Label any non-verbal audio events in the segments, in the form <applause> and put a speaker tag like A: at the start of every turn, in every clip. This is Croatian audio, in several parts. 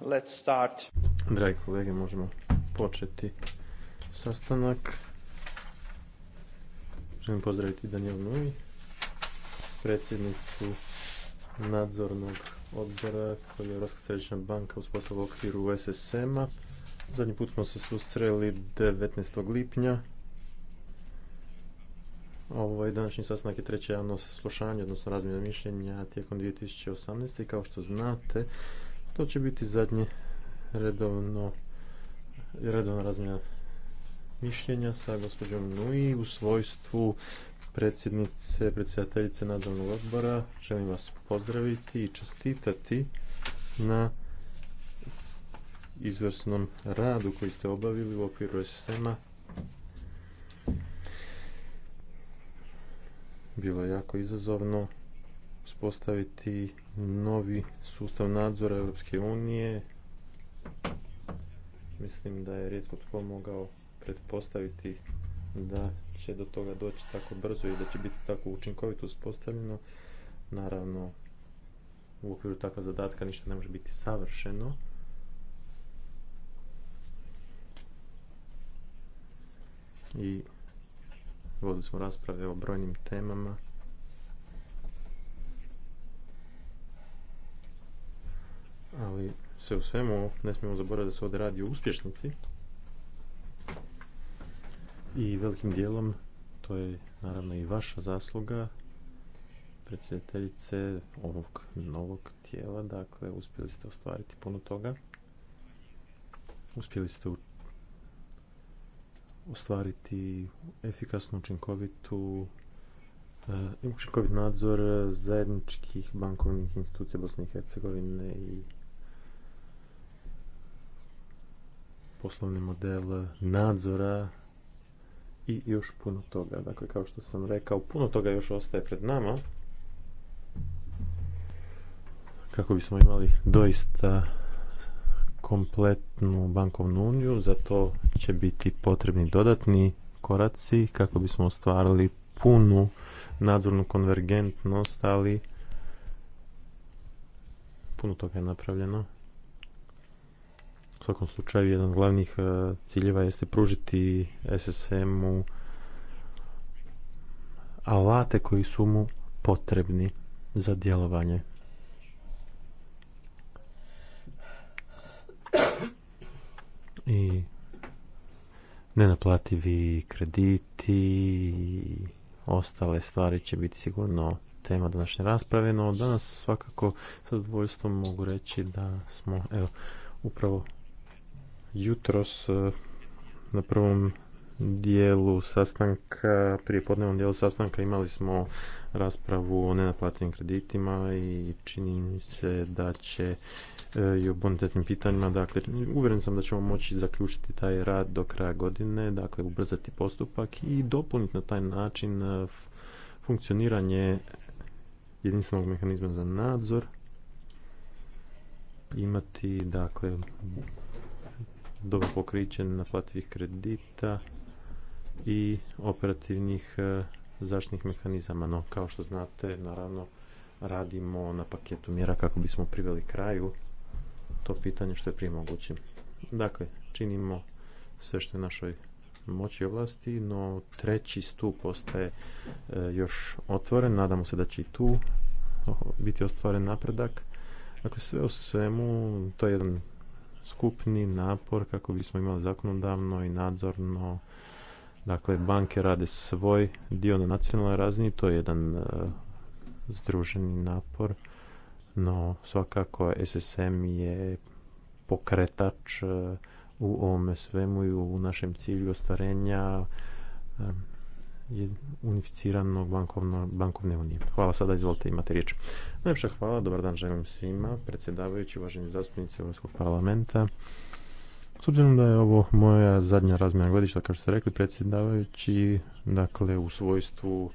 A: let's start.
B: Dragi kolege, možemo početi sastanak. Želim pozdraviti Danijel Novi, predsjednicu nadzornog odbora koji je Europska središnja banka uspostavila u okviru SSM-a. Zadnji put smo se susreli 19. lipnja. Ovaj današnji sastanak je treće javno slušanje, odnosno razmjena mišljenja tijekom 2018. I kao što znate, to će biti zadnje redovno redovna razmjena mišljenja sa gospođom Nui u svojstvu predsjednice, predsjedateljice nadzornog odbora. Želim vas pozdraviti i čestitati na izvrsnom radu koji ste obavili u okviru SSM-a. Bilo je jako izazovno, uspostaviti novi sustav nadzora Europske unije. Mislim da je rijetko tko mogao pretpostaviti da će do toga doći tako brzo i da će biti tako učinkovito uspostavljeno. Naravno, u okviru takva zadatka ništa ne može biti savršeno. I vodili smo rasprave o brojnim temama. ali sve u svemu ne smijemo zaboraviti da se ovdje radi o uspješnici i velikim dijelom to je naravno i vaša zasluga predsjedateljice ovog novog tijela, dakle uspjeli ste ostvariti puno toga. Uspjeli ste ostvariti efikasnu učinkovitu e, učinkovit nadzor zajedničkih bankovnih institucija Bosne i Hercegovine i poslovni model nadzora i još puno toga. Dakle, kao što sam rekao, puno toga još ostaje pred nama. Kako bismo imali doista kompletnu bankovnu uniju, za to će biti potrebni dodatni koraci kako bismo ostvarili punu nadzornu konvergentnost, ali puno toga je napravljeno svakom slučaju jedan od glavnih e, ciljeva jeste pružiti SSM-u alate koji su mu potrebni za djelovanje. I nenaplativi krediti i ostale stvari će biti sigurno tema današnje rasprave, no danas svakako sa zadovoljstvom mogu reći da smo evo, upravo jutros e, na prvom dijelu sastanka, prije podnevnom dijelu sastanka imali smo raspravu o nenaplativim kreditima i čini mi se da će e, i o bonitetnim pitanjima. Dakle, uvjeren sam da ćemo moći zaključiti taj rad do kraja godine, dakle ubrzati postupak i dopuniti na taj način e, funkcioniranje jedinstvenog mehanizma za nadzor imati dakle dobro pokriće naplativih kredita i operativnih e, zaštitnih mehanizama. No, kao što znate, naravno, radimo na paketu mjera kako bismo priveli kraju to pitanje što je prije moguće. Dakle, činimo sve što je našoj moći i ovlasti, no treći stup ostaje e, još otvoren. Nadamo se da će i tu biti ostvaren napredak. Dakle, sve u svemu, to je jedan skupni napor kako bismo imali zakonodavno i nadzorno Dakle, banke rade svoj dio na nacionalnoj razini, to je jedan e, združeni napor, no svakako SSM je pokretač e, u ovome svemu i u našem cilju ostvarenja e, unificiranog bankovno, bankovne unije. Hvala sada, izvolite, imate riječ. Najpša hvala, dobar dan želim svima, predsjedavajući, uvaženi zastupnici Europskog parlamenta. S obzirom da je ovo moja zadnja razmjena gledišta, kao što ste rekli, predsjedavajući, dakle, u svojstvu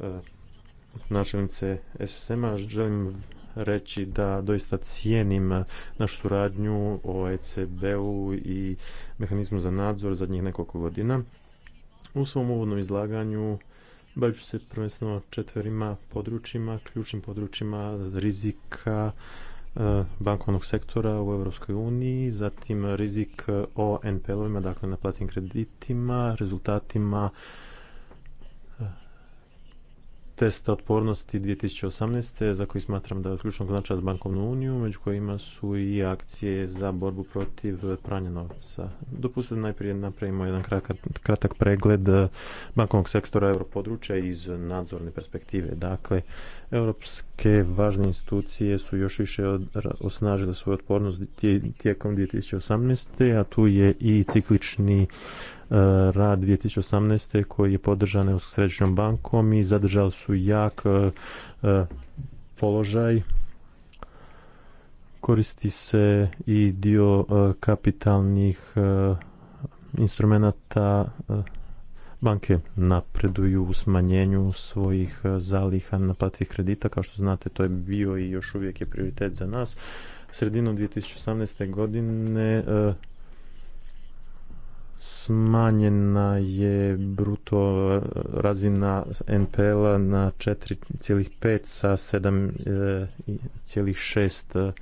B: e, načelnice SSM-a, želim reći da doista cijenim našu suradnju o ECB-u i mehanizmu za nadzor zadnjih nekoliko godina. U svom uvodnom izlaganju bavit ću se prvenstveno četverima područjima, ključnim područjima rizika e, bankovnog sektora u Europskoj uniji, zatim rizik o NPL-ovima, dakle naplatim kreditima, rezultatima testa otpornosti 2018. za koji smatram da je ključno značaj za bankovnu uniju, među kojima su i akcije za borbu protiv pranja novca. Dopustite da najprije napravimo jedan kratak, pregled bankovnog sektora europodručja iz nadzorne perspektive. Dakle, europske važne institucije su još više osnažile svoju otpornost tijekom 2018. a tu je i ciklični rad 2018. koji je podržan Europskom središnjom bankom i zadržali su jak e, e, položaj koristi se i dio e, kapitalnih instrumenata banke napreduju u smanjenju svojih zaliha naplativih kredita. Kao što znate, to je bio i još uvijek je prioritet za nas. Sredinom 2018. godine smanjena je bruto razina NPL-a na 4,5 sa 7,6. E,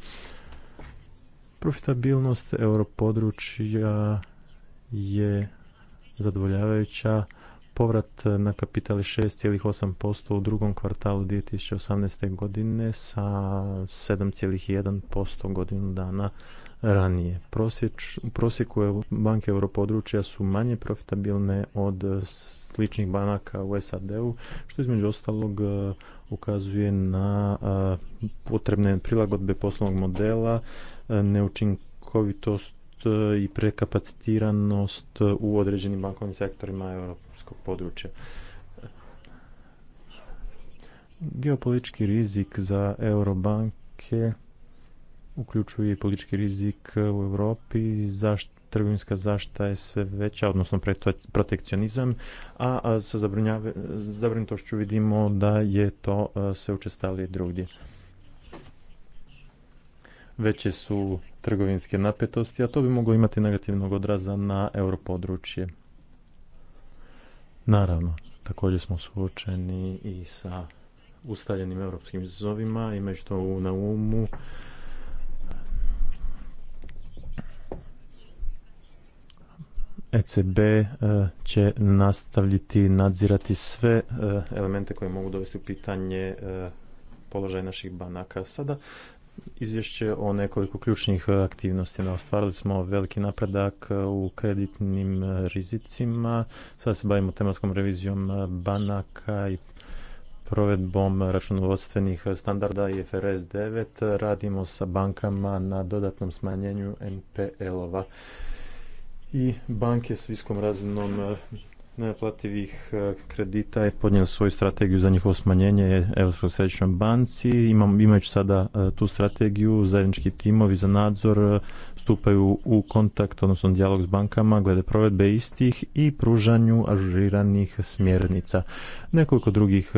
B: Profitabilnost europodručja je zadovoljavajuća. Povrat na kapital 6,8% u drugom kvartalu 2018. godine sa 7,1% godinu dana ranije. u prosjeku banke europodručja su manje profitabilne od sličnih banaka u SAD-u, što između ostalog e, ukazuje na e, potrebne prilagodbe poslovnog modela, e, neučinkovitost i prekapacitiranost u određenim bankovnim sektorima europskog područja. Geopolitički rizik za eurobanke uključuje i politički rizik e, u Europi, trgovinska zašta je sve veća, odnosno protekcionizam, a sa zabrinutošću vidimo da je to e, sve učestalije drugdje. Veće su trgovinske napetosti, a to bi moglo imati negativnog odraza na europodručje. Naravno, također smo suočeni i sa ustaljenim europskim izazovima, imajući to na umu ECB e, će nastaviti nadzirati sve e, elemente koje mogu dovesti u pitanje e, položaj naših banaka. Sada izvješće o nekoliko ključnih aktivnosti. Ostvarili smo veliki napredak u kreditnim rizicima. Sada se bavimo tematskom revizijom banaka i provedbom računovodstvenih standarda IFRS 9. Radimo sa bankama na dodatnom smanjenju NPL-ova i banke s viskom razinom eh, neplativih eh, kredita je podnijela svoju strategiju za njihovo smanjenje Europskoj središnjoj banci. Imam, imajući sada eh, tu strategiju, zajednički timovi za nadzor stupaju u kontakt, odnosno dijalog s bankama glede provedbe istih i pružanju ažuriranih smjernica. Nekoliko drugih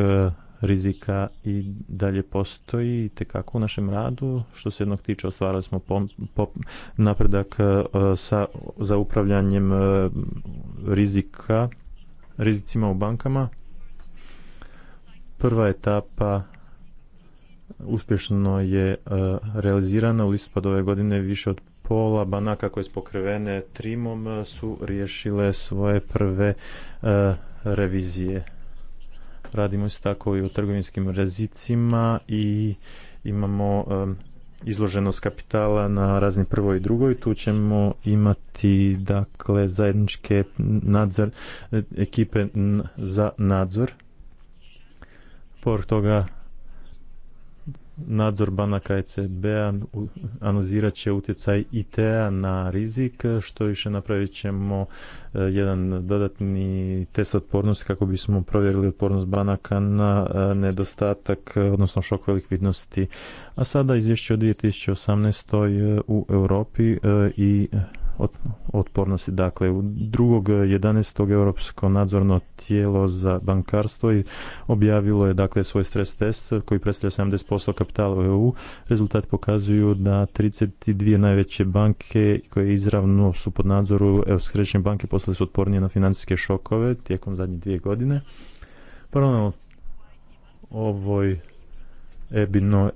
B: rizika i dalje postoji te u našem radu. Što se jednog tiče, ostvarali smo napredak e, sa, za upravljanjem e, rizika, rizicima u bankama. Prva etapa uspješno je e, realizirana u listopadu ove godine više od pola banaka koje su pokrivene trimom su riješile svoje prve revizije radimo se tako i o trgovinskim razicima i imamo izloženost kapitala na razni prvoj i drugoj. Tu ćemo imati dakle zajedničke nadzor, e, ekipe za nadzor. Pored toga nadzor banaka ecb analizirat će utjecaj IT-a na rizik, što više napravit ćemo eh, jedan dodatni test otpornosti kako bismo provjerili otpornost banaka na eh, nedostatak, eh, odnosno šok likvidnosti. A sada izvješće o 2018. u Europi i otpornosti. Dakle, u 11. Eh, europsko nadzorno tijelo za bankarstvo objavilo je dakle svoj stres test koji predstavlja 70% kapitala u EU. Rezultati pokazuju da 32 najveće banke koje izravno su pod nadzoru Europske banke postale su otpornije na financijske šokove tijekom zadnje dvije godine. Prvo, ovoj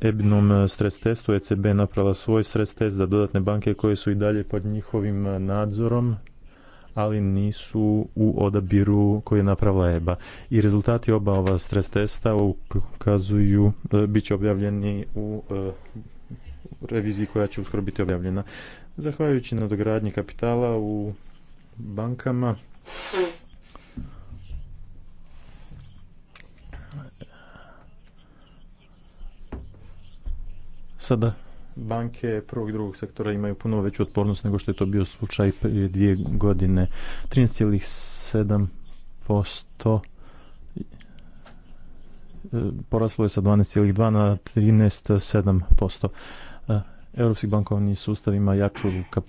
B: Ebinom e, stres testu. ECB je napravila svoj stres test za dodatne banke koje su i dalje pod njihovim e, nadzorom, ali nisu u odabiru koji je napravila EBA. I rezultati oba ova stres testa ukazuju, e, bit će objavljeni u reviziji koja će uskoro biti objavljena. Zahvaljujući na dogradnji kapitala u bankama, Sada banke prvog i drugog sektora imaju puno veću otpornost nego što je to bio slučaj prije dvije godine. 13,7% e, poraslo je sa 12,2 na 13,7%. E, europski bankovni sustav ima jaču,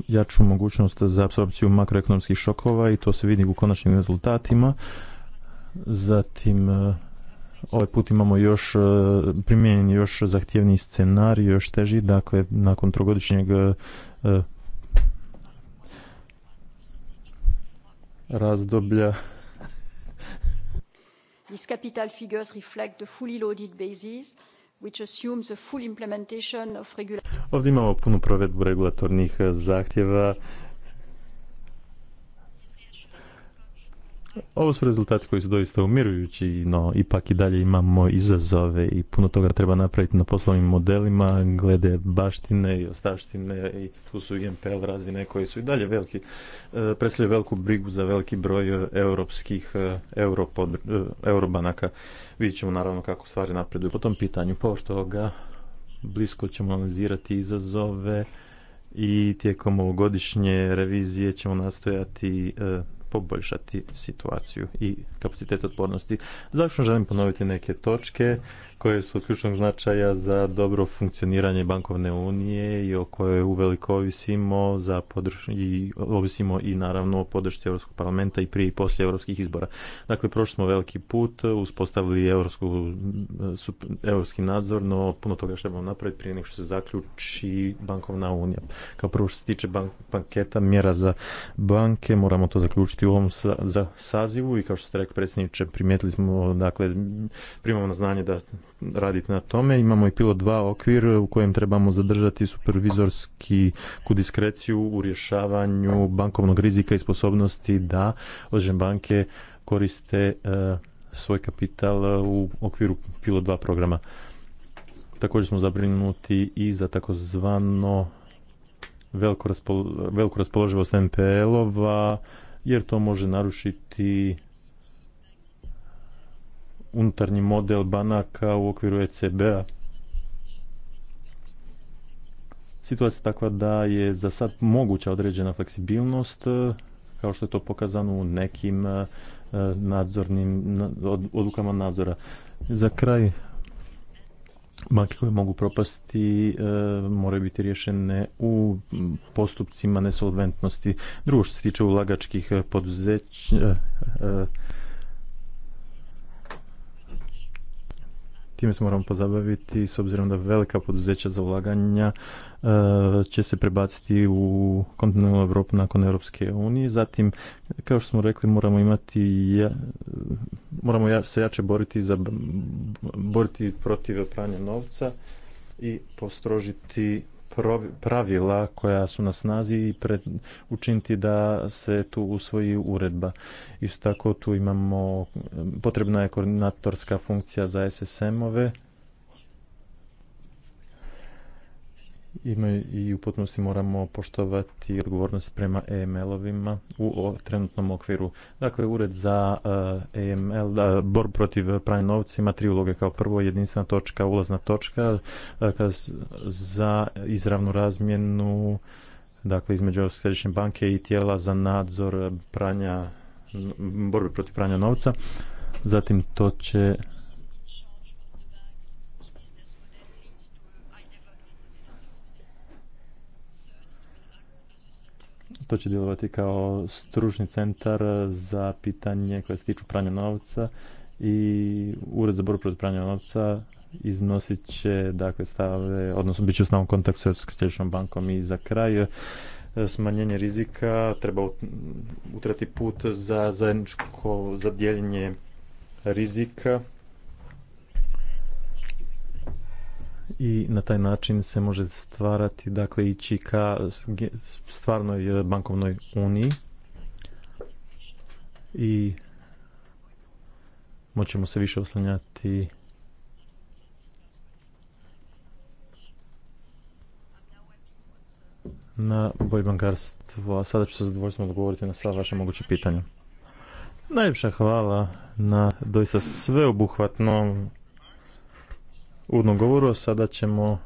B: jaču mogućnost za apsorpciju makroekonomskih šokova i to se vidi u konačnim rezultatima. Zatim e, ovaj put imamo još e, primijenjen još zahtjevniji scenarij, još teži, dakle nakon trogodišnjeg e, e, razdoblja
C: This capital figures reflect the fully loaded basis which assumes the full implementation of
B: Ovdje imamo punu provedbu regulatornih zahtjeva Ovo su rezultati koji su doista umirujući, no ipak i dalje imamo izazove i puno toga treba napraviti na poslovnim modelima, glede baštine i ostaštine i tu su i MPL razine koji su i dalje veliki, e, predstavljaju veliku brigu za veliki broj e, europskih e, eurobanaka. Vidjet ćemo naravno kako stvari napreduju po tom pitanju. Pošto toga blisko ćemo analizirati izazove i tijekom ovogodišnje revizije ćemo nastojati poboljšati situaciju i kapacitet otpornosti. Završno želim ponoviti neke točke koje su od ključnog značaja za dobro funkcioniranje bankovne unije i o kojoj uveliko ovisimo za podrš i ovisimo i naravno o podršci Europskog parlamenta i prije i poslije europskih izbora. Dakle, prošli smo veliki put, uspostavili europski nadzor, no puno toga što trebamo napraviti prije nego što se zaključi bankovna unija. Kao prvo što se tiče bank paketa mjera za banke, moramo to zaključiti u ovom sa za sazivu i kao što ste rekli predsjedniče, primijetili smo, dakle, primamo na znanje da raditi na tome. Imamo i pilot 2 okvir u kojem trebamo zadržati supervizorski ku diskreciju u rješavanju bankovnog rizika i sposobnosti da određene banke koriste e, svoj kapital u okviru pilot 2 programa. Također smo zabrinuti i za takozvano veliku raspoloživost NPL-ova, jer to može narušiti unutarnji model banaka u okviru ECB-a. Situacija je takva da je za sad moguća određena fleksibilnost, e, kao što je to pokazano u nekim e, nadzornim odlukama nadzora. Za kraj, banke koje mogu propasti e, moraju biti rješene u postupcima nesolventnosti. Drugo što se tiče ulagačkih poduzeća, time se moramo pozabaviti s obzirom da velika poduzeća za ulaganja e, će se prebaciti u kontinentalnu Europu nakon Europske unije. Zatim, kao što smo rekli, moramo imati moramo se jače boriti za boriti protiv pranja novca i postrožiti pravila koja su na snazi i pred učiniti da se tu usvoji uredba. Isto tako tu imamo, potrebna je koordinatorska funkcija za SSM-ove Ima i u potpunosti moramo poštovati odgovornost prema EML-ovima u trenutnom okviru. Dakle, ured za EML, e da, bor protiv pranja novca, ima tri uloge kao prvo, jedinstvena točka, ulazna točka e, za izravnu razmjenu dakle između središnje banke i tijela za nadzor pranja borbe protiv pranja novca. Zatim to će to će djelovati kao stručni centar za pitanje koje se tiču pranja novca i Ured za borbu protiv pranja novca iznosit će dakle stave, odnosno bit će u stalnom kontaktu sa Središnjom bankom i za kraj e, smanjenje rizika treba utrati put za zajedničko za rizika i na taj način se može stvarati, dakle ići ka stvarnoj e, bankovnoj uniji i moćemo se više oslanjati na boj bankarstvo, a sada ću se zadovoljstvom odgovoriti na sva vaše moguće pitanja. Najljepša hvala na doista sveobuhvatnom uvodnom govoru, sada ćemo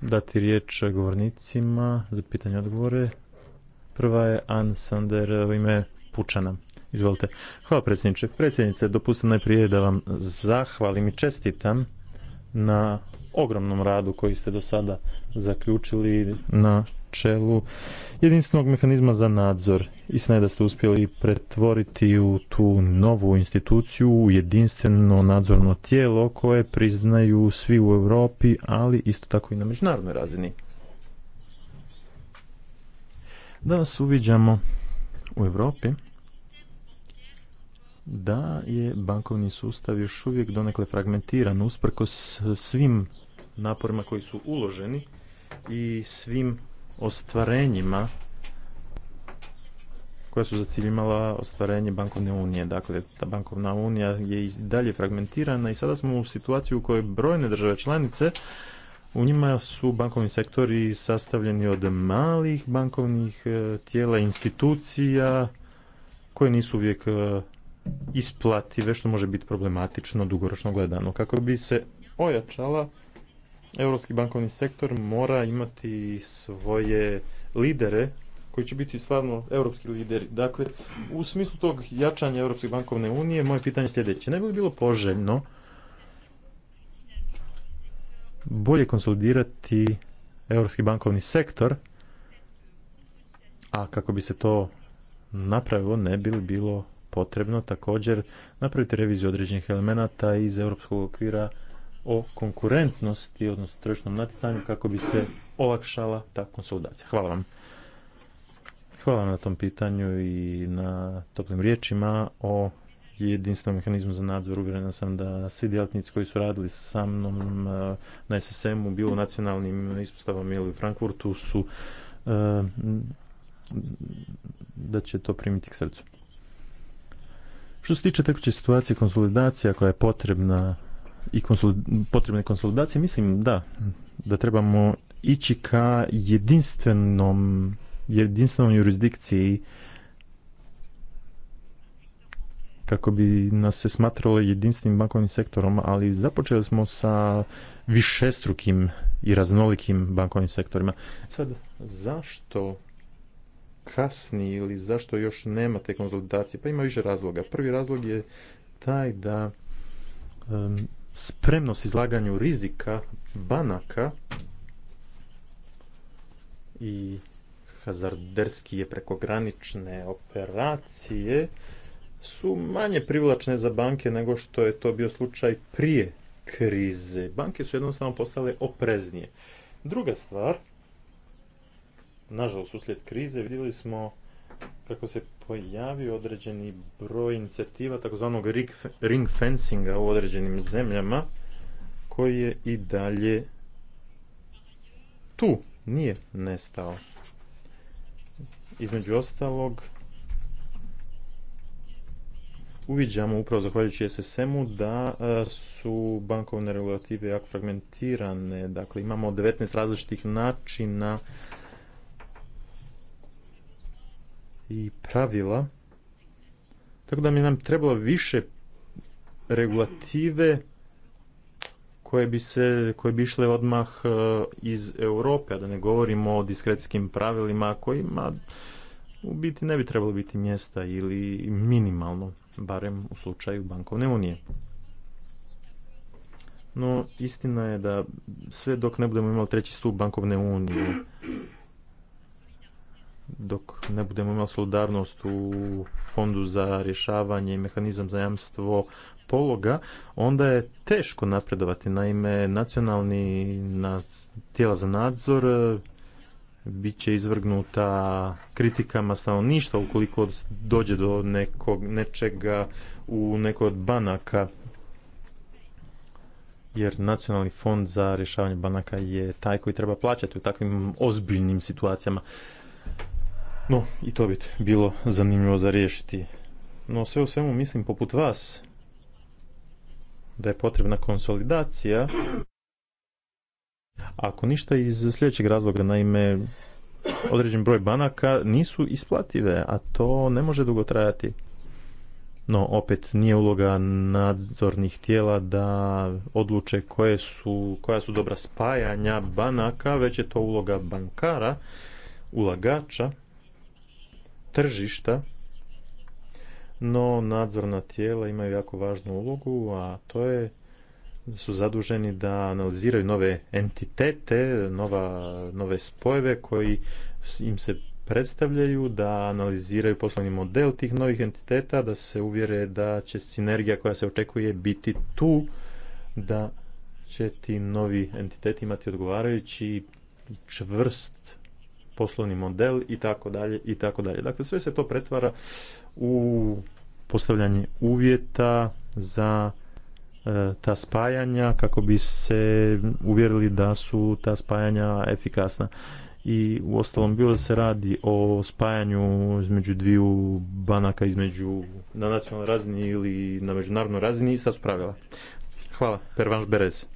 B: dati riječ govornicima za pitanje odgovore. Prva je Ann Sander u ime Pučana. Izvolite. Hvala predsjedniče. Predsjednice, dopustite najprije da vam zahvalim i čestitam na ogromnom radu koji ste do sada zaključili na čelu jedinstvenog mehanizma za nadzor. I je da ste uspjeli pretvoriti u tu novu instituciju, u jedinstveno nadzorno tijelo koje priznaju svi u Europi, ali isto tako i na međunarodnoj razini. Danas uviđamo u Europi da je bankovni sustav još uvijek donekle fragmentiran usprkos svim naporima koji su uloženi i svim ostvarenjima koja su za cilj imala ostvarenje bankovne unije. Dakle, ta bankovna unija je i dalje fragmentirana i sada smo u situaciji u kojoj brojne države članice u njima su bankovni sektori sastavljeni od malih bankovnih e, tijela, institucija koje nisu uvijek e, isplative, što može biti problematično dugoročno gledano. Kako bi se ojačala europski bankovni sektor mora imati svoje lidere koji će biti stvarno europski lideri. Dakle, u smislu tog jačanja Europske bankovne unije, moje pitanje je sljedeće. Ne bi li bilo poželjno bolje konsolidirati europski bankovni sektor, a kako bi se to napravilo, ne bi bilo potrebno također napraviti reviziju određenih elemenata iz europskog okvira o konkurentnosti, odnosno tržišnom natjecanju, kako bi se olakšala ta konsolidacija. Hvala vam. Hvala vam na tom pitanju i na toplim riječima o jedinstvenom mehanizmu za nadzor. Uvjeren sam da svi djelatnici koji su radili sa mnom eh, na SSM-u, bilo u nacionalnim ispostavama ili u Frankfurtu, su eh, da će to primiti k srcu. Što se tiče tekuće situacije, konsolidacija koja je potrebna i konsolid, potrebne konsolidacije, mislim da, da trebamo ići ka jedinstvenom, jedinstvenom jurisdikciji kako bi nas se smatralo jedinstvenim bankovnim sektorom, ali započeli smo sa višestrukim i raznolikim bankovnim sektorima. Sad, zašto kasni ili zašto još nema te konsolidacije? Pa ima više razloga. Prvi razlog je taj da spremnost izlaganju rizika banaka i hazarderski je prekogranične operacije su manje privlačne za banke nego što je to bio slučaj prije krize. Banke su jednostavno postale opreznije. Druga stvar, nažalost uslijed krize vidjeli smo kako se pojavio određeni broj inicijativa takozvanog ring fencinga u određenim zemljama koji je i dalje tu, nije nestao. Između ostalog, uviđamo upravo zahvaljujući SSM-u da e, su bankovne regulative jako fragmentirane. Dakle, imamo 19 različitih načina i pravila. Tako da mi nam trebalo više regulative koje bi, se, koje bi išle odmah e, iz Europe, a da ne govorimo o diskretskim pravilima kojima u biti ne bi trebalo biti mjesta ili minimalno, barem u slučaju bankovne unije. No, istina je da sve dok ne budemo imali treći stup bankovne unije, dok ne budemo imali solidarnost u fondu za rješavanje i mehanizam za jamstvo pologa, onda je teško napredovati. Naime, nacionalni na, tijela za nadzor e, bit će izvrgnuta kritikama stanovništva ukoliko dođe do nekog, nečega u nekoj od banaka jer nacionalni fond za rješavanje banaka je taj koji treba plaćati u takvim ozbiljnim situacijama. No, i to bi bilo zanimljivo za riješiti. No, sve u svemu mislim poput vas da je potrebna konsolidacija. Ako ništa iz sljedećeg razloga, naime, određen broj banaka nisu isplative, a to ne može dugo trajati. No, opet nije uloga nadzornih tijela da odluče koje su, koja su dobra spajanja banaka, već je to uloga bankara, ulagača tržišta, no nadzorna tijela imaju jako važnu ulogu, a to je da su zaduženi da analiziraju nove entitete, nova, nove spojeve koji im se predstavljaju, da analiziraju poslovni model tih novih entiteta, da se uvjere da će sinergija koja se očekuje biti tu, da će ti novi entiteti imati odgovarajući čvrst poslovni model i tako dalje i tako dalje. Dakle, sve se to pretvara u postavljanje uvjeta za e, ta spajanja kako bi se uvjerili da su ta spajanja efikasna. I u ostalom bilo se radi o spajanju između dviju banaka između na nacionalnoj razini ili na međunarodnoj razini ista su pravila. Hvala, Pervanš Berez.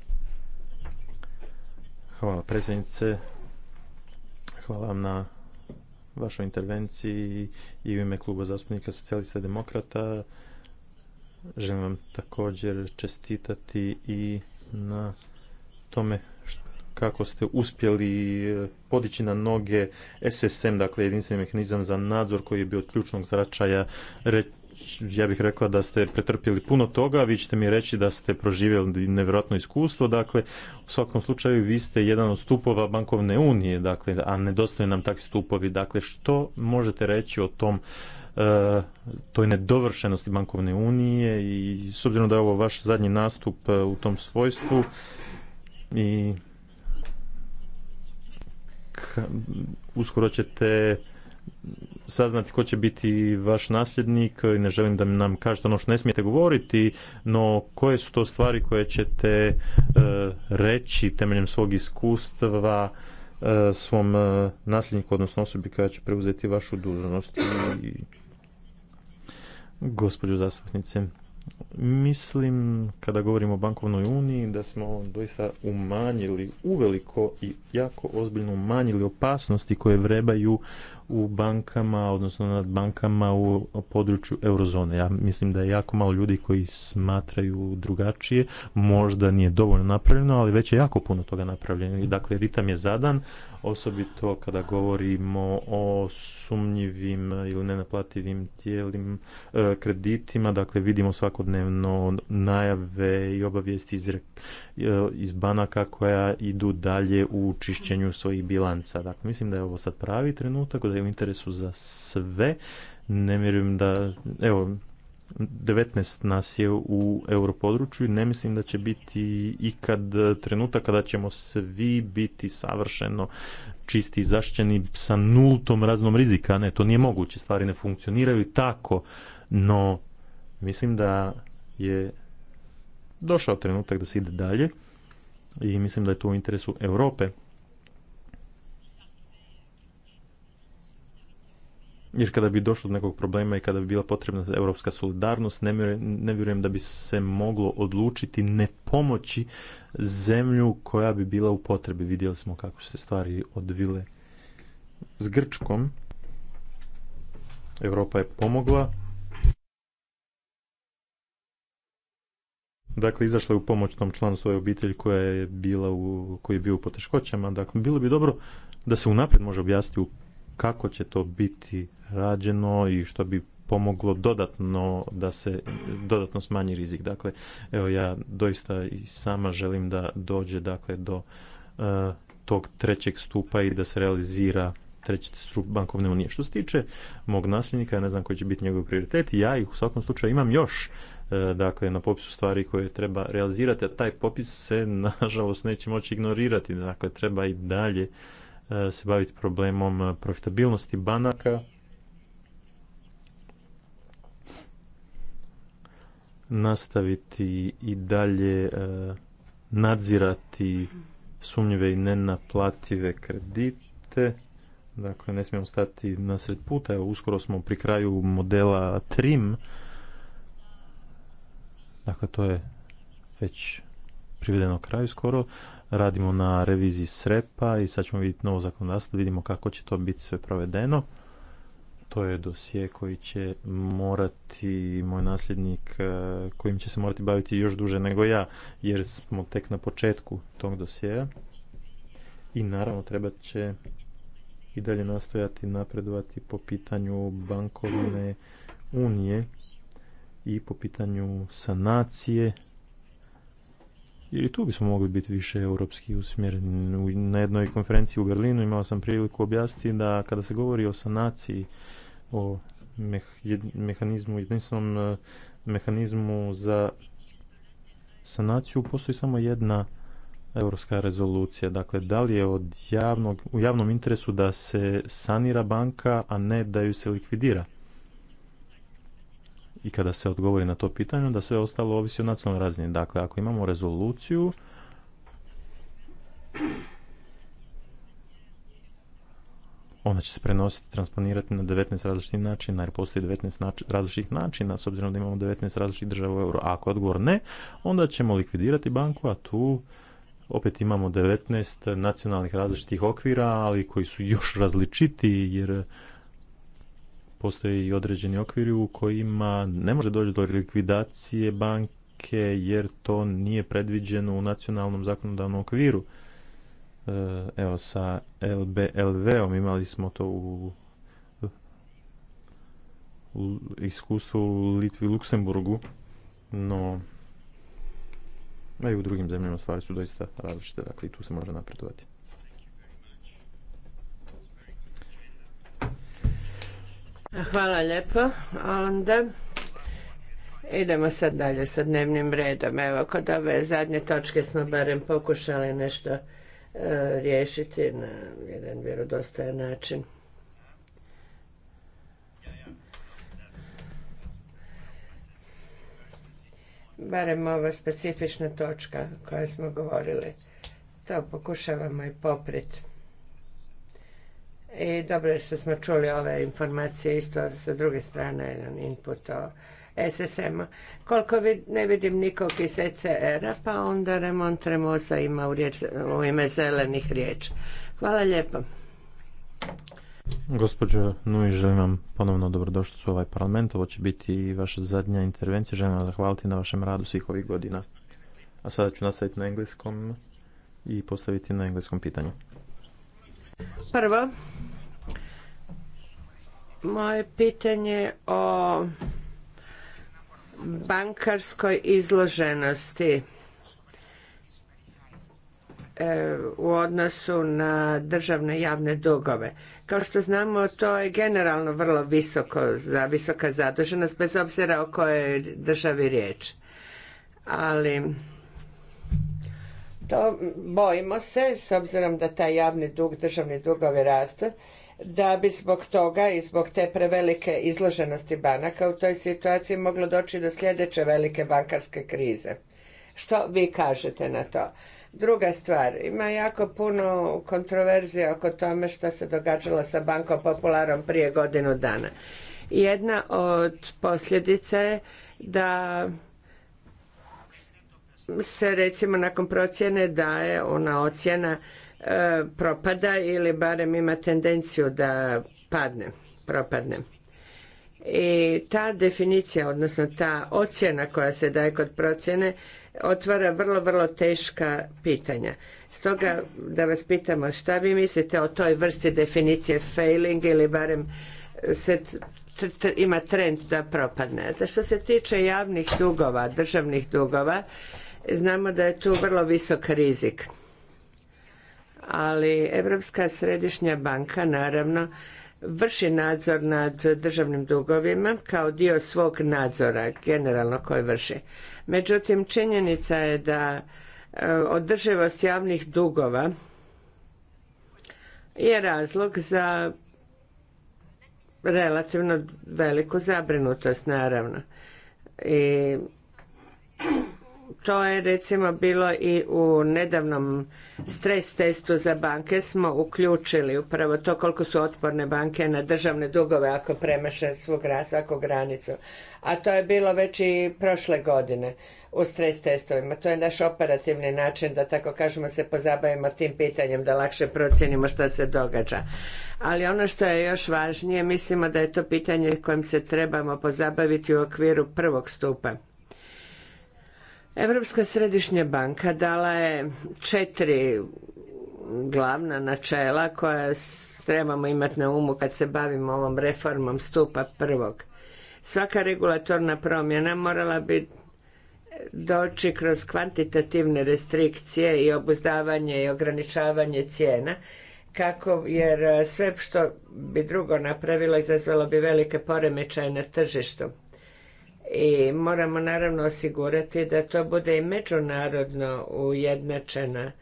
B: Hvala predsjednice, Hvala vam na vašoj intervenciji i u ime kluba zastupnika socijalista demokrata. Želim vam također čestitati i na tome kako ste uspjeli e, podići na noge SSM, dakle jedinstveni mehanizam za nadzor koji je bio od ključnog značaja ja bih rekla da ste pretrpjeli puno toga, vi ćete mi reći da ste proživjeli nevjerojatno iskustvo, dakle u svakom slučaju vi ste jedan od stupova bankovne unije, dakle, a nedostaju nam takvi stupovi, dakle što možete reći o tom e, toj nedovršenosti bankovne unije i s obzirom da je ovo vaš zadnji nastup e, u tom svojstvu i uskoro ćete saznati ko će biti vaš nasljednik i ne želim da nam kažete ono što ne smijete govoriti, no koje su to stvari koje ćete e, reći temeljem svog iskustva e, svom e, nasljedniku, odnosno osobi koja će preuzeti vašu dužnost. I... Gospođo zastupnice, mislim kada govorimo o bankovnoj uniji da smo doista umanjili uveliko i jako ozbiljno umanjili opasnosti koje vrebaju u bankama, odnosno nad bankama u području eurozone. Ja mislim da je jako malo ljudi koji smatraju drugačije, možda nije dovoljno napravljeno, ali već je jako puno toga napravljeno. Dakle, ritam je zadan, osobito kada govorimo o sumnjivim ili nenaplativim tijelim e, kreditima, dakle vidimo svakodnevno najave i obavijesti iz E, iz banaka koja idu dalje u čišćenju svojih bilanca. Dakle, mislim da je ovo sad pravi trenutak, da je u interesu za sve. Ne vjerujem da, evo, 19 nas je u europodručju i ne mislim da će biti ikad trenutak kada ćemo svi biti savršeno čisti i zaštićeni sa nultom raznom rizika. Ne, to nije moguće, stvari ne funkcioniraju tako, no mislim da je došao trenutak da se ide dalje i mislim da je to u interesu Europe. Jer kada bi došlo do nekog problema i kada bi bila potrebna europska solidarnost, ne vjerujem, ne vjerujem da bi se moglo odlučiti ne pomoći zemlju koja bi bila u potrebi. Vidjeli smo kako se stvari odvile s Grčkom. Europa je pomogla dakle izašla je u pomoć tom članu svoje obitelji koja je bila u, koji je bio u poteškoćama. Dakle, bilo bi dobro da se unaprijed može objasniti kako će to biti rađeno i što bi pomoglo dodatno da se dodatno smanji rizik. Dakle, evo ja doista i sama želim da dođe dakle do e, tog trećeg stupa i da se realizira treći stup bankovne unije. Što se tiče mog nasljednika, ja ne znam koji će biti njegov prioritet, ja ih u svakom slučaju imam još E, dakle na popisu stvari koje treba realizirati, a taj popis se <laughs> nažalost neće moći ignorirati, dakle treba i dalje e, se baviti problemom e, profitabilnosti banaka. Nastaviti i dalje nadzirati sumnjive i nenaplative kredite. Dakle, ne smijemo stati na sred puta. Evo, uskoro smo pri kraju modela TRIM, Dakle, to je već privedeno kraju skoro. Radimo na reviziji SREPA i sad ćemo vidjeti novo zakonodavstvo, vidimo kako će to biti sve provedeno. To je dosije koji će morati moj nasljednik, e, kojim će se morati baviti još duže nego ja, jer smo tek na početku tog dosijeja. I naravno treba će i dalje nastojati napredovati po pitanju bankovne unije i po pitanju sanacije i tu bismo mogli biti više europski usmjereni. Na jednoj konferenciji u Berlinu imao sam priliku objasniti da kada se govori o sanaciji, o mehanizmu, jedinstvenom e, mehanizmu za sanaciju, postoji samo jedna europska rezolucija. Dakle, da li je od javnog, u javnom interesu da se sanira banka, a ne da ju se likvidira? i kada se odgovori na to pitanje, da sve ostalo ovisi o nacionalnoj razini. Dakle, ako imamo rezoluciju, ona će se prenositi, transponirati na 19 različitih načina, jer postoji 19 različitih načina, s obzirom da imamo 19 različitih država u euro. A ako odgovor ne, onda ćemo likvidirati banku, a tu opet imamo 19 nacionalnih različitih okvira, ali koji su još različiti, jer i određeni okviri u kojima ne može doći do likvidacije banke jer to nije predviđeno u nacionalnom zakonodavnom okviru. E, evo sa LBLV-om imali smo to u iskustvu u Litvi i Luksemburgu, no a i u drugim zemljama stvari su doista različite, dakle i tu se može napredovati.
D: Hvala lijepo. Onda idemo sad dalje sa dnevnim redom. Evo, kod ove zadnje točke smo barem pokušali nešto e, riješiti na jedan vjerodostojan način. Barem ova specifična točka o smo govorili. To pokušavamo i popriti. I dobro je što smo čuli ove informacije isto sa druge strane jedan input o ssm Koliko ne vidim nikog iz ECR-a, pa onda Remont Tremosa ima u, riječ, u ime zelenih riječ. Hvala lijepo.
B: Gospođo Nuj, želim vam ponovno dobrodošlicu u ovaj parlament. Ovo će biti i vaša zadnja intervencija. Želim vam zahvaliti na vašem radu svih ovih godina. A sada ću nastaviti na engleskom i postaviti na engleskom pitanju.
D: Prvo, moje pitanje o bankarskoj izloženosti e, u odnosu na državne javne dugove. Kao što znamo, to je generalno vrlo visoko, za visoka zaduženost, bez obzira o kojoj državi riječ. Ali, to bojimo se, s obzirom da taj javni dug, državni dugovi raste, da bi zbog toga i zbog te prevelike izloženosti banaka u toj situaciji moglo doći do sljedeće velike bankarske krize. Što vi kažete na to? Druga stvar, ima jako puno kontroverzije oko tome što se događalo sa Bankom Popularom prije godinu dana. Jedna od posljedica je da se recimo nakon procjene daje ona ocjena e, propada ili barem ima tendenciju da padne, propadne. I ta definicija, odnosno ta ocjena koja se daje kod procjene otvara vrlo, vrlo teška pitanja. Stoga da vas pitamo šta vi mislite o toj vrsti definicije failing ili barem se ima trend da propadne. Da što se tiče javnih dugova, državnih dugova, Znamo da je tu vrlo visok rizik. Ali Europska središnja banka naravno vrši nadzor nad državnim dugovima kao dio svog nadzora generalno koji vrši. Međutim, činjenica je da e, održivost javnih dugova je razlog za relativno veliku zabrinutost naravno. I to je recimo bilo i u nedavnom stres testu za banke smo uključili upravo to koliko su otporne banke na državne dugove ako premaše svu svaku granicu. A to je bilo već i prošle godine u stres testovima. To je naš operativni način da tako kažemo se pozabavimo tim pitanjem da lakše procijenimo što se događa. Ali ono što je još važnije mislimo da je to pitanje kojim se trebamo pozabaviti u okviru prvog stupa Europska središnja banka dala je četiri glavna načela koja trebamo imati na umu kad se bavimo ovom reformom stupa prvog. Svaka regulatorna promjena morala bi doći kroz kvantitativne restrikcije i obuzdavanje i ograničavanje cijena kako jer eh, sve što bi drugo napravilo izazvalo bi velike poremećaje na tržištu i moramo naravno osigurati da to bude i međunarodno ujednačena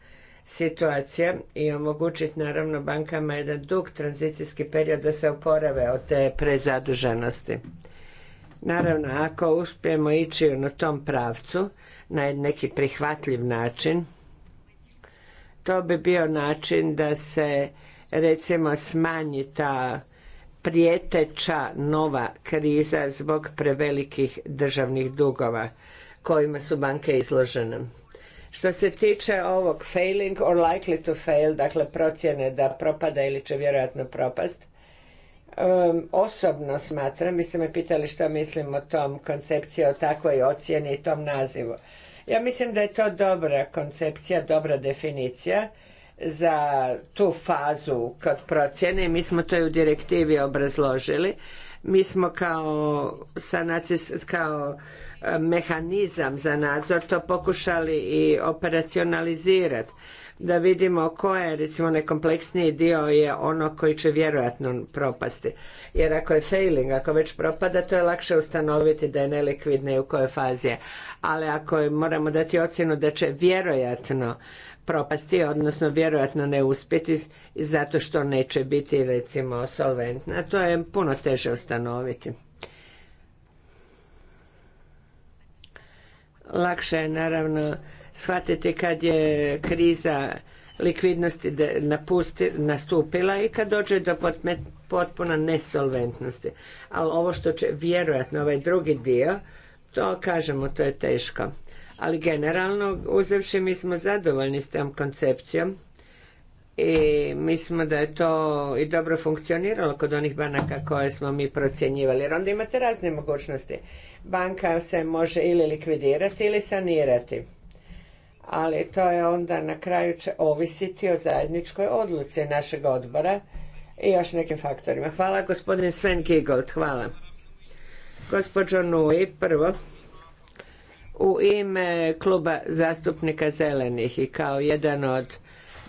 D: situacija i omogućiti naravno bankama jedan dug tranzicijski period da se oporave od te prezaduženosti. Naravno, ako uspijemo ići na tom pravcu na neki prihvatljiv način, to bi bio način da se recimo smanji ta prijeteća nova kriza zbog prevelikih državnih dugova kojima su banke izložene. Što se tiče ovog failing or likely to fail, dakle procjene da propada ili će vjerojatno propast, osobno smatram, vi ste me pitali što mislim o tom koncepciji, o takvoj ocjeni i tom nazivu. Ja mislim da je to dobra koncepcija, dobra definicija za tu fazu kod procjene mi smo to i u direktivi obrazložili. Mi smo kao, sanacis, kao e, mehanizam za nadzor to pokušali i operacionalizirati da vidimo je recimo najkompleksniji dio je ono koji će vjerojatno propasti. Jer ako je failing, ako već propada, to je lakše ustanoviti da je nelikvidna i u kojoj fazi je. Ali ako moramo dati ocjenu da će vjerojatno propasti, odnosno vjerojatno ne uspjeti zato što neće biti recimo solventna. To je puno teže ustanoviti. Lakše je naravno shvatiti kad je kriza likvidnosti nastupila i kad dođe do potpuna nesolventnosti. Ali ovo što će vjerojatno ovaj drugi dio, to kažemo, to je teško ali generalno uzevši mi smo zadovoljni s tom koncepcijom i mislimo da je to i dobro funkcioniralo kod onih banaka koje smo mi procjenjivali jer onda imate razne mogućnosti. Banka se može ili likvidirati ili sanirati. Ali to je onda na kraju će ovisiti o zajedničkoj odluci našeg odbora i još nekim faktorima. Hvala gospodin Sven Gigold, hvala. Gospođo Nui, prvo u ime kluba zastupnika zelenih i kao jedan od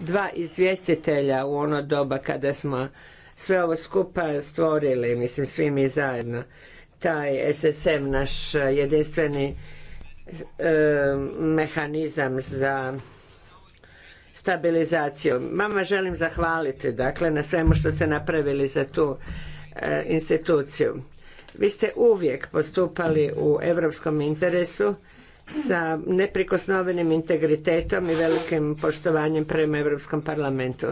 D: dva izvjestitelja u ono doba kada smo sve ovo skupa stvorili, mislim svi mi zajedno, taj SSM, naš jedinstveni e, mehanizam za stabilizaciju. Vama želim zahvaliti dakle na svemu što ste napravili za tu e, instituciju. Vi ste uvijek postupali u europskom interesu sa neprikosnovenim integritetom i velikim poštovanjem prema Europskom parlamentu.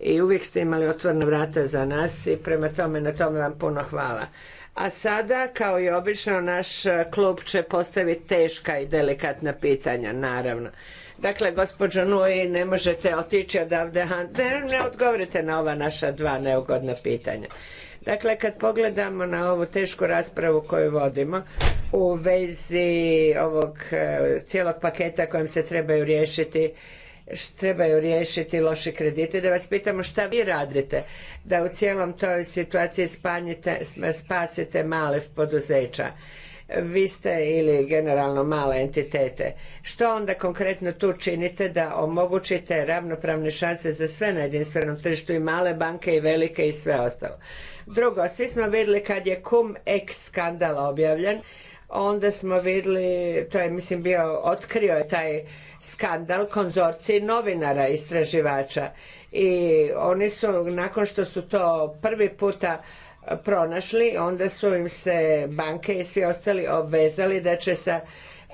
D: I uvijek ste imali otvorna vrata za nas i prema tome na tome vam puno hvala. A sada, kao i obično, naš klub će postaviti teška i delikatna pitanja, naravno. Dakle, gospođo Nui, ne možete otići odavde, ne, ne odgovorite na ova naša dva neugodna pitanja. Dakle, kad pogledamo na ovu tešku raspravu koju vodimo u vezi ovog e, cijelog paketa kojim se trebaju riješiti trebaju riješiti loše kredite, da vas pitamo šta vi radite da u cijelom toj situaciji spasite male poduzeća vi ste ili generalno male entitete. Što onda konkretno tu činite da omogućite ravnopravne šanse za sve na jedinstvenom tržištu i male banke i velike i sve ostalo? Drugo, svi smo vidjeli kad je kum ex skandal objavljen, onda smo vidjeli, to je mislim bio, otkrio je taj skandal konzorciji novinara istraživača i oni su nakon što su to prvi puta pronašli, onda su im se banke i svi ostali obvezali da će sa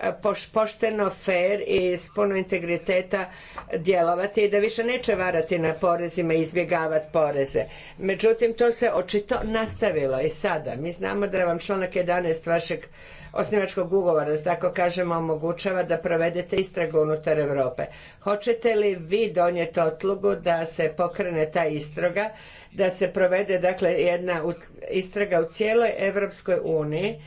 D: e, pošteno, fair i s puno integriteta djelovati i da više neće varati na porezima i izbjegavati poreze. Međutim, to se očito nastavilo i sada. Mi znamo da vam članak 11 vašeg osnivačkog ugovora, da tako kažemo, omogućava da provedete istragu unutar Europe. Hoćete li vi donijeti otlugu da se pokrene ta istraga da se provede dakle jedna istraga u cijeloj Europskoj uniji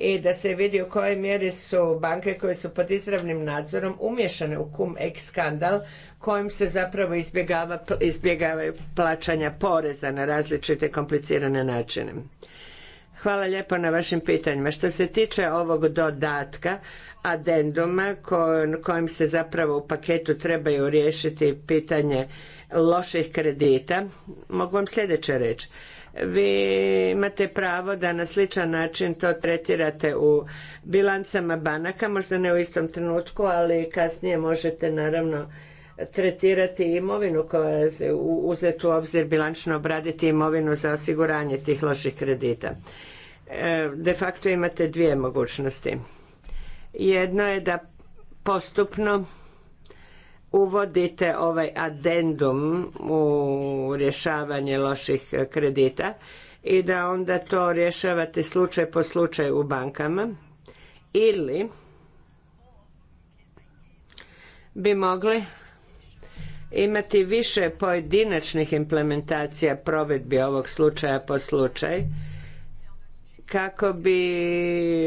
D: i da se vidi u kojoj mjeri su banke koje su pod izravnim nadzorom umješane u kum ex skandal kojim se zapravo izbjegava, izbjegavaju plaćanja poreza na različite komplicirane načine. Hvala lijepo na vašim pitanjima. Što se tiče ovog dodatka, adenduma kojim se zapravo u paketu trebaju riješiti pitanje loših kredita, mogu vam sljedeće reći. Vi imate pravo da na sličan način to tretirate u bilancama banaka, možda ne u istom trenutku, ali kasnije možete naravno tretirati imovinu koja je uzeti u obzir bilančno obraditi imovinu za osiguranje tih loših kredita. E, de facto imate dvije mogućnosti. Jedno je da postupno uvodite ovaj adendum u rješavanje loših kredita i da onda to rješavate slučaj po slučaj u bankama ili bi mogli imati više pojedinačnih implementacija provedbi ovog slučaja po slučaj kako bi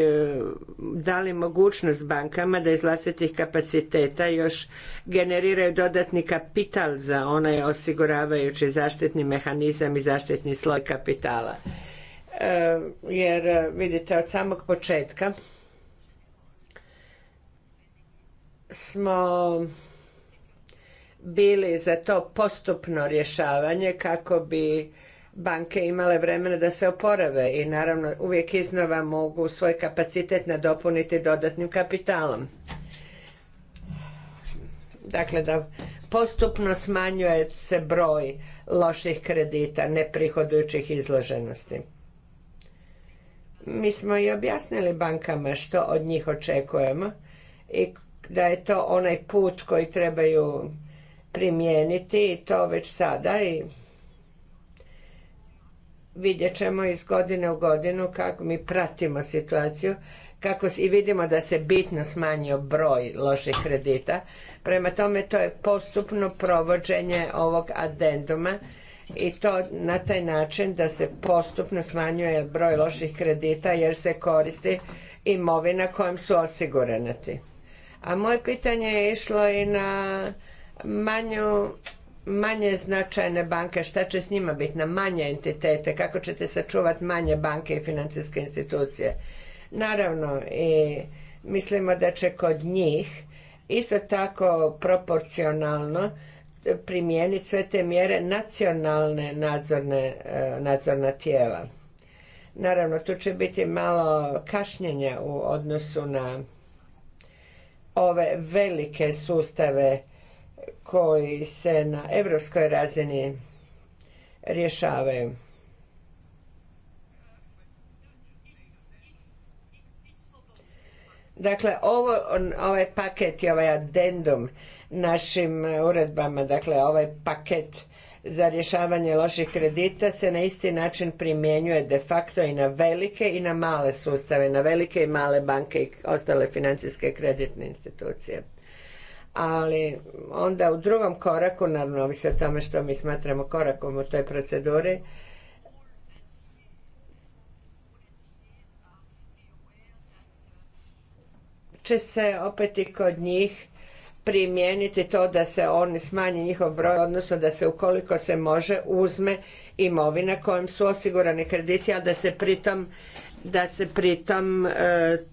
D: e, dali mogućnost bankama da iz vlastitih kapaciteta još generiraju dodatni kapital za onaj osiguravajući zaštitni mehanizam i zaštitni sloj kapitala. E, jer e, vidite od samog početka smo bili za to postupno rješavanje kako bi banke imale vremena da se oporave i naravno uvijek iznova mogu svoj kapacitet nadopuniti dodatnim kapitalom. Dakle, da postupno smanjuje se broj loših kredita, neprihodujućih izloženosti. Mi smo i objasnili bankama što od njih očekujemo i da je to onaj put koji trebaju primijeniti i to već sada i vidjet ćemo iz godine u godinu kako mi pratimo situaciju kako i vidimo da se bitno smanjio broj loših kredita. Prema tome to je postupno provođenje ovog adenduma i to na taj način da se postupno smanjuje broj loših kredita jer se koristi imovina kojom su osigurani. A moje pitanje je išlo i na manju manje značajne banke, šta će s njima biti na manje entitete, kako ćete sačuvati manje banke i financijske institucije. Naravno, i mislimo da će kod njih isto tako proporcionalno primijeniti sve te mjere nacionalne nadzorne, e, nadzorna tijela. Naravno, tu će biti malo kašnjenja u odnosu na ove velike sustave koji se na europskoj razini rješavaju. Dakle, ovo, ovaj paket i ovaj addendum našim e, uredbama, dakle ovaj paket za rješavanje loših kredita se na isti način primjenjuje de facto i na velike i na male sustave, na velike i male banke i ostale financijske kreditne institucije ali onda u drugom koraku, naravno ovisi o tome što mi smatramo korakom u toj proceduri, će se opet i kod njih primijeniti to da se oni smanji njihov broj, odnosno da se ukoliko se može uzme imovina kojom su osigurani krediti, a da se pritom da se pritom e,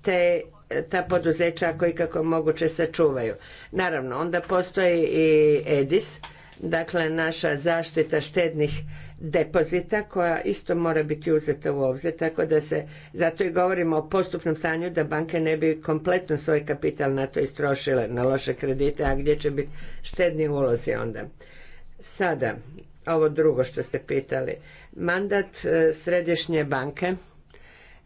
D: te ta poduzeća ako ikako moguće sačuvaju. Naravno, onda postoji i EDIS, dakle naša zaštita štednih depozita koja isto mora biti uzeta u obzir, tako da se, zato i govorimo o postupnom stanju da banke ne bi kompletno svoj kapital na to istrošile, na loše kredite, a gdje će biti štedni ulozi onda. Sada, ovo drugo što ste pitali, mandat e, Središnje banke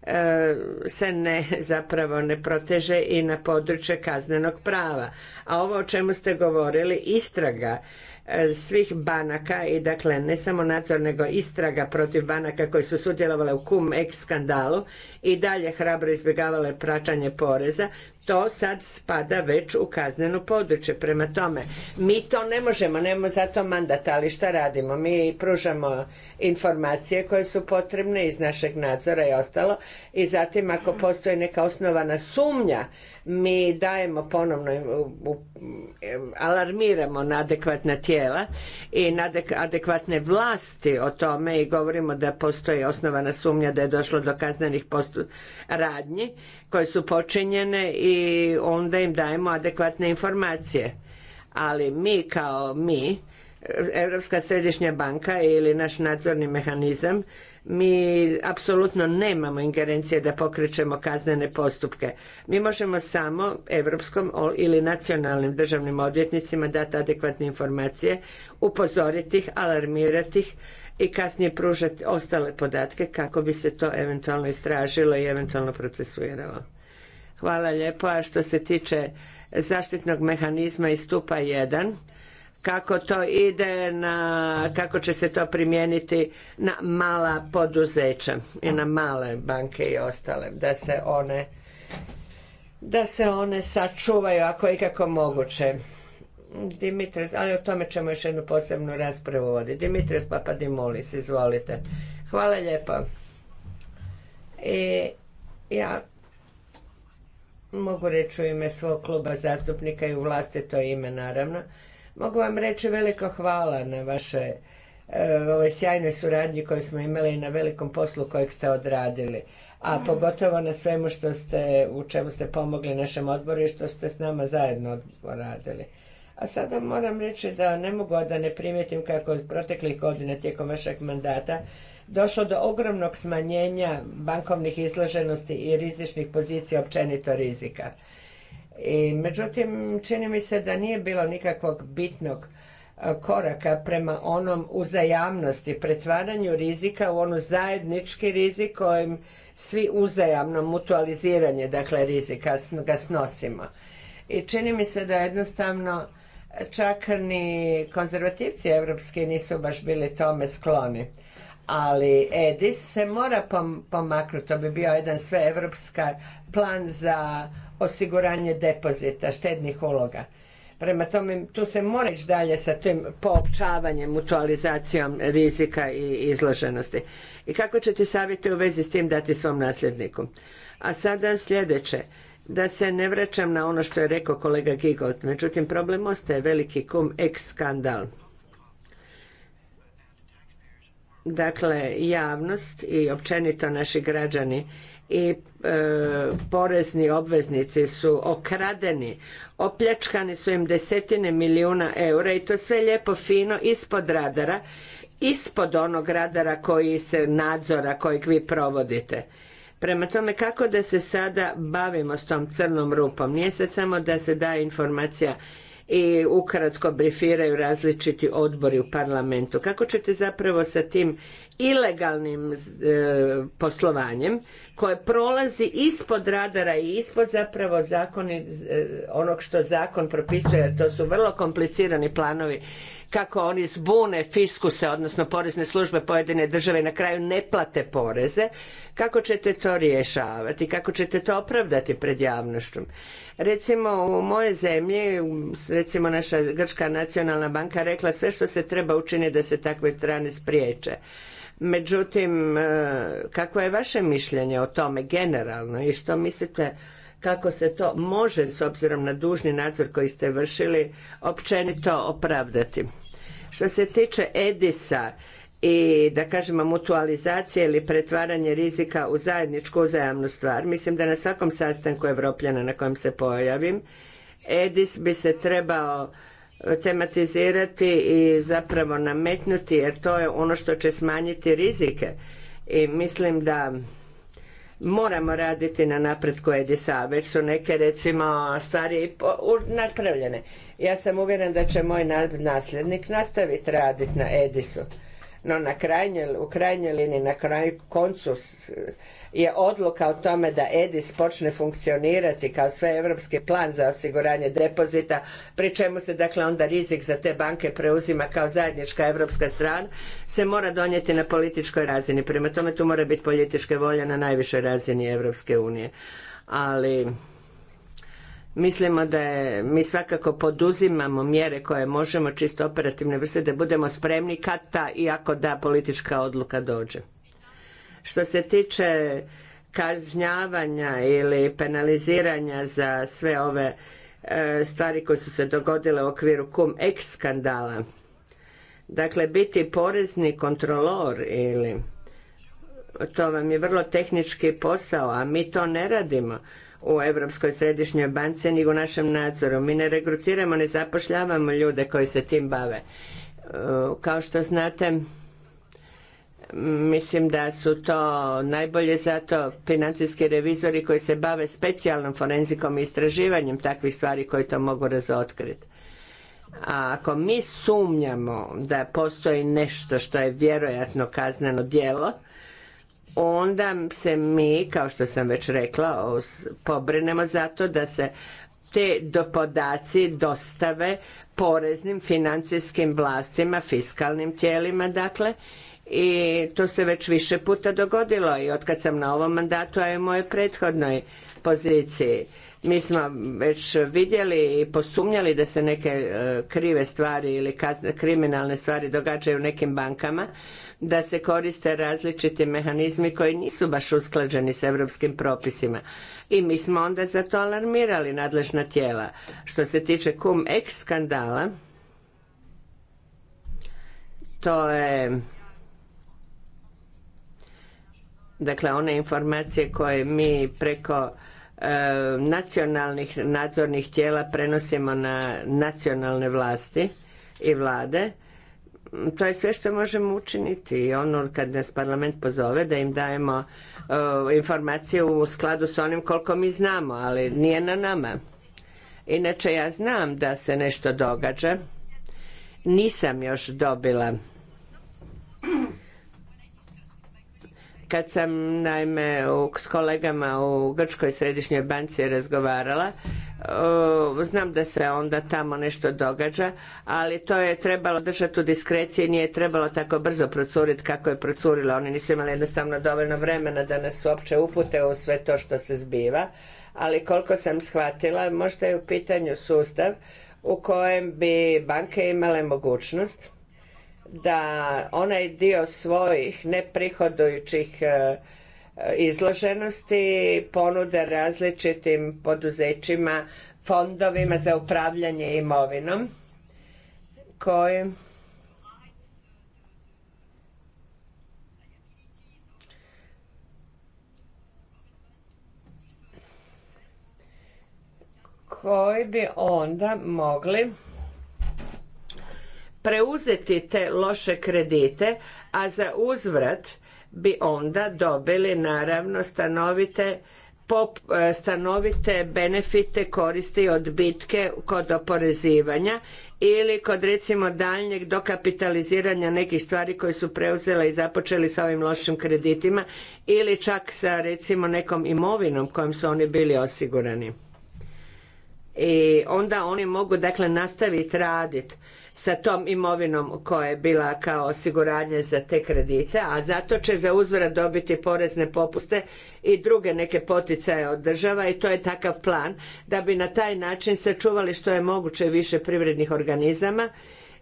D: E, se ne zapravo ne proteže i na područje kaznenog prava. A ovo o čemu ste govorili, istraga E, svih banaka i dakle ne samo nadzor nego istraga protiv banaka koje su sudjelovale u kum ex skandalu i dalje hrabro izbjegavale praćanje poreza to sad spada već u kazneno područje. Prema tome, mi to ne možemo, nemamo za to mandat, ali šta radimo? Mi pružamo informacije koje su potrebne iz našeg nadzora i ostalo i zatim ako postoji neka osnovana sumnja mi dajemo ponovno, alarmiramo na adekvatna tijela i na adekvatne vlasti o tome i govorimo da postoji osnovana sumnja da je došlo do kaznenih radnji koje su počinjene i onda im dajemo adekvatne informacije. Ali mi kao mi, Europska središnja banka ili naš nadzorni mehanizam mi apsolutno nemamo ingerencije da pokrećemo kaznene postupke. Mi možemo samo europskom ili nacionalnim državnim odvjetnicima dati adekvatne informacije, upozoriti ih, alarmirati ih i kasnije pružati ostale podatke kako bi se to eventualno istražilo i eventualno procesuiralo. Hvala lijepo. A što se tiče zaštitnog mehanizma i stupa jedan, kako to ide, na, kako će se to primijeniti na mala poduzeća i na male banke i ostale, da se one da se one sačuvaju ako je ikako moguće. Dimitres, ali o tome ćemo još jednu posebnu raspravu voditi. Dimitres Papadimolis, izvolite. Hvala lijepo. I ja mogu reći u ime svog kluba zastupnika i u vlastito ime naravno Mogu vam reći veliko hvala na vaše e, ovoj sjajnoj suradnji koju smo imali i na velikom poslu kojeg ste odradili,
C: a pogotovo
D: na svemu što ste, u čemu ste pomogli našem odboru i što ste s nama zajedno radili. A sada moram reći da ne mogu da ne primijetim kako je proteklih godina tijekom vašeg mandata došlo do ogromnog smanjenja bankovnih izloženosti i rizičnih pozicija općenito rizika. I međutim, čini mi se da nije bilo nikakvog bitnog e, koraka prema onom uzajamnosti, pretvaranju rizika u onu zajednički rizik kojim svi uzajamno mutualiziranje, dakle rizika ga snosimo. I čini mi se da jednostavno čak ni konzervativci evropski nisu baš bili tome skloni. Ali EDIS se mora pomaknuti, to bi bio jedan sveevropski plan za osiguranje depozita, štednih uloga. Prema tome, tu se mora ići dalje sa tim poopćavanjem, mutualizacijom rizika i izloženosti. I kako ćete savjeti u vezi s tim dati svom nasljedniku? A sada sljedeće, da se ne vraćam na ono što je rekao kolega Gigot, međutim problem ostaje veliki kum ex skandal. Dakle, javnost i općenito naši građani i e, porezni obveznici su okradeni, opljačkani su im desetine milijuna eura i to sve lijepo fino ispod radara, ispod onog radara koji se nadzora kojeg vi provodite. Prema tome kako da se sada bavimo s tom crnom rupom? Nije sad samo da se daje informacija i ukratko brifiraju različiti odbori u parlamentu. Kako ćete zapravo sa tim ilegalnim e, poslovanjem koje prolazi ispod radara i ispod zapravo e, onog što zakon propisuje, jer to su vrlo komplicirani planovi kako oni zbune fiskuse, odnosno porezne službe pojedine države i na kraju ne plate poreze, kako ćete to rješavati, kako ćete to opravdati pred javnošću. Recimo u moje zemlji, recimo naša Grčka nacionalna banka rekla sve što se treba učiniti da se takve strane spriječe. Međutim, e, kako je vaše mišljenje o tome generalno i što mislite kako se to može s obzirom na dužni nadzor koji ste vršili općenito opravdati? Što se tiče Edisa i da kažemo mutualizacije ili pretvaranje rizika u zajedničku uzajamnu stvar, mislim da na svakom sastanku Evropljana na kojem se pojavim, Edis bi se trebao tematizirati i zapravo nametnuti jer to je ono što će smanjiti rizike i mislim da moramo raditi na napretku Edisa, već su neke recimo stvari napravljene. Ja sam uvjeren da će moj nasljednik nastaviti raditi na Edisu no na krajnjoj, u krajnjoj liniji, na kraju koncu je odluka o tome da EDIS počne funkcionirati kao sveeuropski plan za osiguranje depozita, pri čemu se dakle onda rizik za te banke preuzima kao zajednička europska strana, se mora donijeti na političkoj razini. Prema tome tu mora biti političke volje na najvišoj razini Evropske unije. Ali Mislimo da je, mi svakako poduzimamo mjere koje možemo čisto operativne vrste da budemo spremni kad ta i ako da politička odluka dođe. Što se tiče kažnjavanja ili penaliziranja za sve ove e, stvari koje su se dogodile u okviru kum ex skandala. Dakle, biti porezni kontrolor ili to vam je vrlo tehnički posao, a mi to ne radimo u Europskoj središnjoj banci ni u našem nadzoru. Mi ne regrutiramo, ne zapošljavamo ljude koji se tim bave. E, kao što znate, mislim da su to najbolje zato financijski revizori koji se bave specijalnom forenzikom i istraživanjem takvih stvari koji to mogu razotkriti. A ako mi sumnjamo da postoji nešto što je vjerojatno kazneno djelo, onda se mi, kao što sam već rekla, pobrinemo za to da se te podaci dostave poreznim financijskim vlastima, fiskalnim tijelima, dakle, i to se već više puta dogodilo i otkad sam na ovom mandatu, a i u mojoj prethodnoj poziciji. Mi smo već vidjeli i posumnjali da se neke e, krive stvari ili kriminalne stvari događaju u nekim bankama, da se koriste različiti mehanizmi koji nisu baš usklađeni s europskim propisima. I mi smo onda za to alarmirali nadležna tijela. Što se tiče kum ex skandala, to je dakle one informacije koje mi preko e, nacionalnih nadzornih tijela prenosimo na nacionalne vlasti i vlade to je sve što možemo učiniti i ono kad nas parlament pozove da im dajemo e, informacije u skladu s onim koliko mi znamo, ali nije na nama. Inače ja znam da se nešto događa. Nisam još dobila kad sam naime s kolegama u Grčkoj središnjoj banci razgovarala znam da se onda tamo nešto događa, ali to je trebalo držati u diskreciji, nije trebalo tako brzo procuriti kako je procurilo. Oni nisu imali jednostavno dovoljno vremena da nas uopće upute u sve to što se zbiva, ali koliko sam shvatila, možda je u pitanju sustav u kojem bi banke imale mogućnost da onaj dio svojih neprihodujućih e, izloženosti ponude različitim poduzećima, fondovima za upravljanje imovinom koje koji bi onda mogli preuzeti te loše kredite, a za uzvrat bi onda dobili naravno stanovite e, stanovite benefite koristi od bitke kod oporezivanja ili kod recimo daljnjeg dokapitaliziranja nekih stvari koje su preuzele i započeli sa ovim lošim kreditima ili čak sa recimo nekom imovinom kojom su oni bili osigurani. I onda oni mogu dakle nastaviti raditi sa tom imovinom koja je bila kao osiguranje za te kredite, a zato će za uzvrat dobiti porezne popuste i druge neke poticaje od država i to je takav plan da bi na taj način sačuvali što je moguće više privrednih organizama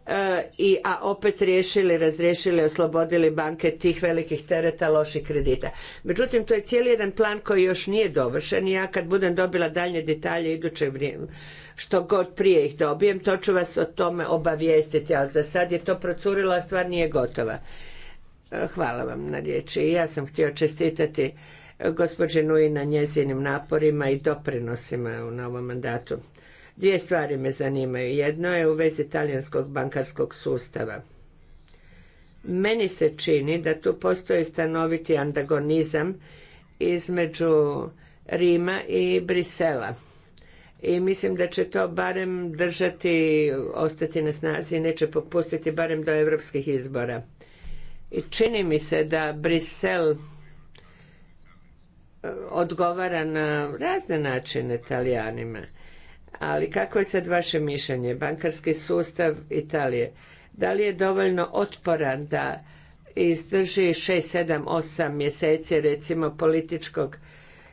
D: e, i a opet riješili, razriješili, oslobodili banke tih velikih tereta loših kredita. Međutim, to je cijeli jedan plan koji još nije dovršen i ja kad budem dobila dalje detalje iduće vrijeme što god prije ih dobijem, to ću vas o tome obavijestiti, ali za sad je to procurilo, a stvar nije gotova. E, hvala vam na riječi. I ja sam htio čestitati e, gospođe Nui na njezinim naporima i doprinosima u novom mandatu. Dvije stvari me zanimaju. Jedno je u vezi talijanskog bankarskog sustava. Meni se čini da tu postoji stanoviti antagonizam između Rima i Brisela i mislim da će to barem držati, ostati na snazi, neće popustiti barem do europskih izbora. I čini mi se da Brisel e, odgovara na razne načine Italijanima. Ali kako je sad vaše mišljenje? Bankarski sustav Italije, da li je dovoljno otporan da izdrži 6, 7, 8 mjeseci recimo političkog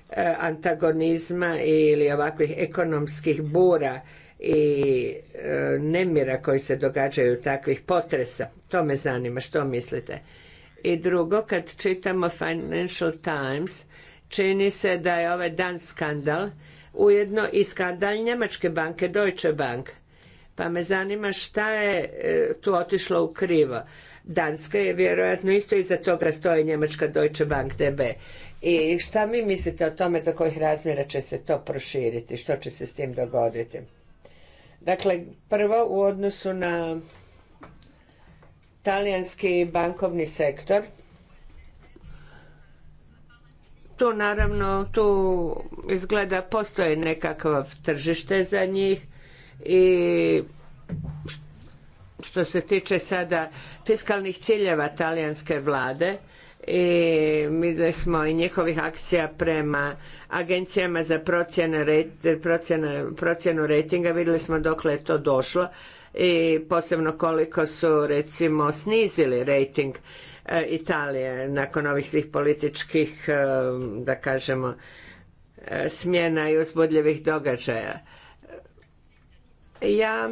D: E, antagonizma ili ovakvih ekonomskih bura i e, nemira koji se događaju takvih potresa. To me zanima, što mislite? I drugo, kad čitamo Financial Times, čini se da je ovaj dan skandal, ujedno i skandal njemačke banke, Deutsche Bank. Pa me zanima šta je e, tu otišlo u krivo. Danska je vjerojatno isto iza toga stoji njemačka Deutsche Bank DB. I šta mi mislite o tome do kojih razmjera će se to proširiti, što će se s tim dogoditi? Dakle, prvo u odnosu na talijanski bankovni sektor, tu naravno, tu izgleda postoji nekakvo tržište za njih i što se tiče sada fiskalnih ciljeva talijanske vlade, i mi smo i njihovih akcija prema agencijama za procjenu, rejtinga vidjeli smo dokle je to došlo i posebno koliko su recimo snizili rejting e, Italije nakon ovih svih političkih e, da kažemo e, smjena i uzbudljivih događaja. Ja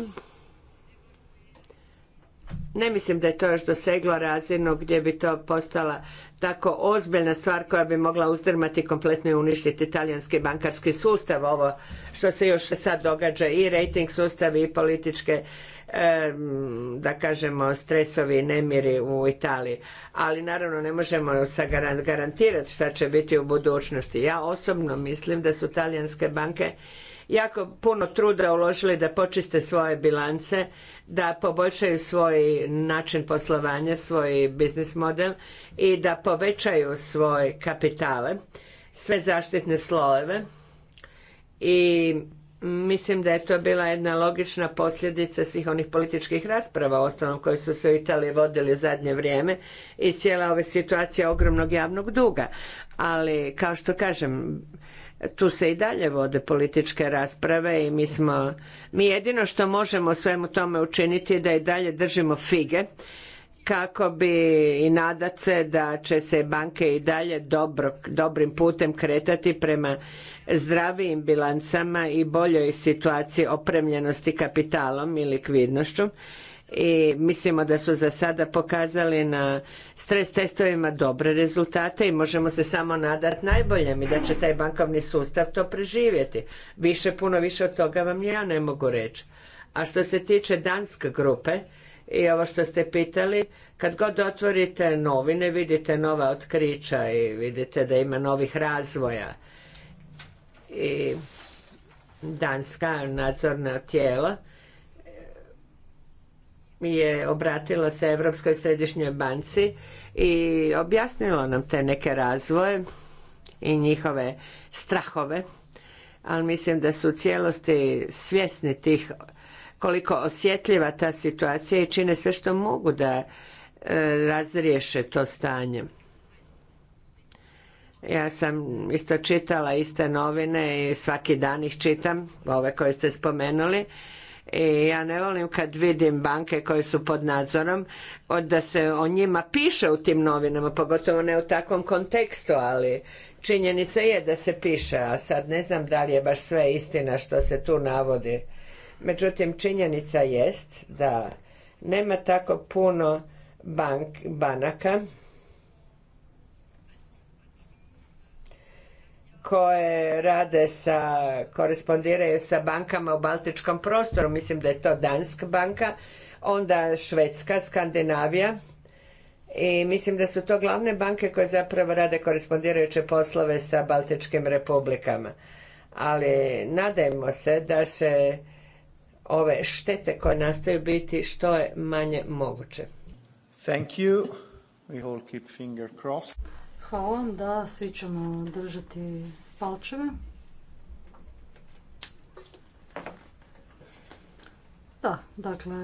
D: ne mislim da je to još doseglo razinu gdje bi to postala tako ozbiljna stvar koja bi mogla uzdrmati kompletno i uništiti talijanski bankarski sustav ovo što se još sad događa i rating sustavi i političke da kažemo stresovi i nemiri u Italiji ali naravno ne možemo garantirati šta će biti u budućnosti ja osobno mislim da su talijanske banke jako puno truda uložili da počiste svoje bilance da poboljšaju svoj način poslovanja, svoj biznis model i da povećaju svoj kapitale, sve zaštitne slojeve i mislim da je to bila jedna logična posljedica svih onih političkih rasprava ostalom koje su se u Italiji vodili u zadnje vrijeme i cijela ova situacija ogromnog javnog duga. Ali, kao što kažem, tu se i dalje vode političke rasprave i mi smo, mi jedino što možemo svemu tome učiniti je da i dalje držimo fige kako bi i nadat se da će se banke i dalje dobro, dobrim putem kretati prema zdravijim bilancama i boljoj situaciji opremljenosti kapitalom i likvidnošću i mislimo da su za sada pokazali na stres testovima dobre rezultate i možemo se samo nadati najboljem i da će taj bankovni sustav to preživjeti. Više, puno više od toga vam ja ne mogu reći. A što se tiče danske grupe i ovo što ste pitali, kad god otvorite novine, vidite nova otkrića i vidite da ima novih razvoja. I danska nadzorna tijela je obratila se Europskoj središnjoj banci i objasnila nam te neke razvoje i njihove strahove, ali mislim da su u cijelosti svjesni tih koliko osjetljiva ta situacija i čine sve što mogu da e, razriješe to stanje. Ja sam isto čitala iste novine i svaki dan ih čitam, ove koje ste spomenuli i ja ne volim kad vidim banke koje su pod nadzorom, da se o njima piše u tim novinama, pogotovo ne u takvom kontekstu, ali činjenica je da se piše, a sad ne znam da li je baš sve istina što se tu navodi. Međutim, činjenica jest da nema tako puno bank, banaka koje rade sa, korespondiraju sa bankama u Baltičkom prostoru, mislim da je to Danska banka, onda Švedska, Skandinavija i mislim da su to glavne banke koje zapravo rade korespondirajuće poslove sa Baltičkim republikama. Ali nadajmo se da će ove štete koje nastaju biti što je manje moguće.
A: Thank you. We keep crossed.
C: Hvala vam da svi ćemo držati palčeve. Da, dakle,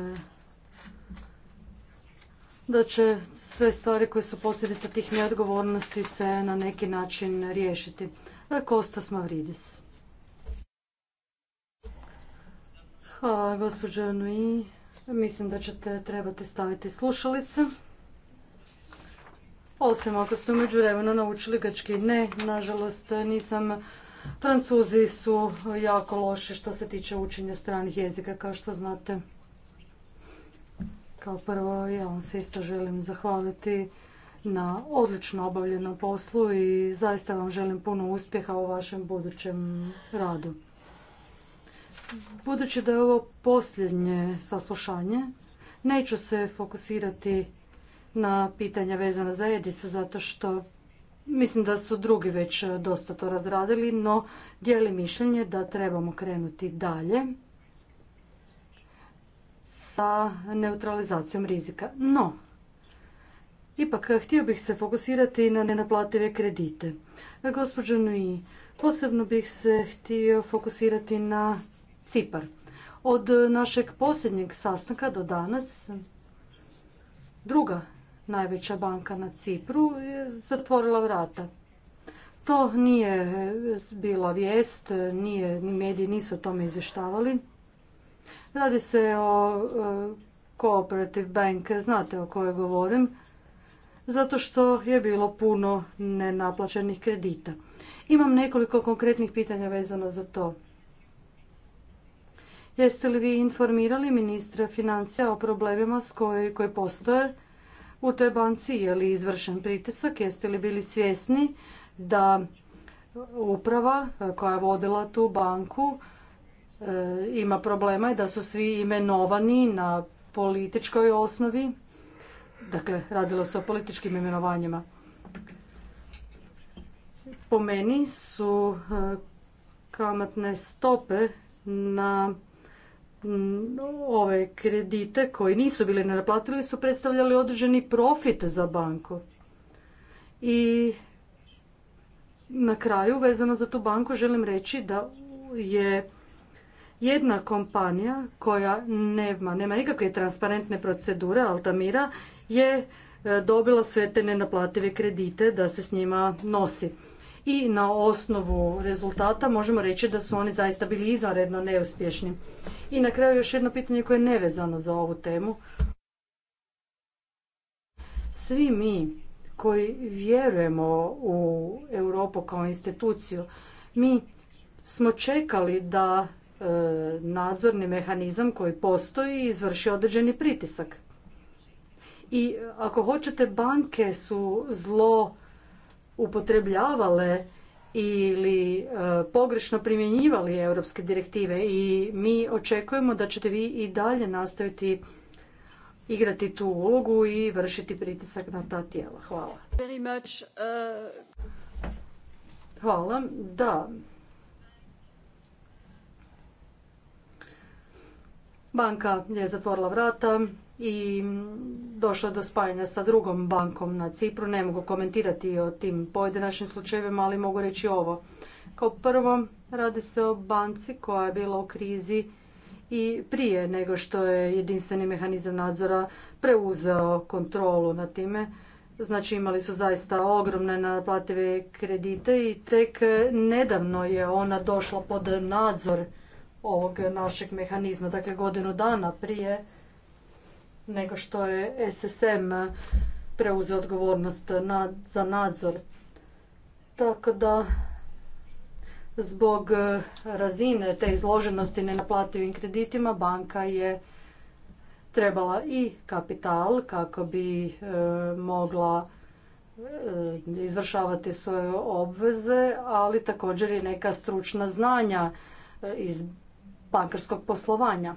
C: da će sve stvari koje su posljedica tih neodgovornosti se na neki način riješiti. E, Kostas Mavridis. Hvala gospođo i Mislim da ćete trebati staviti slušalice. Osim ako ste umeđu vremenu naučili grčki. Ne, nažalost nisam. Francuzi su jako loši što se tiče učenja stranih jezika, kao što znate. Kao prvo, ja vam se isto želim zahvaliti na odlično obavljenom poslu i zaista vam želim puno uspjeha u vašem budućem radu. Budući da je ovo posljednje saslušanje, neću se fokusirati na pitanja vezana za Edisa zato što mislim da su drugi već e, dosta to razradili, no dijeli mišljenje da trebamo krenuti dalje sa neutralizacijom rizika. No, ipak e, htio bih se fokusirati na nenaplative kredite. E, gospođo Nui, posebno bih se htio fokusirati na Cipar. Od našeg posljednjeg sastanka do danas druga najveća banka na Cipru zatvorila vrata. To nije bila vijest, nije, ni mediji nisu o tome izvještavali. Radi se o e, Cooperative Bank, znate o kojoj govorim, zato što je bilo puno nenaplaćenih kredita. Imam nekoliko konkretnih pitanja vezano za to. Jeste li vi informirali ministra financija o problemima s koje koji postoje u toj banci, je li izvršen pritisak, jeste li bili svjesni da uprava e, koja je vodila tu banku e, ima problema i da su svi imenovani na političkoj osnovi. Dakle, radilo se o političkim imenovanjima. Po meni su e, kamatne stope na ove kredite koji nisu bili naplatili su predstavljali određeni profit za banku. I na kraju, vezano za tu banku, želim reći da je jedna kompanija koja nema, nema nikakve transparentne procedure, Altamira, je e, dobila sve te nenaplative kredite da se s njima nosi i na osnovu rezultata možemo reći da su oni zaista bili izvanredno neuspješni. I na kraju još jedno pitanje koje je nevezano za ovu temu. Svi mi koji vjerujemo u Europu kao instituciju, mi smo čekali da e, nadzorni mehanizam koji postoji izvrši određeni pritisak. I ako hoćete, banke su zlo upotrebljavale ili e, pogrešno primjenjivali europske direktive i mi očekujemo da ćete vi i dalje nastaviti igrati tu ulogu i vršiti pritisak na ta tijela. Hvala. Uh, Hvala. Da. Banka je zatvorila vrata i došlo do spajanja sa drugom bankom na Cipru. Ne mogu komentirati o tim pojedinačnim slučajevima, ali mogu reći ovo. Kao prvo, radi se o banci koja je bila u krizi i prije nego što je jedinstveni mehanizam nadzora preuzeo kontrolu nad time. Znači imali su zaista ogromne naplative kredite i tek nedavno je ona došla pod nadzor ovog našeg mehanizma, dakle godinu dana prije nego što je SSM preuzeo odgovornost za nadzor. Tako da zbog eh, razine te izloženosti nenaplativim kreditima banka je trebala i kapital kako bi eh, mogla eh, izvršavati svoje obveze, ali također i neka stručna znanja iz bankarskog poslovanja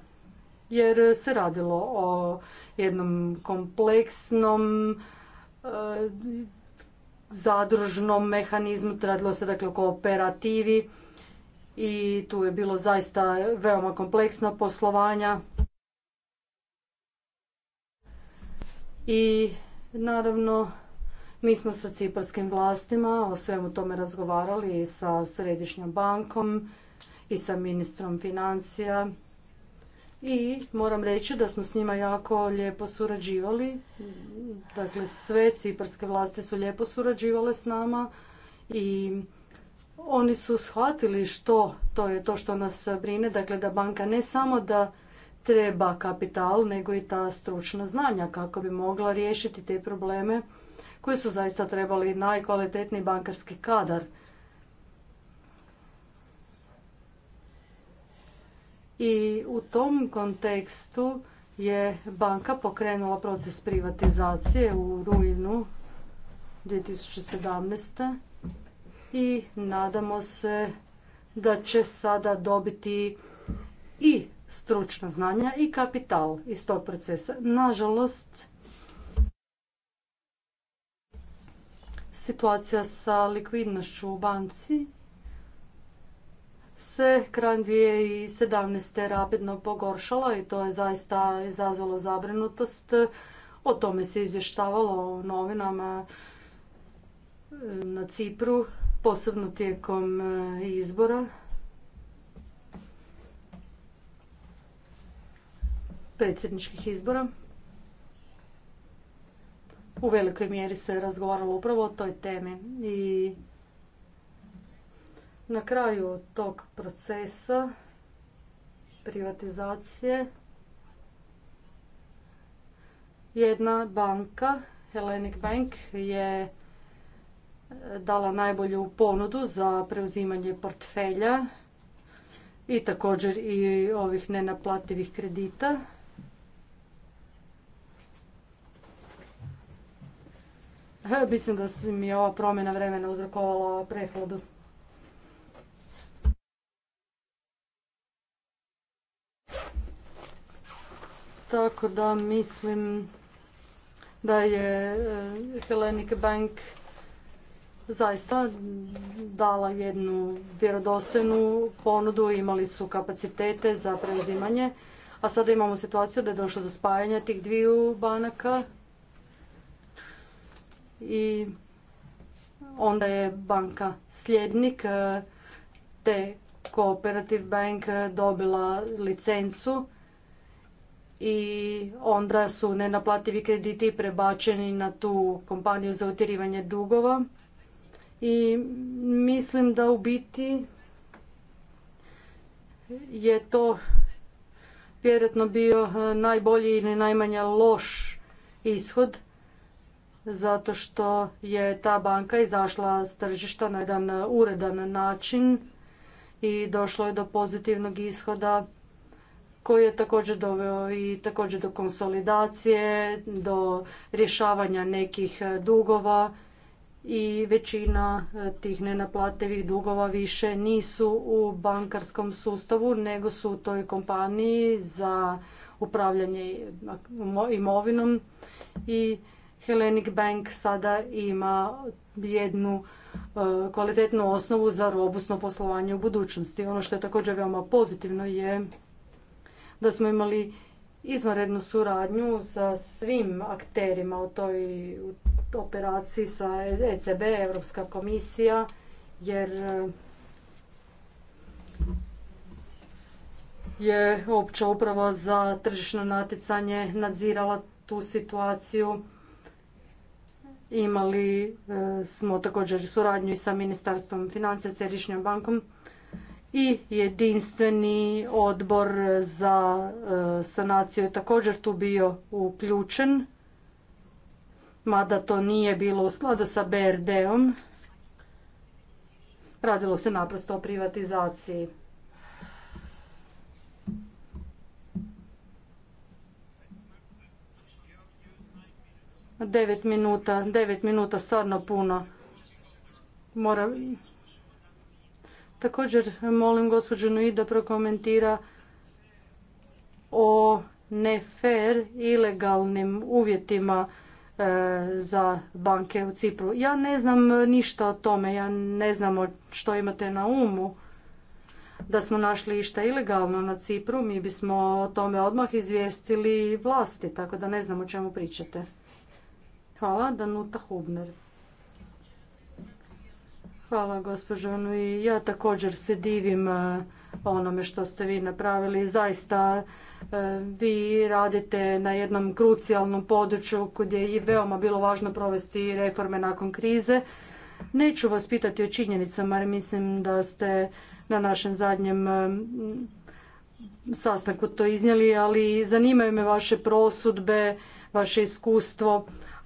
C: jer se radilo o jednom kompleksnom e, zadružnom mehanizmu, radilo se dakle o kooperativi i tu je bilo zaista veoma kompleksno poslovanja. I naravno mi smo sa ciparskim vlastima o svemu tome razgovarali i sa Središnjom bankom i sa ministrom financija i moram reći da smo s njima jako lijepo surađivali. Dakle, sve ciparske vlasti su lijepo surađivale s nama i oni su shvatili što to je to što nas brine, dakle da banka ne samo da treba kapital, nego i ta stručna znanja kako bi mogla riješiti te probleme koje su zaista trebali najkvalitetniji bankarski kadar i u tom kontekstu je banka pokrenula proces privatizacije u rujnu 2017. i nadamo se da će sada dobiti i stručna znanja i kapital iz tog procesa. Nažalost, situacija sa likvidnošću u banci se krajem 2017. rapidno pogoršala i to je zaista izazvalo zabrinutost. O tome se izvještavalo u novinama e, na Cipru, posebno tijekom e, izbora. predsjedničkih izbora. U velikoj mjeri se razgovaralo upravo o toj temi i na kraju tog procesa privatizacije jedna banka, Hellenic Bank, je e, dala najbolju ponudu za preuzimanje portfelja i također i ovih nenaplativih kredita. Mislim da se mi je ova promjena vremena uzrokovala prehladu. Tako da mislim da je e, Hellenic Bank zaista dala jednu vjerodostojnu ponudu, imali su kapacitete za preuzimanje, a sada imamo situaciju da je došlo do spajanja tih dviju banaka i onda je banka sljednik e, te Cooperative Bank dobila licencu i onda su nenaplativi krediti prebačeni na tu kompaniju za utjerivanje dugova. I mislim da u biti je to vjerojatno bio najbolji ili najmanje loš ishod zato što je ta banka izašla s tržišta na jedan uredan način i došlo je do pozitivnog ishoda koji je također doveo i također do konsolidacije, do rješavanja nekih e, dugova i većina e, tih nenaplativih dugova više nisu u bankarskom sustavu nego su u toj kompaniji za upravljanje e, imovinom i Hellenic Bank sada ima jednu kvalitetnu osnovu za robusno poslovanje u budućnosti. Ono što je također veoma pozitivno je da smo imali izvanrednu suradnju sa svim akterima u toj operaciji sa ECB, Europska komisija, jer eh, je opća uprava za tržišno natjecanje nadzirala tu situaciju. Imali eh, smo također suradnju i sa Ministarstvom financija, Središnjom bankom i jedinstveni odbor za e, sanaciju je također tu bio uključen, mada to nije bilo u skladu sa BRD-om. Radilo se naprosto o privatizaciji. Devet minuta, devet minuta stvarno puno. Moram, Također molim gospođu Nui da prokomentira o nefer ilegalnim uvjetima e, za banke u Cipru. Ja ne znam ništa o tome, ja ne znam što imate na umu. Da smo našli išta ilegalno na Cipru, mi bismo o tome odmah izvijestili vlasti, tako da ne znam o čemu pričate. Hvala, Danuta Hubner. Hvala gospođo. I ja također se divim e, onome što ste vi napravili. Zaista e, vi radite na jednom krucijalnom području gdje je veoma bilo važno provesti reforme nakon krize. Neću vas pitati o činjenicama jer mislim da ste na našem zadnjem e, sastanku to iznijeli, ali zanimaju me vaše prosudbe, vaše iskustvo.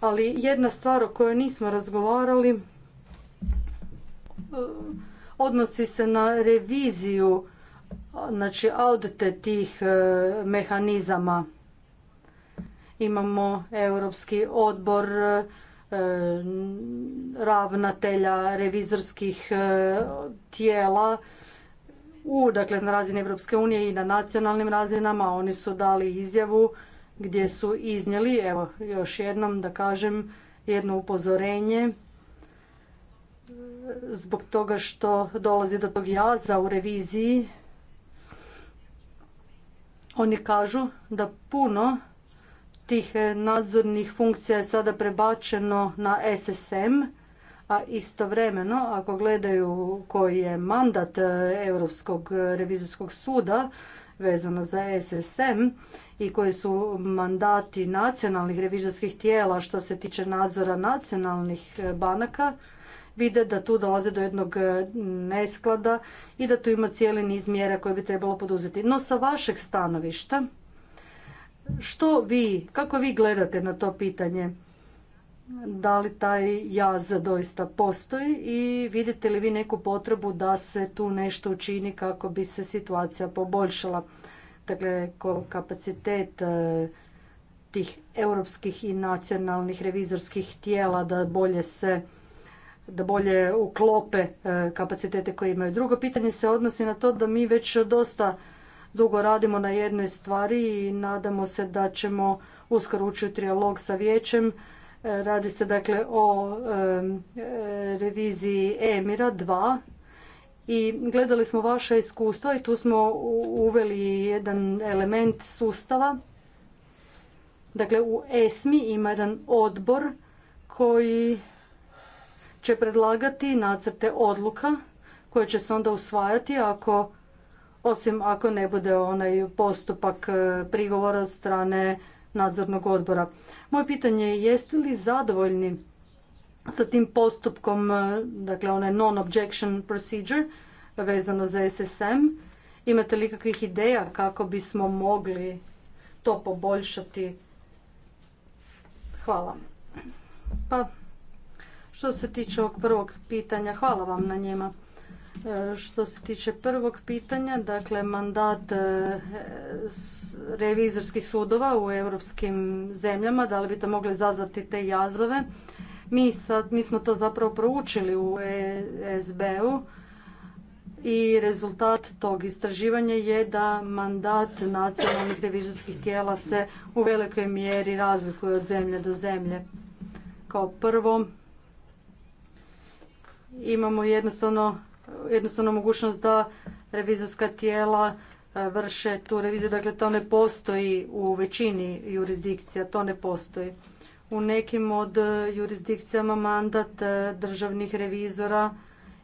C: Ali jedna stvar o kojoj nismo razgovarali E, odnosi se na reviziju, znači audite tih e, mehanizama. Imamo Europski odbor e, ravnatelja revizorskih tijela u, dakle, na razini Europske unije i na nacionalnim razinama. Oni su dali izjavu gdje su iznijeli, evo još jednom da kažem, jedno upozorenje zbog toga što dolazi do tog jaza u reviziji. Oni kažu da puno tih nadzornih funkcija je sada prebačeno na SSM, a istovremeno ako gledaju koji je mandat e, Europskog revizijskog suda vezano za SSM i koji su mandati nacionalnih revizorskih tijela što se tiče nadzora nacionalnih e, banaka, vide da tu dolaze do jednog e, nesklada i da tu ima cijeli niz mjera koje bi trebalo poduzeti. No sa vašeg stanovišta, što vi, kako vi gledate na to pitanje? Da li taj jaz doista postoji i vidite li vi neku potrebu da se tu nešto učini kako bi se situacija poboljšala? Dakle, kapacitet e, tih europskih i nacionalnih revizorskih tijela da bolje se da bolje uklope e, kapacitete koje imaju. Drugo pitanje se odnosi na to da mi već dosta dugo radimo na jednoj stvari i nadamo se da ćemo uskoro ući u trijalog sa vijećem. E, radi se dakle o e, reviziji Emira 2 i gledali smo vaša iskustva i tu smo uveli jedan element sustava. Dakle, u ESMI ima jedan odbor koji će predlagati nacrte odluka koje će se onda usvajati ako osim ako ne bude onaj postupak e, prigovora od strane nadzornog odbora. Moje pitanje je jeste li zadovoljni sa tim postupkom, e, dakle onaj non-objection procedure vezano za SSM? Imate li kakvih ideja kako bismo mogli to poboljšati? Hvala. Pa što se tiče ovog prvog pitanja, hvala vam na njima. E, što se tiče prvog pitanja, dakle mandat e, revizorskih sudova u europskim zemljama, da li bi to mogle zazvati te jazove? Mi, mi smo to zapravo proučili u e SB-u i rezultat tog istraživanja je da mandat nacionalnih revizorskih tijela se u velikoj mjeri razlikuje od zemlje do zemlje. Kao prvo, imamo jednostavno, jednostavno mogućnost da revizorska tijela e, vrše tu reviziju. Dakle, to ne postoji u većini jurisdikcija, to ne postoji. U nekim od jurisdikcijama mandat e, državnih revizora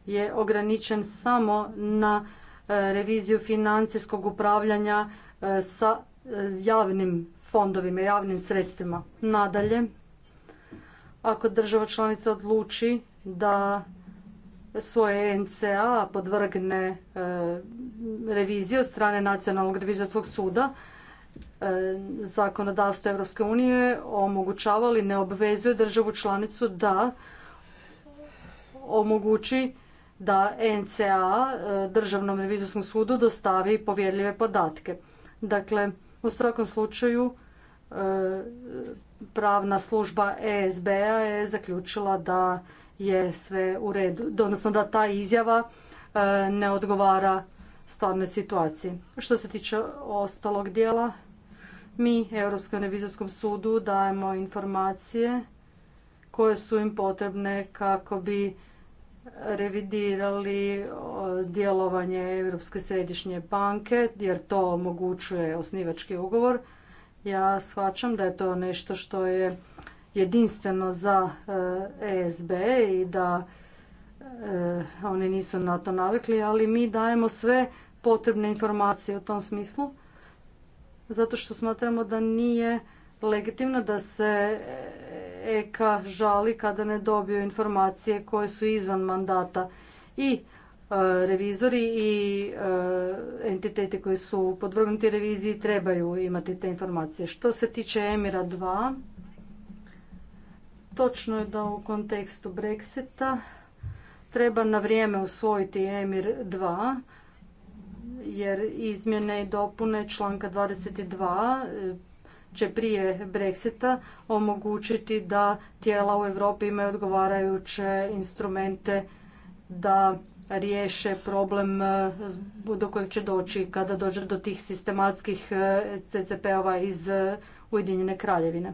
C: je ograničen samo na e, reviziju financijskog upravljanja sa javnim fondovima, javnim sredstvima. Nadalje, ako država članica odluči da svoje NCA podvrgne e, reviziju od strane Nacionalnog revizorskog suda, e, zakonodavstvo Europske unije omogućava ili ne obvezuje državu članicu da omogući da NCA e, Državnom revizorskom sudu dostavi povjerljive podatke. Dakle, u svakom slučaju pravna služba ESB-a je zaključila da je sve u redu, odnosno da ta izjava e, ne odgovara stvarnoj situaciji. Što se tiče ostalog dijela, mi Europskom revizorskom sudu dajemo informacije koje su im potrebne kako bi revidirali djelovanje Europske središnje banke, jer to omogućuje osnivački ugovor. Ja shvaćam da je to nešto što je jedinstveno za ESB e i da e, oni nisu na to navikli, ali mi dajemo sve potrebne informacije u tom smislu, zato što smatramo da nije legitimno da se EKA e žali kada ne dobiju informacije koje su izvan mandata i revizori i entiteti koji su podvrgnuti reviziji trebaju imati te informacije. Što se tiče Emira 2, Točno je da u kontekstu Brexita treba na vrijeme usvojiti EMIR 2, jer izmjene i dopune članka 22 eh, će prije Brexita omogućiti da tijela u Europi imaju odgovarajuće instrumente da riješe problem eh, do kojeg će doći kada dođe do tih sistematskih eh, CCP-ova iz Ujedinjene kraljevine.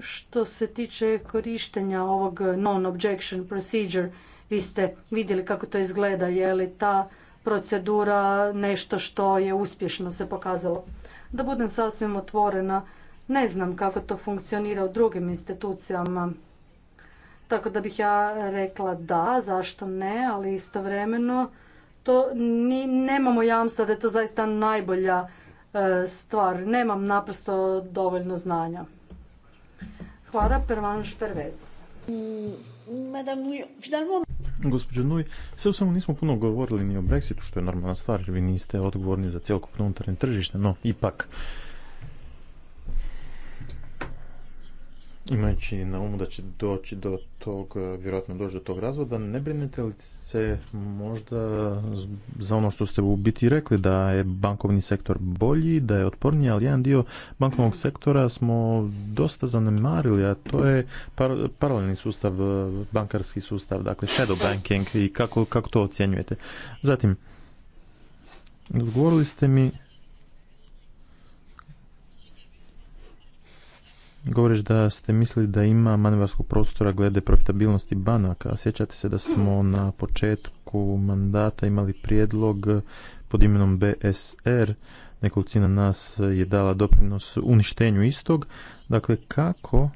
C: Što se tiče korištenja ovog non-objection procedure, vi ste vidjeli kako to izgleda, je li ta procedura nešto što je uspješno se pokazalo. Da budem sasvim otvorena, ne znam kako to funkcionira u drugim institucijama. Tako da bih ja rekla da, zašto ne, ali istovremeno to nemamo jamstva da je to zaista najbolja e, stvar. Nemam naprosto dovoljno znanja para Pervanš Pervez. Mm, madame
B: Nui, sve u svemu nismo puno govorili ni o Brexitu, što je normalna stvar, jer vi niste odgovorni za cjelokupno unutarnje tržište, no ipak Imajući na umu da će doći do tog, e, vjerojatno doći do tog razvoda, ne brinete li se možda za ono što ste u biti rekli, da je bankovni sektor bolji, da je otporniji, ali jedan dio bankovnog sektora smo dosta zanemarili, a to je paralelni sustav, e, bankarski sustav, dakle shadow banking i kako, kako to ocjenjujete. Zatim, odgovorili ste mi govoriš da ste mislili da ima manevarskog prostora glede profitabilnosti banaka. Sjećate se da smo hmm. na početku mandata imali prijedlog pod imenom BSR. Nekolicina nas je dala doprinos uništenju istog. Dakle, kako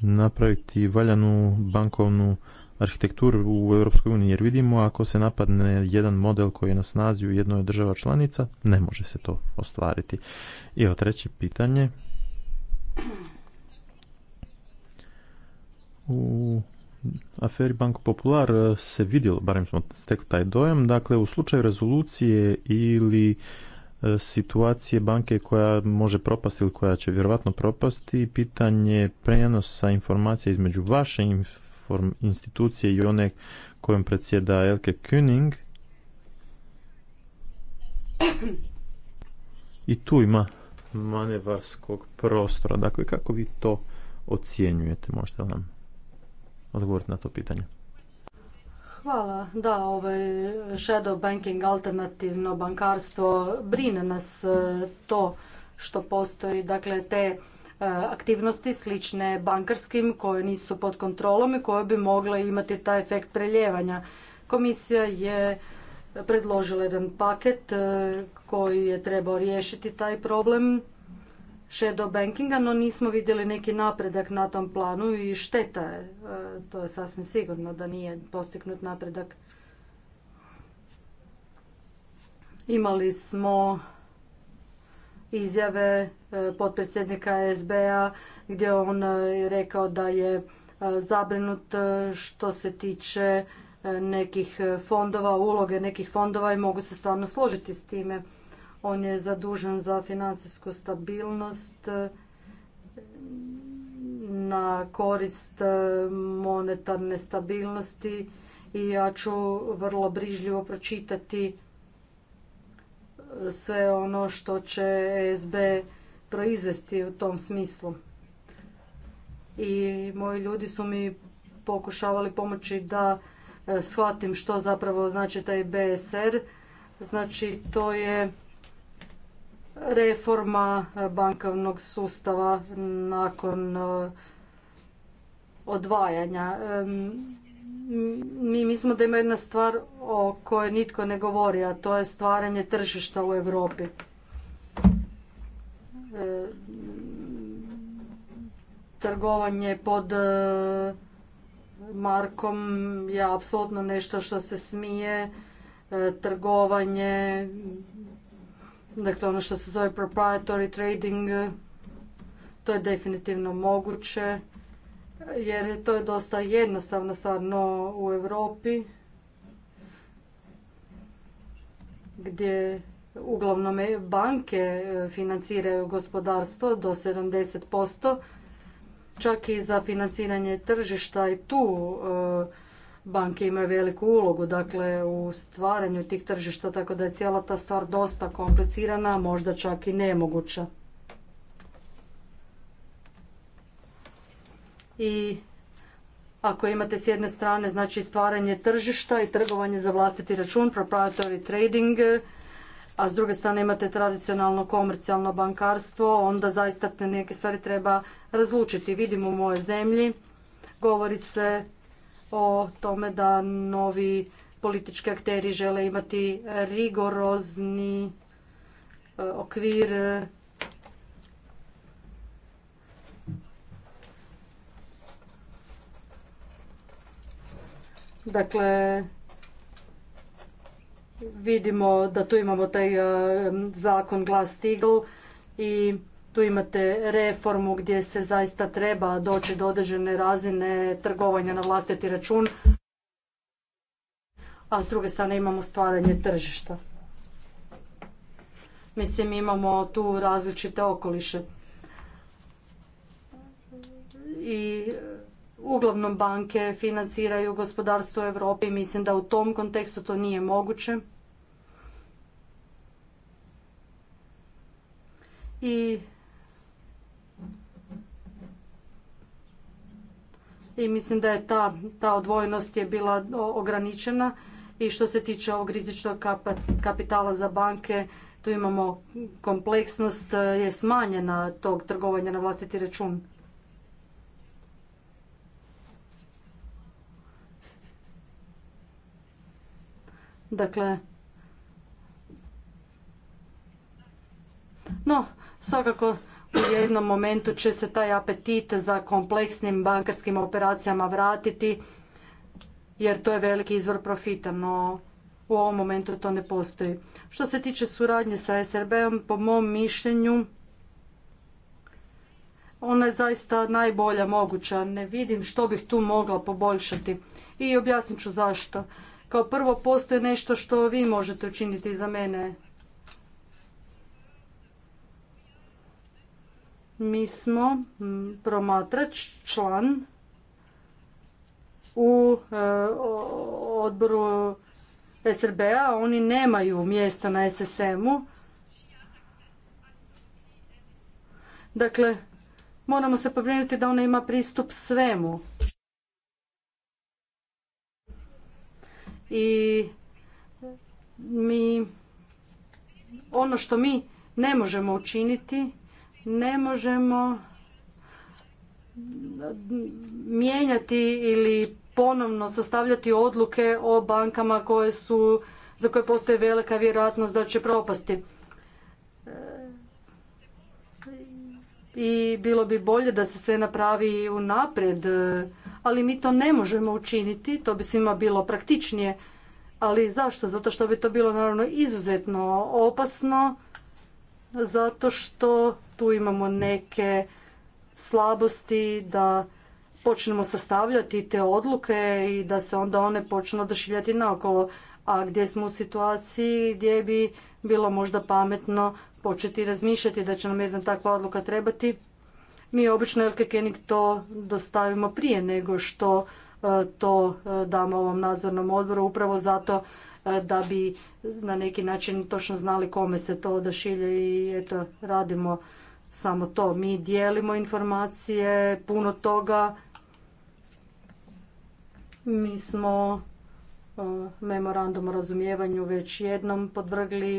B: napraviti valjanu bankovnu arhitekturu u Europskoj uniji, jer vidimo ako se napadne jedan model koji je na snazi u jednoj od država članica, ne može se to ostvariti. I evo treće pitanje. U aferi Banko Popular e, se vidjelo, barem smo stekli taj dojam, dakle u slučaju rezolucije ili e, situacije banke koja može propasti ili koja će vjerojatno propasti, pitanje prenosa informacija između vaše inf form institucije i one kojom predsjeda Elke kuning I tu ima manevarskog prostora. Dakle, kako vi to ocjenjujete? Možete li nam odgovoriti na to pitanje?
C: Hvala. Da, ovaj shadow banking, alternativno bankarstvo, brine nas eh, to što postoji. Dakle, te aktivnosti slične bankarskim koje nisu pod kontrolom i koje bi mogle imati taj efekt preljevanja. Komisija je predložila jedan paket koji je trebao riješiti taj problem shadow bankinga, no nismo vidjeli neki napredak na tom planu i šteta je. To je sasvim sigurno da nije postignut napredak. Imali smo izjave e, potpredsjednika SBA gdje on e, rekao da je e, zabrinut što se tiče nekih fondova, uloge nekih fondova i mogu se stvarno složiti s time. On je zadužen za financijsku stabilnost na korist monetarne stabilnosti i ja ću vrlo brižljivo pročitati sve ono što će SB proizvesti u tom smislu. I moji ljudi su mi pokušavali pomoći da e, shvatim što zapravo znači taj BSR. Znači to je reforma e, bankovnog sustava nakon e, odvajanja mi mislimo da ima jedna stvar o kojoj nitko ne govori, a to je stvaranje tržišta u Europi. E, trgovanje pod e, markom je apsolutno nešto što se smije. E, trgovanje, dakle ono što se zove proprietary trading, to je definitivno moguće jer to je dosta jednostavna stvar, no u Europi gdje uglavnom e, banke e, financiraju gospodarstvo do 70%, čak i za financiranje tržišta i tu e, banke imaju veliku ulogu dakle u stvaranju tih tržišta tako da je cijela ta stvar dosta komplicirana, možda čak i nemoguća. i ako imate s jedne strane znači stvaranje tržišta i trgovanje za vlastiti račun, proprietary trading, a s druge strane imate tradicionalno komercijalno bankarstvo, onda zaista te neke stvari treba razlučiti. Vidimo u mojoj zemlji, govori se o tome da novi politički akteri žele imati rigorozni e, okvir Dakle, vidimo da tu imamo taj e, zakon Glass-Steagall i tu imate reformu gdje se zaista treba doći do određene razine trgovanja na vlastiti račun, a s druge strane imamo stvaranje tržišta. Mislim, imamo tu različite okoliše. I uglavnom banke financiraju gospodarstvo u Europi. Mislim da u tom kontekstu to nije moguće. I i mislim da je ta, ta odvojenost je bila ograničena i što se tiče ovog rizičnog kapitala za banke, tu imamo kompleksnost je smanjena tog trgovanja na vlastiti račun. Dakle, no, svakako u jednom momentu će se taj apetit za kompleksnim bankarskim operacijama vratiti, jer to je veliki izvor profita, no u ovom momentu to ne postoji. Što se tiče suradnje sa SRB-om, po mom mišljenju, ona je zaista najbolja moguća. Ne vidim što bih tu mogla poboljšati. I objasnit ću zašto. Kao prvo postoje nešto što vi možete učiniti za mene. Mi smo promatrač, član u e, odboru SRB-a. Oni nemaju mjesto na SSM-u. Dakle, moramo se pobrinuti da ona ima pristup svemu. i mi ono što mi ne možemo učiniti, ne možemo mijenjati ili ponovno sastavljati odluke o bankama koje su, za koje postoji velika vjerojatnost da će propasti. I bilo bi bolje da se sve napravi unaprijed ali mi to ne možemo učiniti, to bi svima bilo praktičnije. Ali zašto? Zato što bi to bilo naravno izuzetno opasno, zato što tu imamo neke slabosti da počnemo sastavljati te odluke i da se onda one počnu odašiljati naokolo, a gdje smo u situaciji gdje bi bilo možda pametno početi razmišljati da će nam jedna takva odluka trebati mi obično Kenig to dostavimo prije nego što e, to e, damo ovom nadzornom odboru, upravo zato e, da bi na neki način točno znali kome se to odašilje i eto, radimo samo to. Mi dijelimo informacije, puno toga. Mi smo memorandum o razumijevanju već jednom podvrgli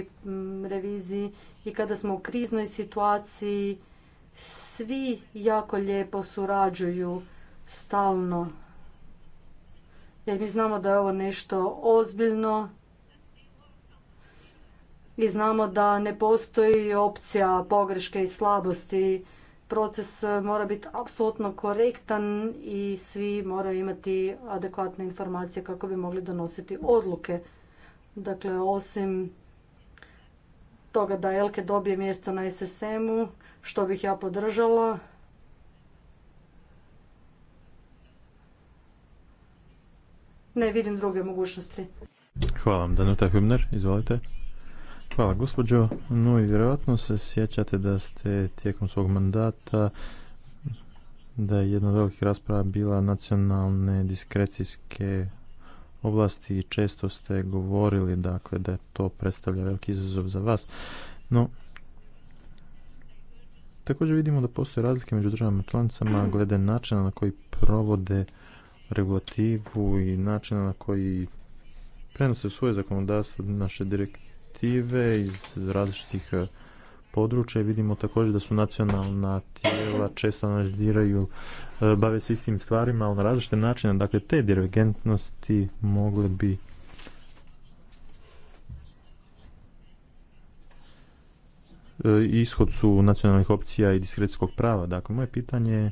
C: reviziji i kada smo u kriznoj situaciji svi jako lijepo surađuju stalno. Jer mi znamo da je ovo nešto ozbiljno i znamo da ne postoji opcija pogreške i slabosti. Proces mora biti apsolutno korektan i svi moraju imati adekvatne informacije kako bi mogli donositi odluke. Dakle, osim toga da Elke dobije mjesto na SSM-u, što bih ja podržala. Ne vidim druge mogućnosti.
B: Hvala vam, Danuta Hübner, izvolite. Hvala gospođo. No i vjerojatno se sjećate da ste tijekom svog mandata da je jedna od velikih rasprava bila nacionalne diskrecijske oblasti i često ste govorili dakle da to predstavlja veliki izazov za vas. No, Također vidimo da postoje razlike među državama članicama glede načina na koji provode regulativu i načina na koji prenose svoje zakonodavstvo naše direktive iz različitih e, područja i vidimo također da su nacionalna tijela često analiziraju, e, bave se istim stvarima, ali na različite načine. Dakle, te dirigentnosti mogle bi E, ishod su nacionalnih opcija i diskrecijskog prava. Dakle, moje pitanje je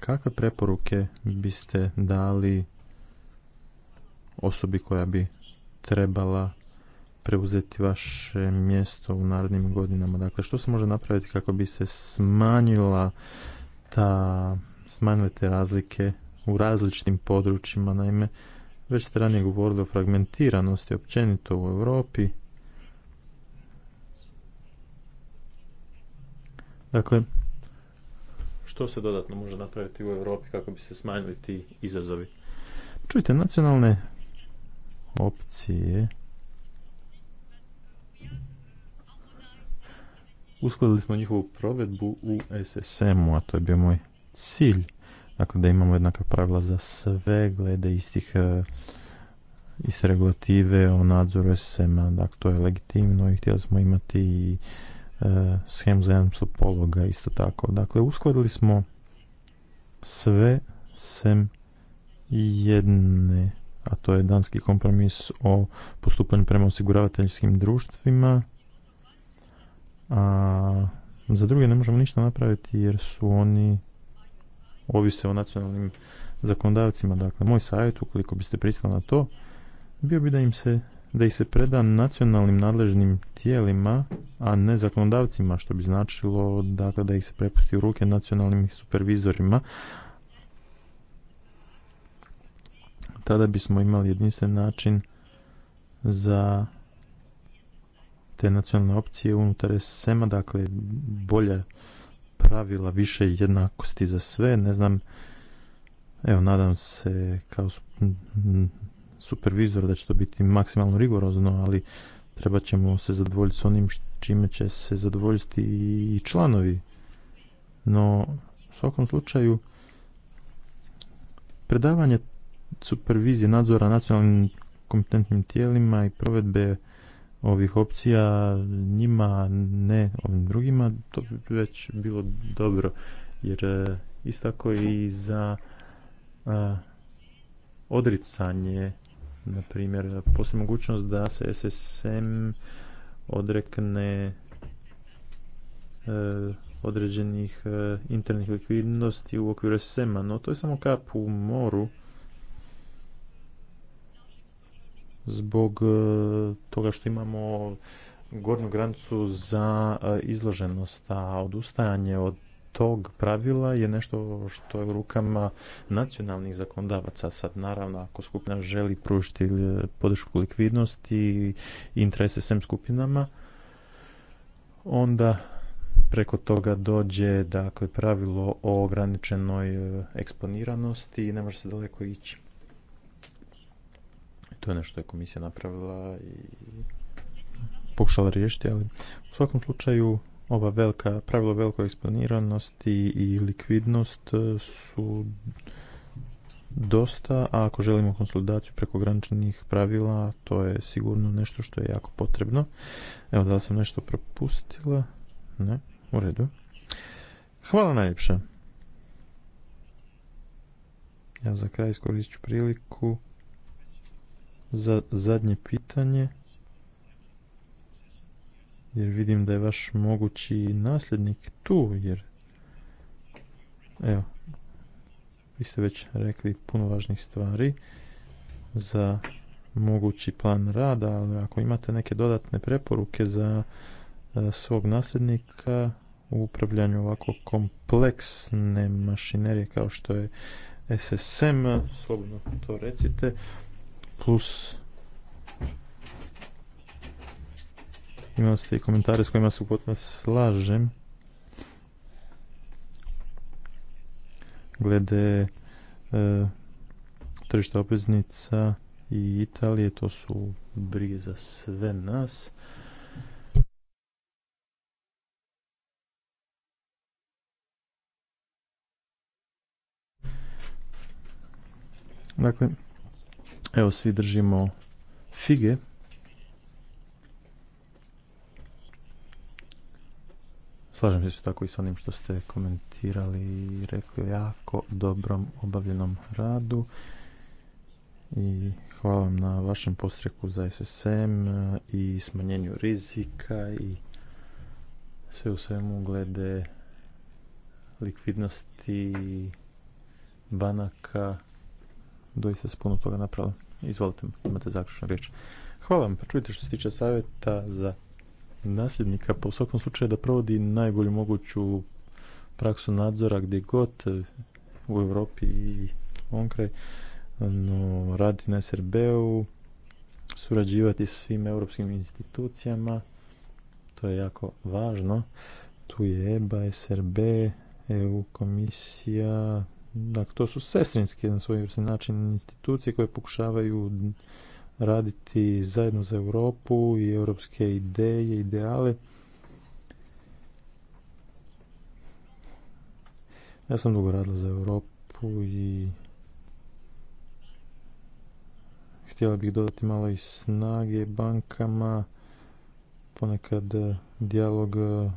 B: kakve preporuke biste dali osobi koja bi trebala preuzeti vaše mjesto u narednim godinama? Dakle, što se može napraviti kako bi se smanjila ta, smanjile te razlike u različitim područjima? Naime, već ste ranije govorili o fragmentiranosti općenito u Europi, Dakle, što se dodatno može napraviti u Europi kako bi se smanjili ti izazovi? Čujte, nacionalne opcije uskladili smo njihovu provedbu u SSM-u, a to je bio moj cilj. Dakle, da imamo jednaka pravila za sve glede istih e, iste regulative o nadzoru SSM-a. Dakle, to je legitimno i htjeli smo imati i E, schemu za pologa isto tako. Dakle, uskladili smo sve sem jedne, a to je danski kompromis o postupanju prema osiguravateljskim društvima, a za druge ne možemo ništa napraviti jer su oni ovise o nacionalnim zakonodavcima. Dakle, moj savjet, ukoliko biste pristali na to, bio bi da im se da ih se preda nacionalnim nadležnim tijelima, a ne zakonodavcima, što bi značilo dakle, da ih se prepusti u ruke nacionalnim supervizorima. Tada bismo imali jedinstven način za te nacionalne opcije unutar SEMA, dakle bolje pravila, više jednakosti za sve, ne znam, evo nadam se kao supervizor da će to biti maksimalno rigorozno, ali treba ćemo se zadovoljiti s onim čime će se zadovoljiti i članovi. No, u svakom slučaju, predavanje supervizije nadzora nacionalnim kompetentnim tijelima i provedbe ovih opcija njima, ne ovim drugima, to bi već bilo dobro. Jer e, isto tako i za odricanje na primjer, postoji mogućnost da se SSM odrekne e, određenih e, internih likvidnosti u okviru ssm no to je samo kap u moru zbog e, toga što imamo gornju granicu za izloženost, a odustajanje od tog pravila je nešto što je u rukama nacionalnih zakondavaca. Sad, naravno, ako skupina želi pružiti e, podršku likvidnosti i interese sem skupinama, onda preko toga dođe dakle, pravilo o ograničenoj e, eksponiranosti i ne može se daleko ići. To je nešto je komisija napravila i pokušala riješiti, ali u svakom slučaju ova velika, pravilo velikoj eksponiranosti i likvidnost e, su dosta, a ako želimo konsolidaciju prekograničnih pravila, to je sigurno nešto što je jako potrebno. Evo, da li sam nešto propustila? Ne, u redu. Hvala najljepša. Ja za kraj iskoristit ću priliku za zadnje pitanje jer vidim da je vaš mogući nasljednik tu, jer evo, vi ste već rekli puno važnih stvari za mogući plan rada, ali ako imate neke dodatne preporuke za e, svog nasljednika u upravljanju ovako kompleksne mašinerije kao što je SSM, slobodno to recite, plus imao ste i komentare s kojima se potpuno slažem. Glede e, tržišta obveznica i Italije, to su brige za sve nas. Dakle, evo svi držimo fige Slažem se tako i s onim što ste komentirali i rekli jako dobrom obavljenom radu i hvala vam na vašem postreku za SSM i smanjenju rizika i sve u svemu glede likvidnosti banaka doista se puno toga napravilo. Izvolite, imate zaključnu riječ. Hvala vam, pa čujte što se tiče savjeta za nasljednika, pa u svakom slučaju da provodi najbolju moguću praksu nadzora gdje god e, u Europi i onkraj no, raditi na SRB-u, surađivati s svim europskim institucijama, to je jako važno. Tu je EBA, SRB, EU komisija, dakle to su sestrinske na svoj način institucije koje pokušavaju raditi zajedno za Europu i europske ideje, ideale. Ja sam dugo radila za Europu i htjela bih dodati malo i snage bankama. Ponekad eh, dijalog eh,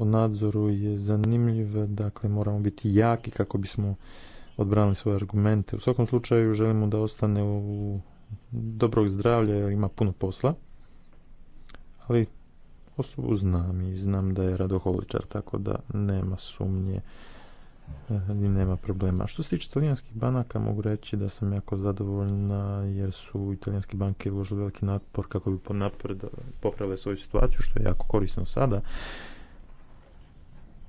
B: o nadzoru je zanimljiv, dakle moramo biti jaki kako bismo odbranili svoje argumente. U svakom slučaju želimo da ostane u dobrog zdravlja jer ima puno posla, ali osobu znam i znam da je radoholičar, tako da nema sumnje eh, i nema problema. Što se tiče italijanskih banaka, mogu reći da sam jako zadovoljna jer su italijanske banke uložili veliki napor kako bi popravile svoju situaciju, što je jako korisno sada.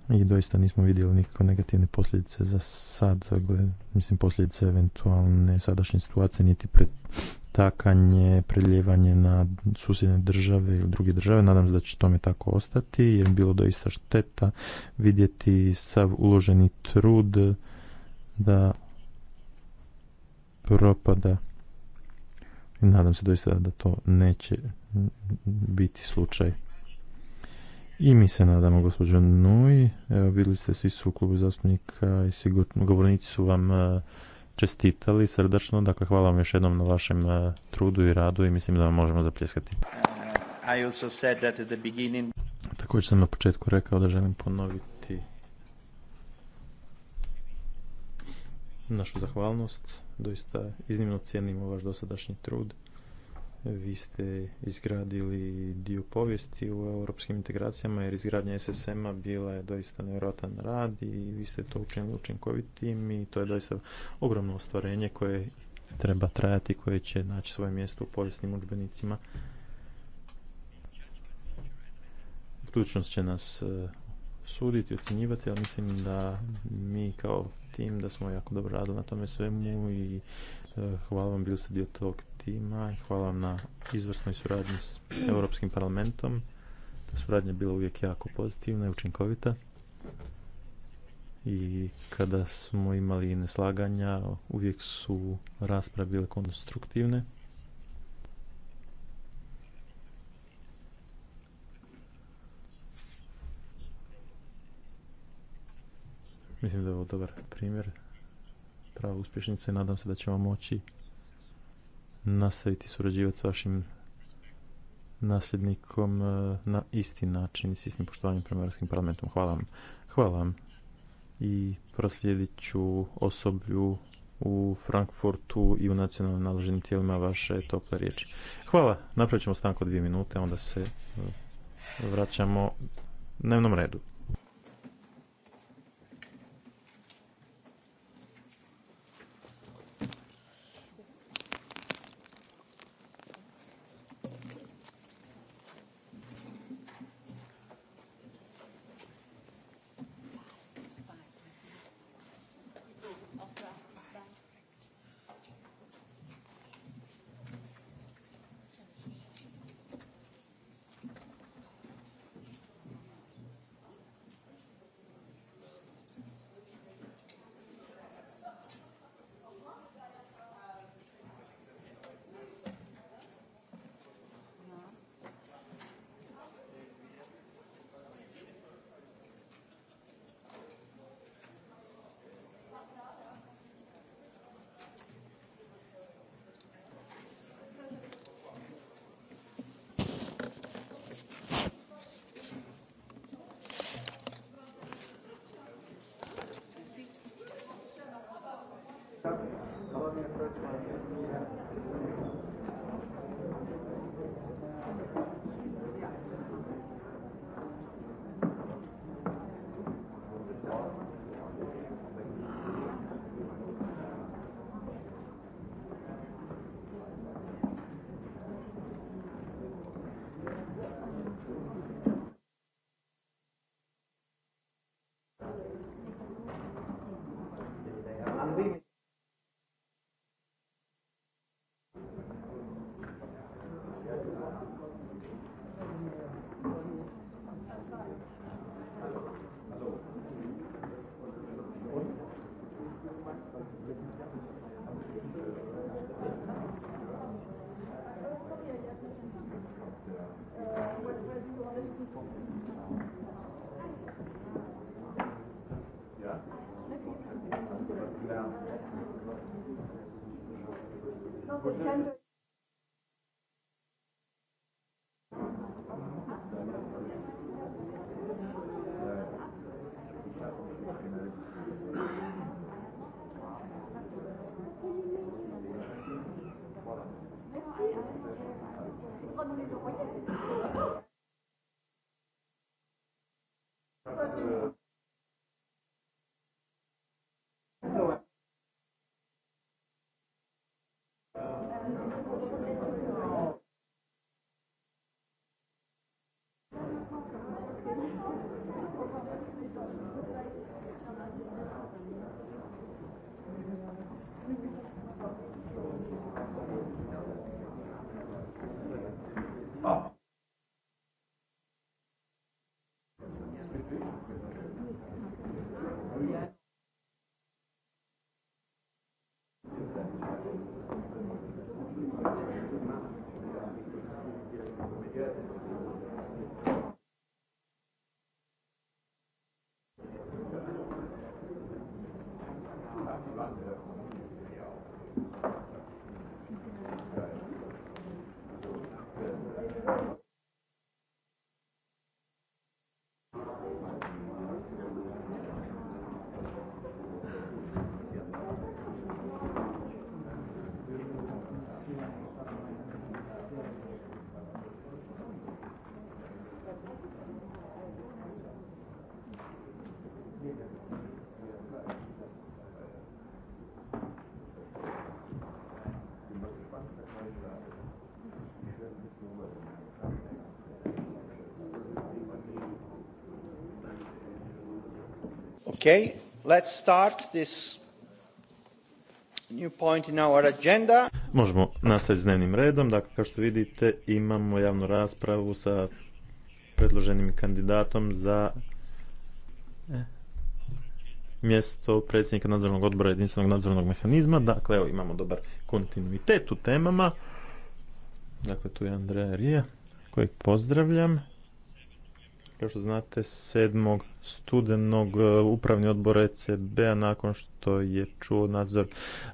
B: I doista nismo vidjeli nikakve negativne posljedice za sad, mislim posljedice eventualne sadašnje situacije niti pred takanje, preljevanje na susjedne države ili druge države. Nadam se da će tome tako ostati jer bilo doista šteta vidjeti sav uloženi trud da propada. I nadam se doista da to neće biti slučaj. I mi se nadamo, gospođo Nui. Evo, vidjeli ste, svi su u klubu zastupnika i sigurno govornici su vam čestitali srdačno. Dakle, hvala vam još jednom na vašem e, trudu i radu i mislim da vam možemo zapljeskati. Uh, Također sam na početku rekao da želim ponoviti našu zahvalnost. Doista iznimno cijenimo vaš dosadašnji trud vi ste izgradili dio povijesti u europskim integracijama jer izgradnja SSM-a bila je doista nevjerojatan rad i vi ste to učinili učinkovitim i to je doista ogromno ostvarenje koje treba trajati koje će naći svoje mjesto u povijesnim udžbenicima. Budućnost će nas e, suditi, ocjenjivati, ali mislim da mi kao tim da smo jako dobro radili na tome svemu i e, hvala vam, bili ste dio tog ima i hvala vam na izvrsnoj suradnji s Europskim parlamentom. Ta suradnja je bila uvijek jako pozitivna i učinkovita. I kada smo imali neslaganja, uvijek su rasprave bile konstruktivne. Mislim da je ovo dobar primjer prava uspješnica i nadam se da ćemo moći nastaviti surađivati s vašim nasljednikom e, na isti način i s istim poštovanjem prema Europskim parlamentom. Hvala vam. Hvala vam. I proslijedit ću osoblju u Frankfurtu i u nacionalnim naloženim tijelima vaše tople riječi. Hvala. Napravit ćemo stanku dvije minute, onda se e, vraćamo dnevnom redu.
A: Okay, let's start this new point in our agenda.
B: Možemo nastaviti s dnevnim redom. Dakle, kao što vidite, imamo javnu raspravu sa predloženim kandidatom za e, mjesto predsjednika nadzornog odbora jedinstvenog nadzornog mehanizma. Dakle, evo imamo dobar kontinuitet u temama. Dakle, tu je Andreja Rija, kojeg pozdravljam kao što znate, 7. studenog e, upravni odbor ECB-a nakon što je čuo nadzor,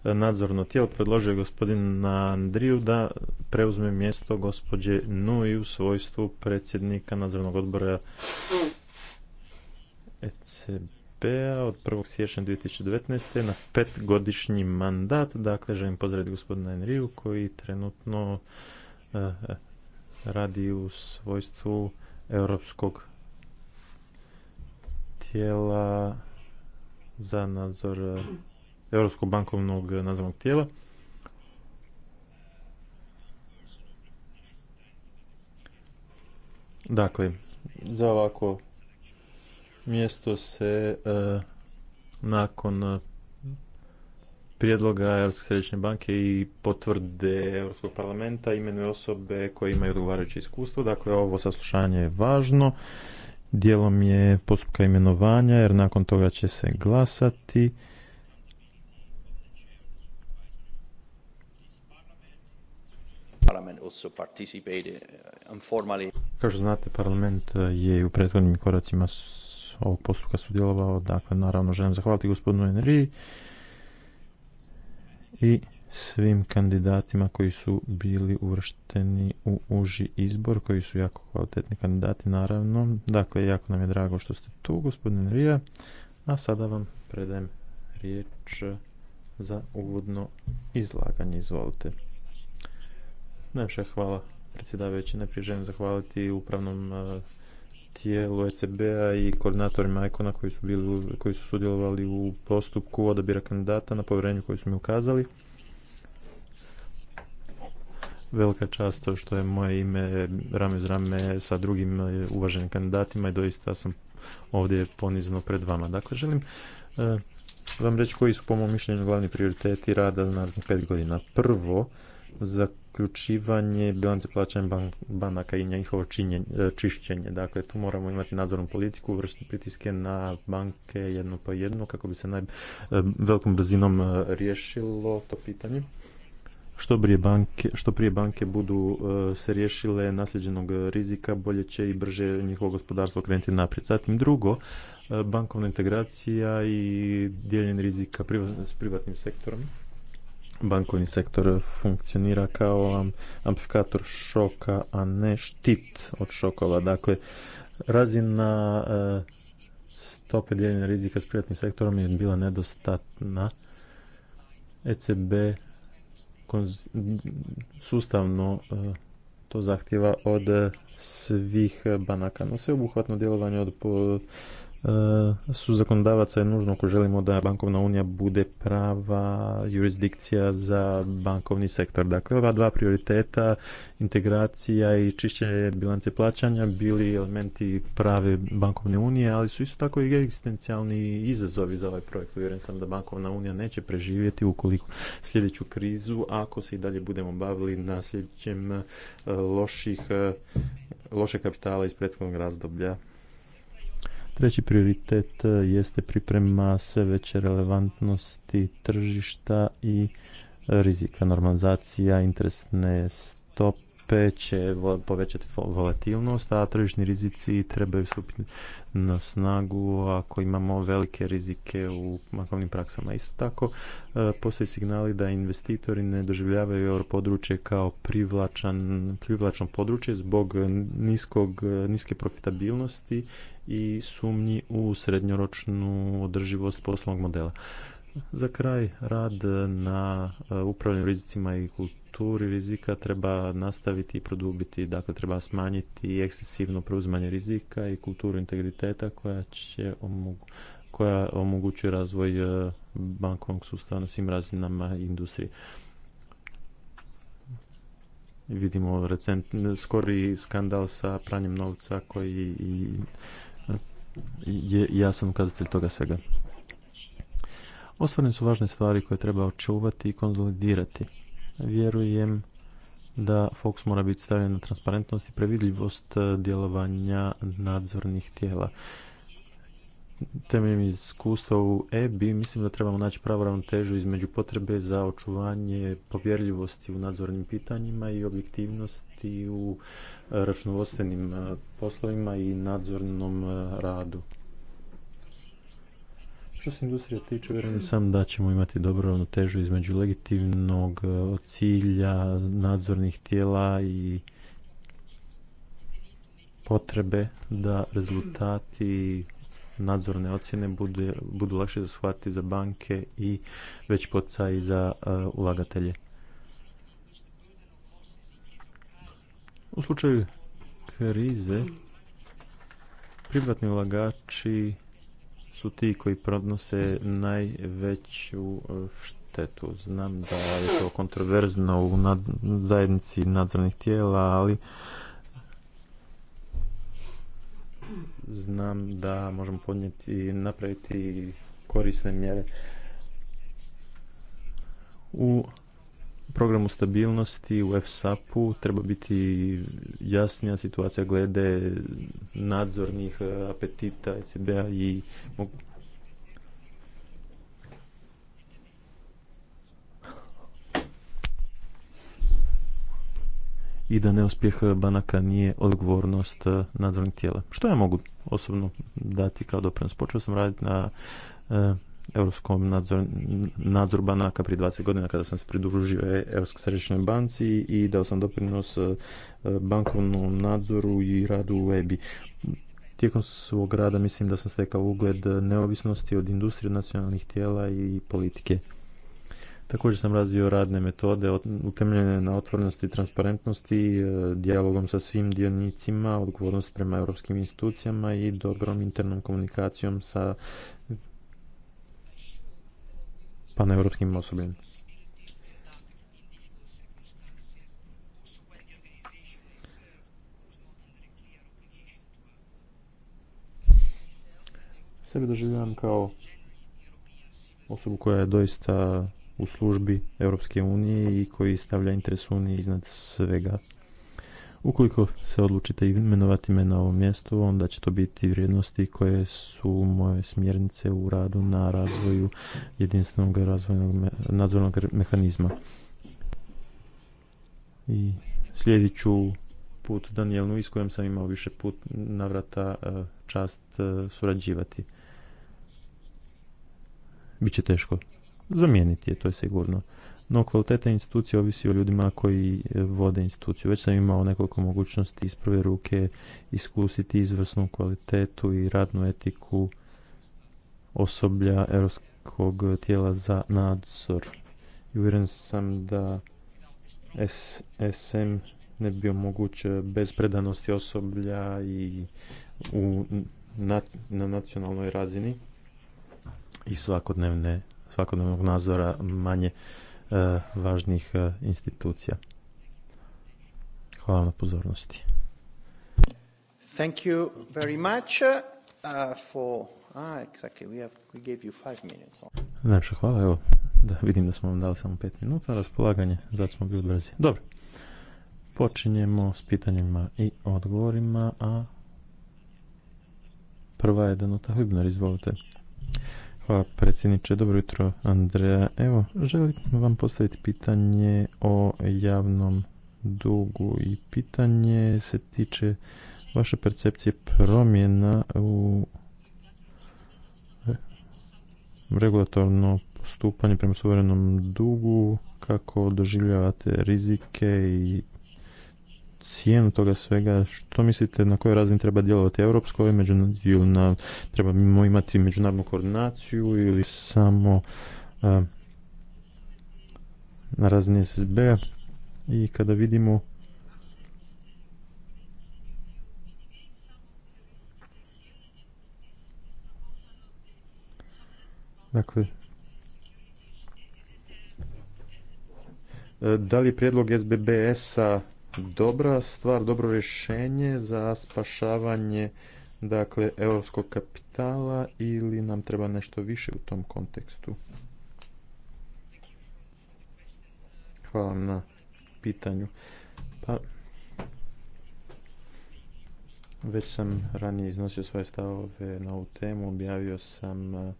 B: e, nadzorno tijelo predložio gospodin Andriju da preuzme mjesto gospođe i u svojstvu predsjednika nadzornog odbora ECB-a od 1. siječnja 2019. na petgodišnji mandat. Dakle, želim pozdraviti gospodina Andriju koji trenutno e, radi u svojstvu europskog tijela za nadzor Europskog bankovnog nadzornog tijela. Dakle, za ovako mjesto se e, nakon prijedloga Europske središnje banke i potvrde Europskog parlamenta imenuje osobe koje imaju odgovarajuće iskustvo. Dakle, ovo saslušanje je važno dijelom je postupka imenovanja jer nakon toga će se glasati. Uh, Kao što znate, parlament uh, je u prethodnim koracima ovog postupka sudjelovao. Dakle, naravno, želim zahvaliti gospodinu Enri i svim kandidatima koji su bili uvršteni u uži izbor, koji su jako kvalitetni kandidati naravno. Dakle, jako nam je drago što ste tu, gospodin Rija. A sada vam predajem riječ za uvodno izlaganje. Izvolite. Najviše hvala predsjedavajući. Najprije želim zahvaliti upravnom e, tijelu ECB-a i koordinatorima ekona koji su, koji su sudjelovali u postupku odabira kandidata na povjerenju koji su mi ukazali velika čast to što je moje ime rame uz rame sa drugim e, uvaženim kandidatima i doista sam ovdje ponizno pred vama. Dakle, želim e, vam reći koji su po mom mišljenju glavni prioriteti rada za narednih pet godina. Prvo, zaključivanje bilance plaćanja banaka i njihovo e, čišćenje. Dakle, tu moramo imati nadzornu politiku, vršiti pritiske na banke jedno po jedno kako bi se naj velikom brzinom riješilo to pitanje što, prije banke, što prije banke budu e, se riješile nasljeđenog rizika, bolje će i brže njihovo gospodarstvo krenuti naprijed. Zatim drugo, e, bankovna integracija i dijeljenje rizika s privatnim sektorom. Bankovni sektor funkcionira kao amplifikator šoka, a ne štit od šokova. Dakle, razina e, stope dijeljenja rizika s privatnim sektorom je bila nedostatna. ECB sustavno e, to zahtjeva od e, svih banaka. No obuhvatno djelovanje od E, su zakonodavaca je nužno ako želimo da bankovna unija bude prava jurisdikcija za bankovni sektor. Dakle, ova dva prioriteta, integracija i čišćenje bilance plaćanja, bili elementi prave bankovne unije, ali su isto tako i egzistencijalni izazovi za ovaj projekt. Uvjeren sam da bankovna unija neće preživjeti ukoliko sljedeću krizu, ako se i dalje budemo bavili sljedećem e, loših, e, loše kapitala iz prethodnog razdoblja. Treći prioritet e, jeste priprema sve veće relevantnosti tržišta i rizika normalizacija, interesne stope stope će povećati volatilnost, a tržišni rizici trebaju stupiti na snagu ako imamo velike rizike u makovnim praksama. Isto tako, e, postoje signali da investitori ne doživljavaju euro područje kao privlačan, privlačno područje zbog niskog, niske profitabilnosti i sumnji u srednjoročnu održivost poslovnog modela. Za kraj, rad na e, upravljanju rizicima i kulturi rizika treba nastaviti i produbiti, dakle treba smanjiti ekscesivno preuzimanje rizika i kulturu integriteta koja će omogućiti koja omogućuje razvoj e, bankovnog sustava na svim razinama industrije. Vidimo recent, skori skandal sa pranjem novca koji e, je jasan ukazatelj toga svega. Ostvarene su važne stvari koje treba očuvati i konsolidirati. Vjerujem da fokus mora biti stavljen na transparentnost i previdljivost e, djelovanja nadzornih tijela. Temeljem iskustva u EBI mislim da trebamo naći pravu ravnotežu između potrebe za očuvanje povjerljivosti u nadzornim pitanjima i objektivnosti u e, računovodstvenim e, poslovima i nadzornom radu. Što se industrije tiče, vjerujem sam da ćemo imati dobru ravnotežu između legitimnog e, cilja, nadzornih tijela i potrebe da rezultati nadzorne ocjene budu lakše za shvati za banke i već i za e, ulagatelje. U slučaju krize privatni ulagači su ti koji pronose najveću e, štetu. Znam da je to kontroverzno u nad, zajednici nadzornih tijela, ali znam da možemo podnijeti i napraviti korisne mjere. U programu stabilnosti u FSAP-u treba biti jasnija situacija glede nadzornih e, apetita ECB-a i i da neuspjeh banaka nije odgovornost e, nadzornih tijela. Što ja mogu osobno dati kao doprinos? Počeo sam raditi na e, europskom nadzor, banaka prije 20 godina kada sam se pridružio e- Europskoj središnjoj banci i dao sam doprinos e, bankovnom nadzoru i radu u EBI. Tijekom svog rada mislim da sam stekao ugled neovisnosti od industrije nacionalnih tijela i politike. Također sam razvio radne metode utemeljene na otvornosti i transparentnosti, e, dijalogom sa svim dionicima, odgovornost prema europskim institucijama i dobrom internom komunikacijom sa paneuropskim osobljem. Sebe doživljavam kao osobu koja je doista u službi Europske unije i koji stavlja interes unije iznad svega. Ukoliko se odlučite imenovati me na ovom mjestu, onda će to biti vrijednosti koje su moje smjernice u radu na razvoju jedinstvenog razvojnog nadzornog mehanizma. I slijedit ću put i s kojom sam imao više put navrata e, čast e, surađivati. Biće teško. Zamijeniti je, to je sigurno no kvaliteta institucije ovisi o ljudima koji e, vode instituciju. Već sam imao nekoliko mogućnosti iz prve ruke iskusiti izvrsnu kvalitetu i radnu etiku osoblja Europskog tijela za nadzor. I uvjeren sam da SM ne bi bio moguć bez predanosti osoblja i u, na, na nacionalnoj razini i svakodnevne, svakodnevnog nadzora manje E, važnih e, institucija. Hvala na pozornosti.
A: Thank you very much uh, for Ah, exactly. We have, we gave you five minutes.
B: Najpša hvala, evo, da vidim da smo vam dali samo pet minuta, raspolaganje, zato smo bili brzi. Dobro, počinjemo s pitanjima i odgovorima, a prva je Danuta Hübner, izvolite. Hvala predsjedniče, dobro jutro Andreja. Evo, želim vam postaviti pitanje o javnom dugu i pitanje se tiče vaše percepcije promjena u regulatorno postupanje prema suverenom dugu, kako doživljavate rizike i cijenu toga svega, što mislite na kojoj razini treba djelovati europskoj ovaj ili trebamo imati međunarodnu koordinaciju ili samo na razini SB i kada vidimo Dakle, e, da li prijedlog SBBS-a dobra stvar, dobro rješenje za spašavanje dakle europskog kapitala ili nam treba nešto više u tom kontekstu? Hvala na pitanju. Pa, već sam ranije iznosio svoje stavove na ovu temu, objavio sam eh,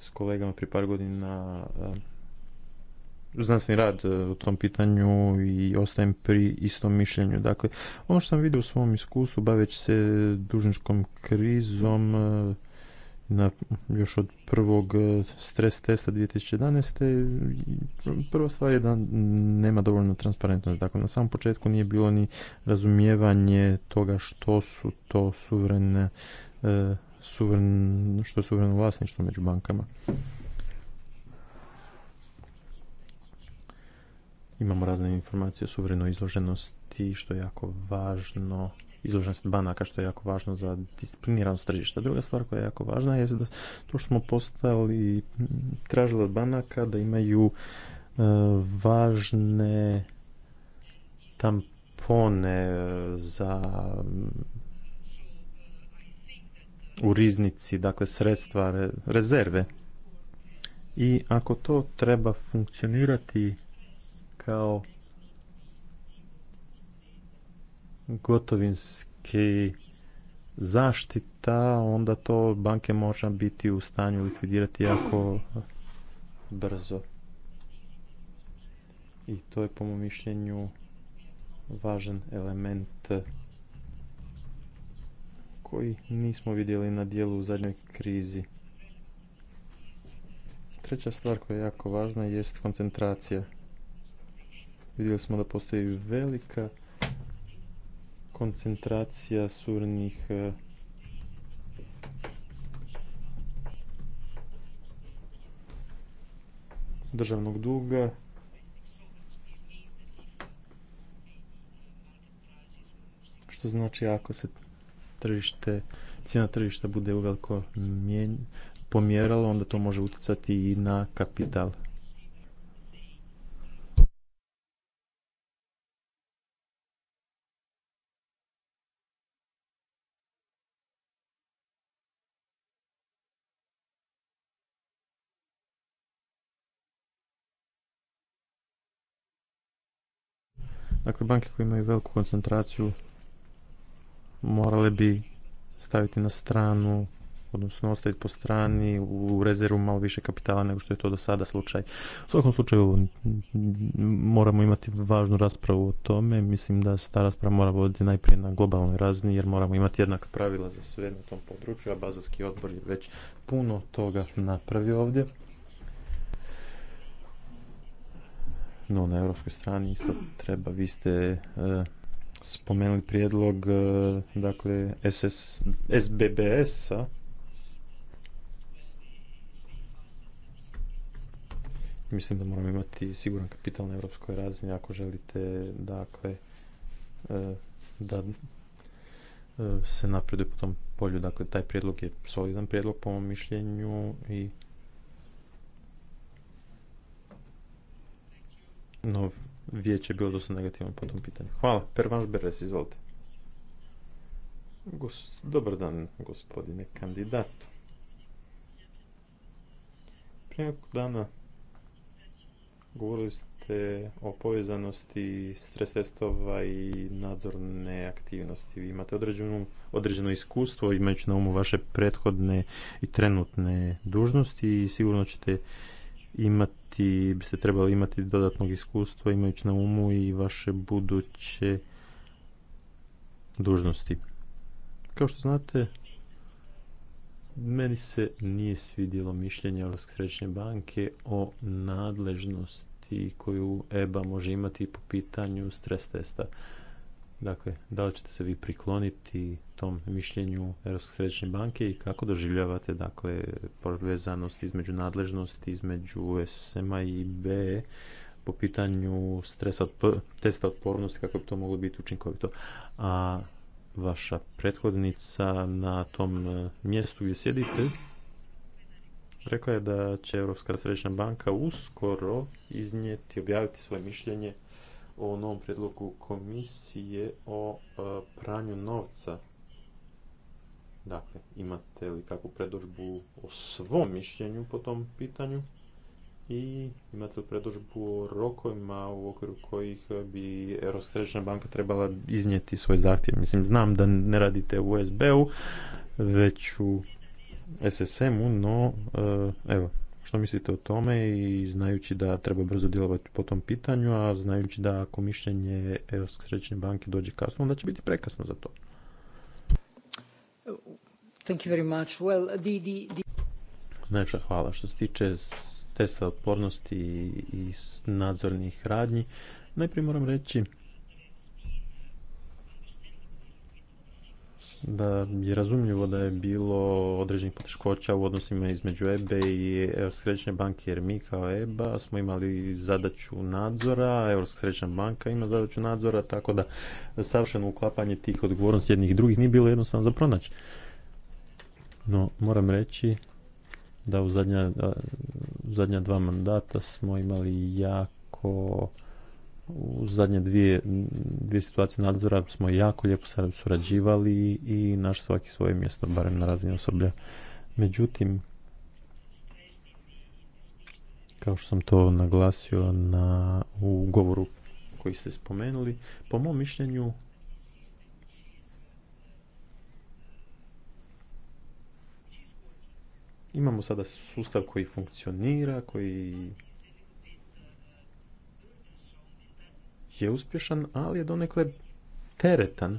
B: s kolegama pri par godina eh, znanstveni rad e, u tom pitanju i ostajem pri istom mišljenju. Dakle, ono što sam vidio u svom iskustvu baveći se dužničkom krizom e, na, još od prvog e, stres testa 2011. Prva stvar je da nema dovoljno transparentnosti. Dakle, na samom početku nije bilo ni razumijevanje toga što su to suverene, suveren, što je suvereno vlasništvo među bankama. imamo razne informacije o suverenoj izloženosti, što je jako važno, izloženost banaka, što je jako važno za discipliniranost tržišta. Druga stvar koja je jako važna je da to što smo postali, tražili od banaka da imaju e, važne tampone za u riznici, dakle sredstva, rezerve. I ako to treba funkcionirati kao gotovinski zaštita, onda to banke može biti u stanju likvidirati jako brzo. I to je po mom mišljenju važan element koji nismo vidjeli na dijelu u zadnjoj krizi. Treća stvar koja je jako važna jest koncentracija vidjeli smo da postoji velika koncentracija surnih e, državnog duga što znači ako se tržište cijena tržišta bude uveliko pomjerala onda to može utjecati i na kapital Dakle, banke koje imaju veliku koncentraciju morale bi staviti na stranu, odnosno ostaviti po strani u rezervu malo više kapitala nego što je to do sada slučaj. U svakom slučaju moramo imati važnu raspravu o tome. Mislim da se ta rasprava mora voditi najprije na globalnoj razini jer moramo imati jednaka pravila za sve na tom području, a Bazarski odbor je već puno toga napravio ovdje. No, na europskoj strani isto treba, vi ste e, spomenuli prijedlog e, dakle SS, SBBS-a mislim da moramo imati siguran kapital na europskoj razini ako želite dakle e, da se napreduje po tom polju dakle taj prijedlog je solidan prijedlog po mom mišljenju i No, vijeće je bilo dosta negativno po tom pitanju. Hvala. Pervanš Beres, izvolite. dobar dan, gospodine kandidatu. Prije nekog dana govorili ste o povezanosti stres testova i nadzorne aktivnosti. Vi imate određeno iskustvo, imajući na umu vaše prethodne i trenutne dužnosti i sigurno ćete imati i biste trebali imati dodatnog iskustva imajući na umu i vaše buduće dužnosti. Kao što znate, meni se nije svidjelo mišljenje Europske središnje banke o nadležnosti koju EBA može imati po pitanju stres testa. Dakle, da li ćete se vi prikloniti mišljenju Europske središnje banke i kako doživljavate dakle povezanost između nadležnosti između SMA i B po pitanju stresa, testa otpornosti kako bi to moglo biti učinkovito. A vaša prethodnica na tom e, mjestu gdje sjedite rekla je da će Europska središnja banka uskoro iznijeti, objaviti svoje mišljenje o novom predlogu komisije o e, pranju novca Dakle, imate li kakvu predođbu o svom mišljenju po tom pitanju i imate li predođbu o rokovima u okviru kojih bi Eurostrežna banka trebala iznijeti svoj zahtjev? Mislim, znam da ne radite u USB-u, već u SSM-u, no eh, evo, što mislite o tome i znajući da treba brzo djelovati po tom pitanju, a znajući da ako mišljenje Europske središnje banke dođe kasno, onda će biti prekasno za to.
D: Thank you very much.
B: hvala. Što se tiče testa otpornosti i nadzornih radnji, najprije moram reći da je razumljivo da je bilo određenih poteškoća u odnosima između EBE e i Europske središnje banke, jer mi kao EBA smo imali zadaću nadzora, Europska središnja banka ima zadaću nadzora, tako da savršeno uklapanje tih odgovornosti jednih i drugih nije bilo jednostavno za pronaći. No, moram reći da u zadnja, zadnja dva mandata smo imali jako u zadnje dvije, dvije situacije nadzora smo jako lijepo surađivali i naš svaki svoje mjesto, barem na razini osoblja. Međutim, kao što sam to naglasio na, u govoru koji ste spomenuli, po mom mišljenju Imamo sada sustav koji funkcionira, koji je uspješan, ali je donekle teretan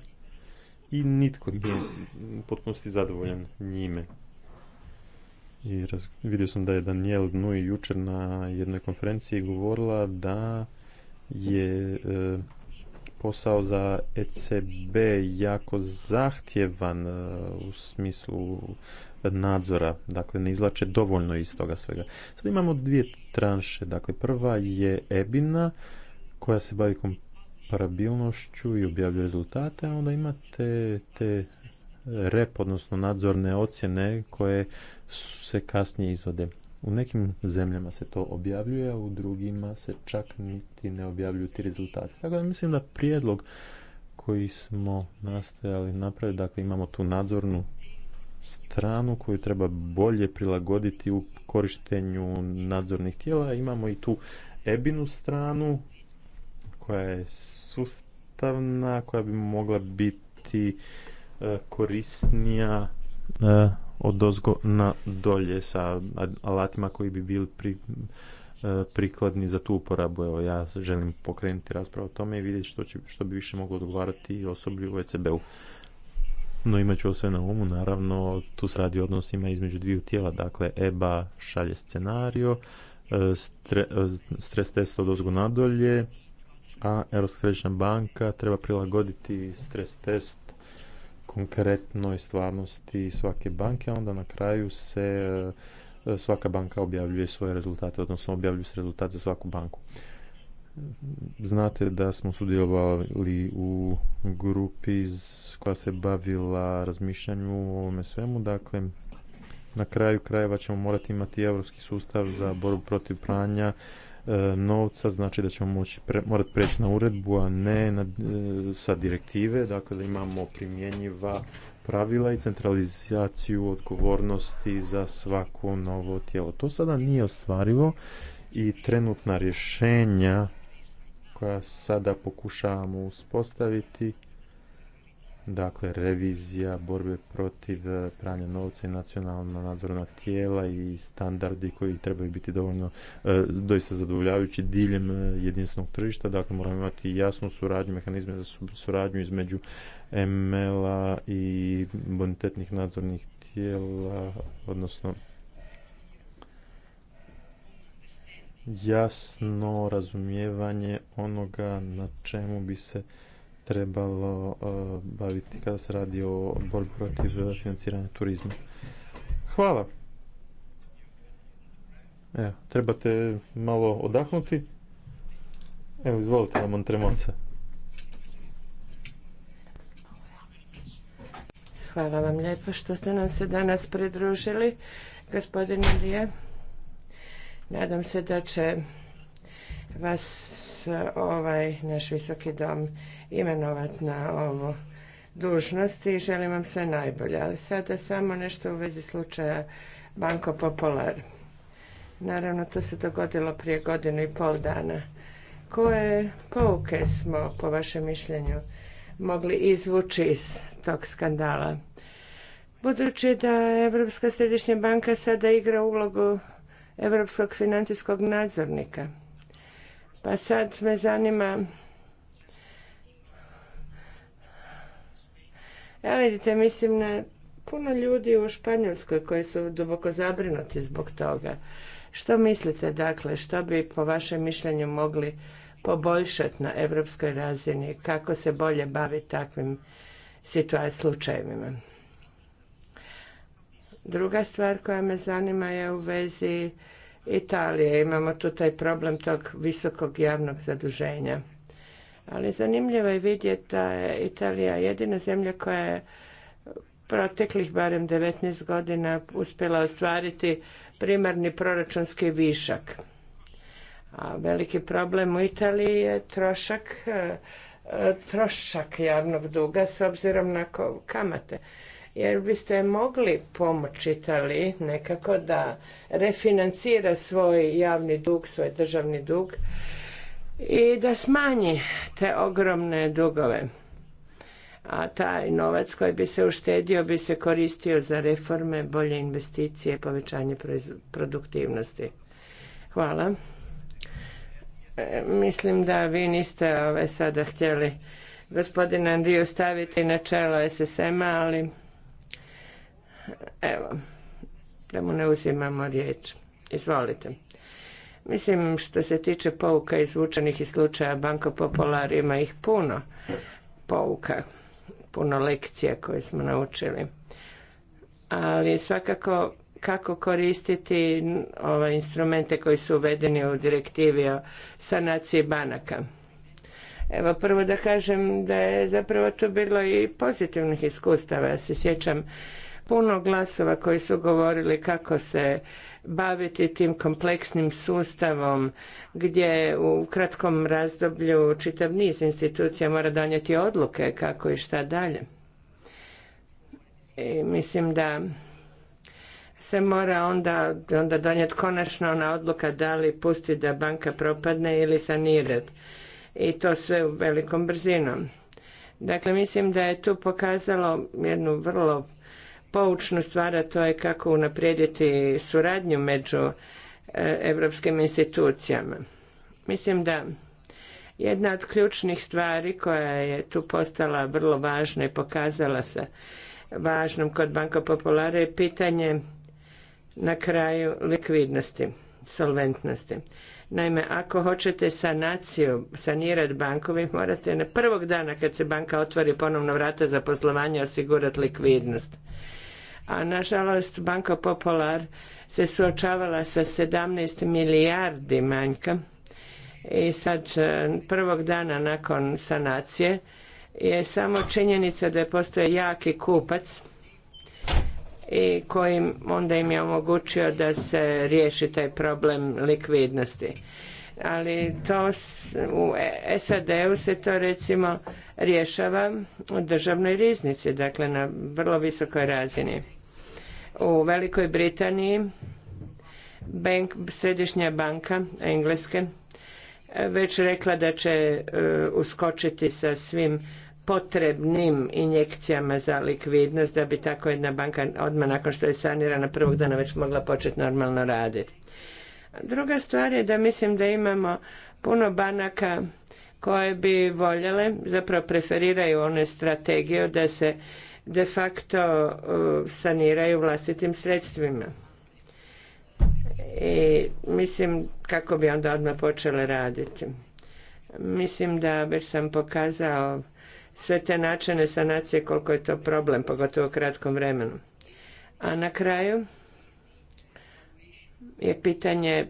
B: i nitko nije u potpunosti zadovoljan njime. I vidio sam da je Daniel Nui jučer na jednoj konferenciji govorila da je e, posao za ECB jako zahtjevan e, u smislu nadzora, dakle ne izlače dovoljno iz toga svega. Sad imamo dvije tranše, dakle prva je EBINA koja se bavi komparabilnošću i objavljuje rezultate, a onda imate te rep, odnosno nadzorne ocjene koje se kasnije izvode. U nekim zemljama se to objavljuje, a u drugima se čak niti ne objavljuju ti rezultati. Tako da mislim da prijedlog koji smo nastojali napraviti, dakle imamo tu nadzornu stranu koju treba bolje prilagoditi u korištenju nadzornih tijela. Imamo i tu ebinu stranu koja je sustavna, koja bi mogla biti e, korisnija e, od ozgo na dolje sa alatima koji bi bili pri, e, prikladni za tu uporabu. Evo, ja želim pokrenuti raspravu o tome i vidjeti što, će, što bi više moglo odgovarati osoblju u ECB-u. No imat ću sve na umu, naravno tu se radi o odnosima između dviju tijela, dakle EBA šalje scenario, e, e, stres test od ozgo nadolje, a Europska središnja banka treba prilagoditi stres test konkretnoj stvarnosti svake banke, a onda na kraju se e, svaka banka objavljuje svoje rezultate, odnosno objavljuje se rezultat za svaku banku znate da smo sudjelovali u grupi koja se bavila razmišljanju o ovome svemu. Dakle, na kraju krajeva ćemo morati imati europski sustav za borbu protiv pranja e, novca, znači da ćemo moći pre, morati preći na uredbu, a ne na, e, sa direktive, dakle da imamo primjenjiva pravila i centralizaciju odgovornosti za svako novo tijelo. To sada nije ostvarivo i trenutna rješenja koja sada pokušavamo uspostaviti, dakle revizija borbe protiv e, pranja novca i nacionalna nadzorna tijela i standardi koji trebaju biti dovoljno e, doista zadovoljavajući diljem e, jedinstvenog tržišta. Dakle, moramo imati jasnu suradnju, mehanizme za suradnju između ML-a i bonitetnih nadzornih tijela, odnosno jasno razumijevanje onoga na čemu bi se trebalo e, baviti kada se radi o borbi protiv financiranja turizma. Hvala. Evo, trebate malo odahnuti. Evo, izvolite vam antremonca.
D: Hvala vam lijepo što ste nam se danas pridružili, gospodine Lije. Nadam se da će vas ovaj naš visoki dom imenovati na ovu dužnost i želim vam sve najbolje. Ali sada samo nešto u vezi slučaja Banko Popular. Naravno, to se dogodilo prije godinu i pol dana. Koje pouke smo, po vašem mišljenju, mogli izvući iz tog skandala? Budući da Europska središnja banka sada igra ulogu europskog financijskog nadzornika. Pa sad me zanima Ja vidite, mislim na puno ljudi u Španjolskoj koji su duboko zabrinuti zbog toga. Što mislite, dakle, što bi po vašem mišljenju mogli poboljšati na europskoj razini, kako se bolje bavi takvim situacijama, slučajevima? Druga stvar koja me zanima je u vezi Italije. Imamo tu taj problem tog visokog javnog zaduženja. Ali zanimljivo je vidjeti da je Italija jedina zemlja koja je proteklih barem 19 godina uspjela ostvariti primarni proračunski višak. A veliki problem u Italiji je trošak, e, trošak javnog duga s obzirom na kamate jer biste mogli pomoći Italiji nekako da refinancira svoj javni dug, svoj državni dug i da smanji te ogromne dugove. A taj novac koji bi se uštedio bi se koristio za reforme, bolje investicije, povećanje produktivnosti. Hvala. E, mislim da vi niste ove sada htjeli gospodina Andriju staviti na čelo SSM-a, ali Evo, da mu ne uzimamo riječ. Izvolite. Mislim, što se tiče pouka izvučenih iz slučaja Banko Popular, ima ih puno pouka, puno lekcija koje smo naučili. Ali svakako kako koristiti ove instrumente koji su uvedeni u direktivi o sanaciji banaka. Evo prvo da kažem da je zapravo tu bilo i pozitivnih iskustava. Ja se sjećam puno glasova koji su govorili kako se baviti tim kompleksnim sustavom gdje u kratkom razdoblju čitav niz institucija mora donijeti odluke kako i šta dalje. I mislim da se mora onda, onda donijeti konačno ona odluka da li pusti da banka propadne ili sanirati. I to sve u velikom brzinom. Dakle, mislim da je tu pokazalo jednu vrlo poučnu stvar, a to je kako unaprijediti suradnju među europskim institucijama. Mislim da jedna od ključnih stvari koja je tu postala vrlo važna i pokazala se važnom kod Banka Populara je pitanje na kraju likvidnosti, solventnosti. Naime, ako hoćete sanaciju, sanirati bankovi, morate na prvog dana kad se banka otvori ponovno vrata za poslovanje osigurati likvidnost a nažalost Banka Popular se suočavala sa 17 milijardi manjka i sad e, prvog dana nakon sanacije je samo činjenica da je postoje jaki kupac i koji onda im je omogućio da se riješi taj problem likvidnosti ali to u SAD-u se to recimo rješava u državnoj riznici, dakle na vrlo visokoj razini. U Velikoj Britaniji bank, središnja banka Engleske već rekla da će e, uskočiti sa svim potrebnim injekcijama za likvidnost da bi tako jedna banka odmah nakon što je sanirana prvog dana već mogla početi normalno raditi. Druga stvar je da mislim da imamo puno banaka koje bi voljele, zapravo preferiraju one strategije da se de facto saniraju vlastitim sredstvima. I mislim kako bi onda odmah počele raditi. Mislim da već sam pokazao sve te načine sanacije koliko je to problem, pogotovo u kratkom vremenu. A na kraju, je pitanje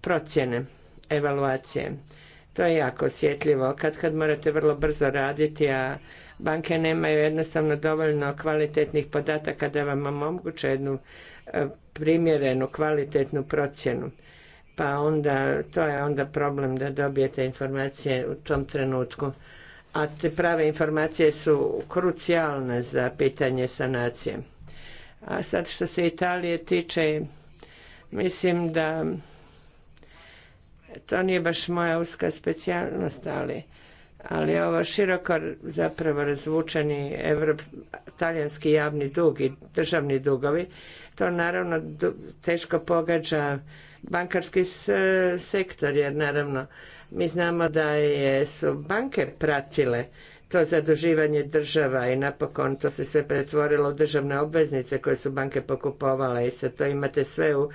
D: procjene, evaluacije. To je jako osjetljivo. Kad kad morate vrlo brzo raditi, a banke nemaju jednostavno dovoljno kvalitetnih podataka da vam omoguće jednu e, primjerenu, kvalitetnu procjenu. Pa onda, to je onda problem da dobijete informacije u tom trenutku. A te prave informacije su krucijalne za pitanje sanacije. A sad što se Italije tiče, Mislim da to nije baš moja uska specijalnost, ali, ali ovo široko zapravo razvučeni Evrop, talijanski javni dug i državni dugovi, to naravno teško pogađa bankarski sektor, jer naravno mi znamo da je, su banke pratile to zaduživanje država i napokon to se sve pretvorilo u državne obveznice koje su banke pokupovale i sad to imate sve u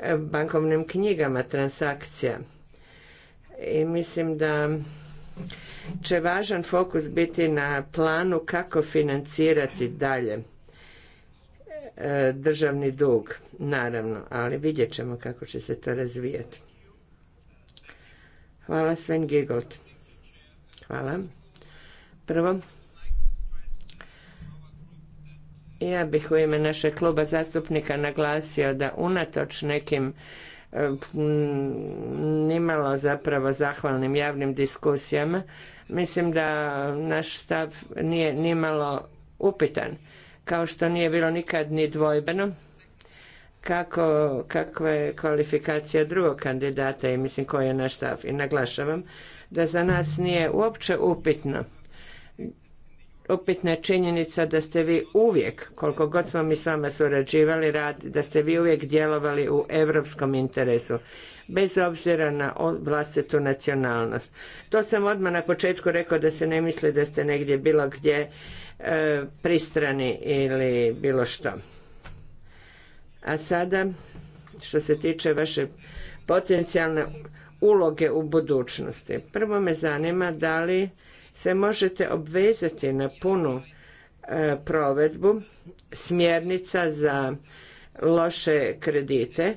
D: e, bankovnim knjigama transakcija. I mislim da će važan fokus biti na planu kako financirati dalje e, državni dug, naravno, ali vidjet ćemo kako će se to razvijati. Hvala Sven Gigold. Hvala. Prvo, ja bih u ime našeg kluba zastupnika naglasio da unatoč nekim eh, nimalo zapravo zahvalnim javnim diskusijama, mislim da naš stav nije nimalo upitan, kao što nije bilo nikad ni dvojbeno kako, kakva je kvalifikacija drugog kandidata i mislim koji je naš stav. I naglašavam da za nas nije uopće upitno upitna je činjenica da ste vi uvijek, koliko god smo mi s vama surađivali, rad da ste vi uvijek djelovali u europskom interesu bez obzira na vlastitu nacionalnost. To sam odmah na početku rekao da se ne misli da ste negdje bilo gdje e, pristrani ili bilo što. A sada, što se tiče vaše potencijalne uloge u budućnosti. Prvo me zanima da li se možete obvezati na punu e, provedbu smjernica za loše kredite,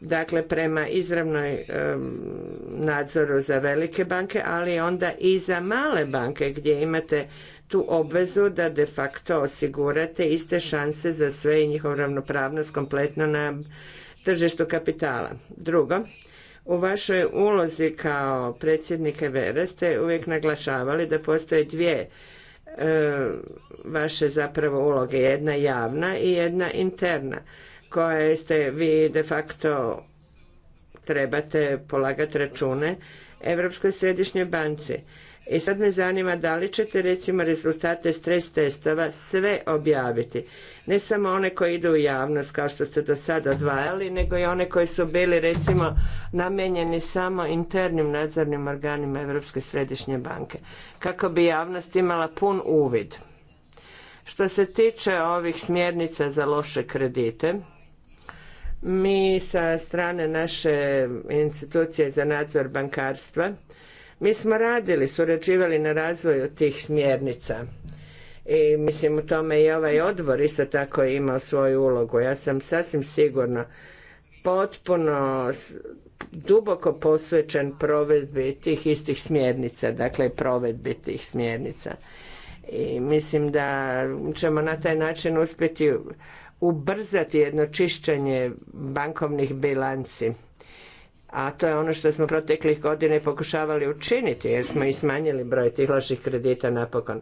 D: dakle prema izravnoj nadzoru za velike banke, ali onda i za male banke gdje imate tu obvezu da de facto osigurate iste šanse za sve i njihov ravnopravnost kompletno na tržištu kapitala. Drugo, u vašoj ulozi kao predsjednike VERE ste uvijek naglašavali da postoje dvije e, vaše zapravo uloge, jedna javna i jedna interna, koje ste vi de facto trebate polagati račune Europskoj središnjoj banci. I e sad me zanima da li ćete recimo rezultate stres testova sve objaviti. Ne samo one koji idu u javnost kao što ste do sada odvajali, nego i one koji su bili recimo namijenjeni samo internim nadzornim organima Europske središnje banke. Kako bi javnost imala pun uvid. Što se tiče ovih smjernica za loše kredite, mi sa strane naše institucije za nadzor bankarstva mi smo radili, surađivali na razvoju tih smjernica i mislim u tome i ovaj odbor isto tako je imao svoju ulogu. Ja sam sasvim sigurno potpuno duboko posvećen provedbi tih istih smjernica, dakle provedbi tih smjernica. I mislim da ćemo na taj način uspjeti ubrzati jedno čišćenje bankovnih bilanci a to je ono što smo proteklih godina pokušavali učiniti jer smo i smanjili broj tih loših kredita napokon.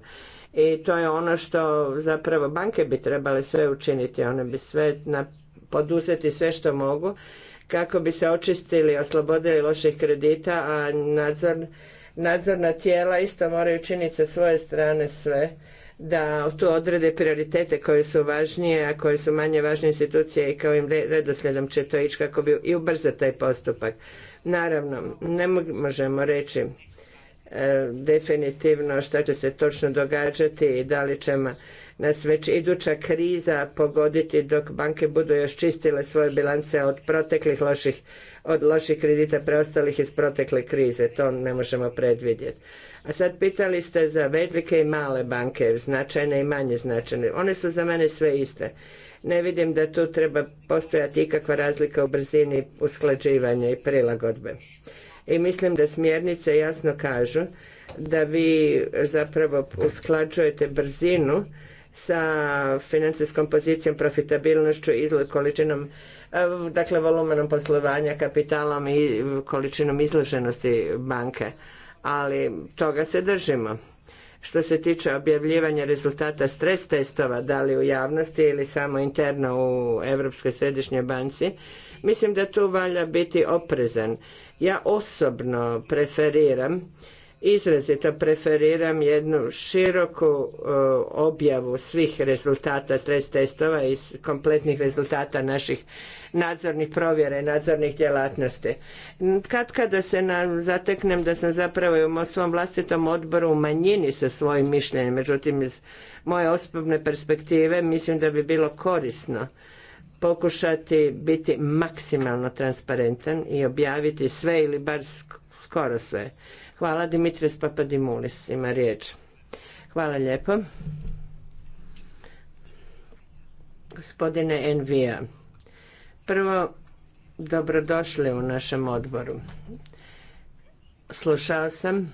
D: I to je ono što zapravo banke bi trebale sve učiniti, one bi sve na, poduzeti sve što mogu kako bi se očistili, oslobodili loših kredita, a nadzor, nadzorna tijela isto moraju činiti sa svoje strane sve da tu odrede prioritete koje su važnije, a koje su manje važne institucije i im redoslijedom će to ići kako bi i ubrza taj postupak. Naravno, ne možemo reći e, definitivno šta će se točno događati i da li ćemo nas već iduća kriza pogoditi dok banke budu još čistile svoje bilance od proteklih loših, od loših kredita preostalih iz protekle krize. To ne možemo predvidjeti. A sad pitali ste za velike i male banke, značajne i manje značajne. One su za mene sve iste. Ne vidim da tu treba postojati ikakva razlika u brzini usklađivanja i prilagodbe. I mislim da smjernice jasno kažu da vi zapravo usklađujete brzinu sa financijskom pozicijom, profitabilnošću, izlo, količinom, eh, dakle volumenom poslovanja, kapitalom i količinom izloženosti banke ali toga se držimo. Što se tiče objavljivanja rezultata stres testova, da li u javnosti ili samo interno u Europskoj središnjoj banci, mislim da tu valja biti oprezan. Ja osobno preferiram izrazito preferiram jednu široku e, objavu svih rezultata stres testova i kompletnih rezultata naših nadzornih provjera i nadzornih djelatnosti. Kad kada se zateknem da sam zapravo u svom vlastitom odboru u manjini sa svojim mišljenjem, međutim iz moje osobne perspektive mislim da bi bilo korisno pokušati biti maksimalno transparentan i objaviti sve ili bar skoro sve Hvala, Dimitris Papadimulis ima riječ. Hvala lijepo. Gospodine Envija, prvo dobrodošli u našem odboru. Slušao sam